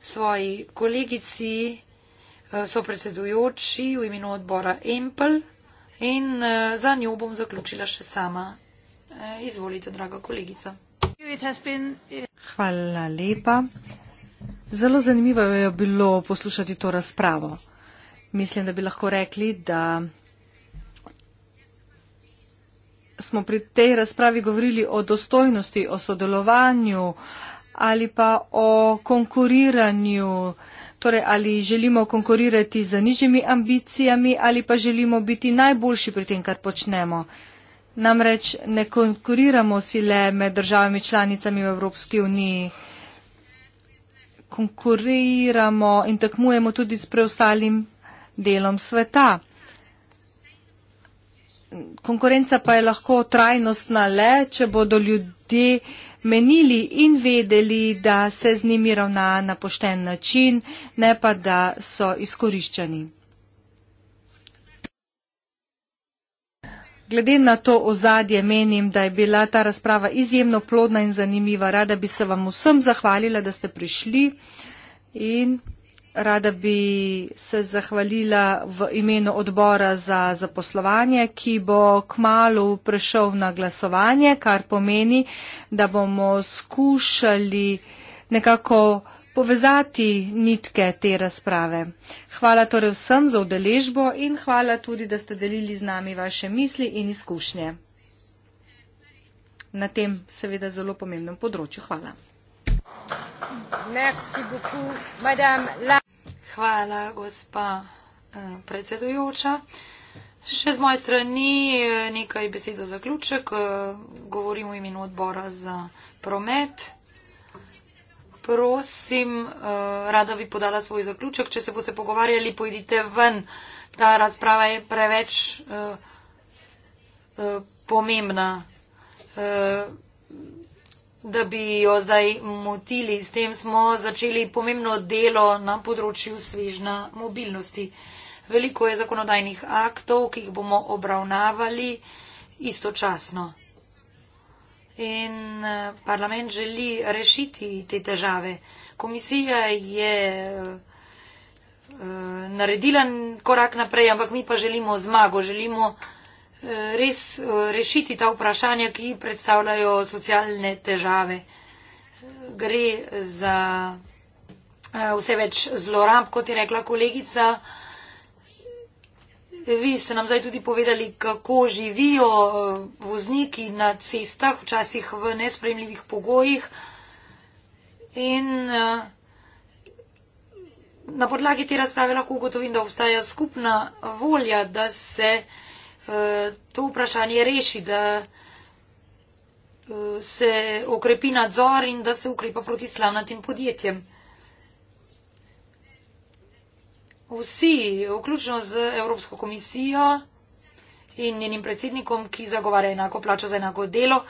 svoji kolegici, eh, sopredsedujoči v imenu odbora Empel in eh, za njo bom zaključila še sama. Izvolite, draga kolegica. Hvala lepa. Zelo zanimivo je bilo poslušati to razpravo. Mislim, da bi lahko rekli, da smo pri tej razpravi govorili o dostojnosti, o sodelovanju ali pa o konkuriranju. Torej, ali želimo konkurirati z nižjimi ambicijami ali pa želimo biti najboljši pri tem, kar počnemo. Namreč ne konkuriramo sile med državami članicami v Evropski uniji konkuriramo in tekmujemo tudi s preostalim delom sveta. Konkurenca pa je lahko trajnostna le, če bodo ljudje menili in vedeli, da se z njimi ravna na pošten način, ne pa da so izkoriščani. glede na to ozadje menim, da je bila ta razprava izjemno plodna in zanimiva. Rada bi se vam vsem zahvalila, da ste prišli in rada bi se zahvalila v imenu odbora za zaposlovanje, ki bo k malu prešel na glasovanje, kar pomeni, da bomo skušali nekako povezati nitke te razprave. Hvala torej vsem za udeležbo in hvala tudi, da ste delili z nami vaše misli in izkušnje na tem seveda zelo pomembnem področju. Hvala. Hvala, gospa eh, predsedujoča. Še z moje strani eh, nekaj besed za zaključek. Eh, govorim v imenu odbora za promet prosim, eh, rada bi podala svoj zaključek. Če se boste pogovarjali, pojdite ven. Ta razprava je preveč uh, uh, pomembna, uh, da bi jo zdaj motili. S tem smo začeli pomembno delo na področju svežna mobilnosti. Veliko je zakonodajnih aktov, ki jih bomo obravnavali istočasno in eh, parlament želi rešiti te težave. Komisija je eh, naredila korak naprej, ampak mi pa želimo zmago, želimo eh, res rešiti ta vprašanja, ki predstavljajo socialne težave. Gre za vse več zlorab, kot je rekla kolegica. Vi ste nam zdaj tudi povedali, kako živijo eh, vozniki na cestah, včasih v nespremljivih pogojih. In eh, na podlagi te razprave lahko ugotovim, da obstaja skupna volja, da se eh, to vprašanje reši, da se okrepi nadzor in da se ukrepa proti slavnatim podjetjem. vsi, vključno z Evropsko komisijo in njenim predsednikom, ki zagovarja enako plačo za enako delo,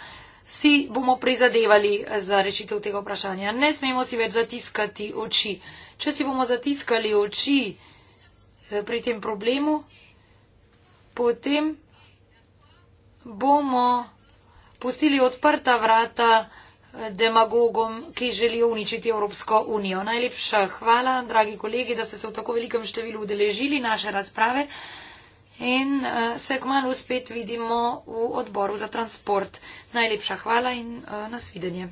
si bomo prizadevali za rešitev tega vprašanja. Ne smemo si več zatiskati oči. Če si bomo zatiskali oči eh, pri tem problemu, potem bomo pustili odprta vrata demagogom, ki želijo uničiti Evropsko unijo. Najlepša hvala, dragi kolegi, da ste se v tako velikem številu udeležili naše razprave in eh, se kmalo spet vidimo v odboru za transport. Najlepša hvala in eh, nasvidenje.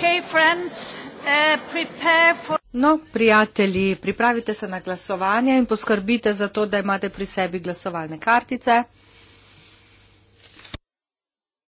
Uh, no, prijatelji, pripravite se na glasovanje in poskrbite za to, da imate pri sebi glasovalne kartice.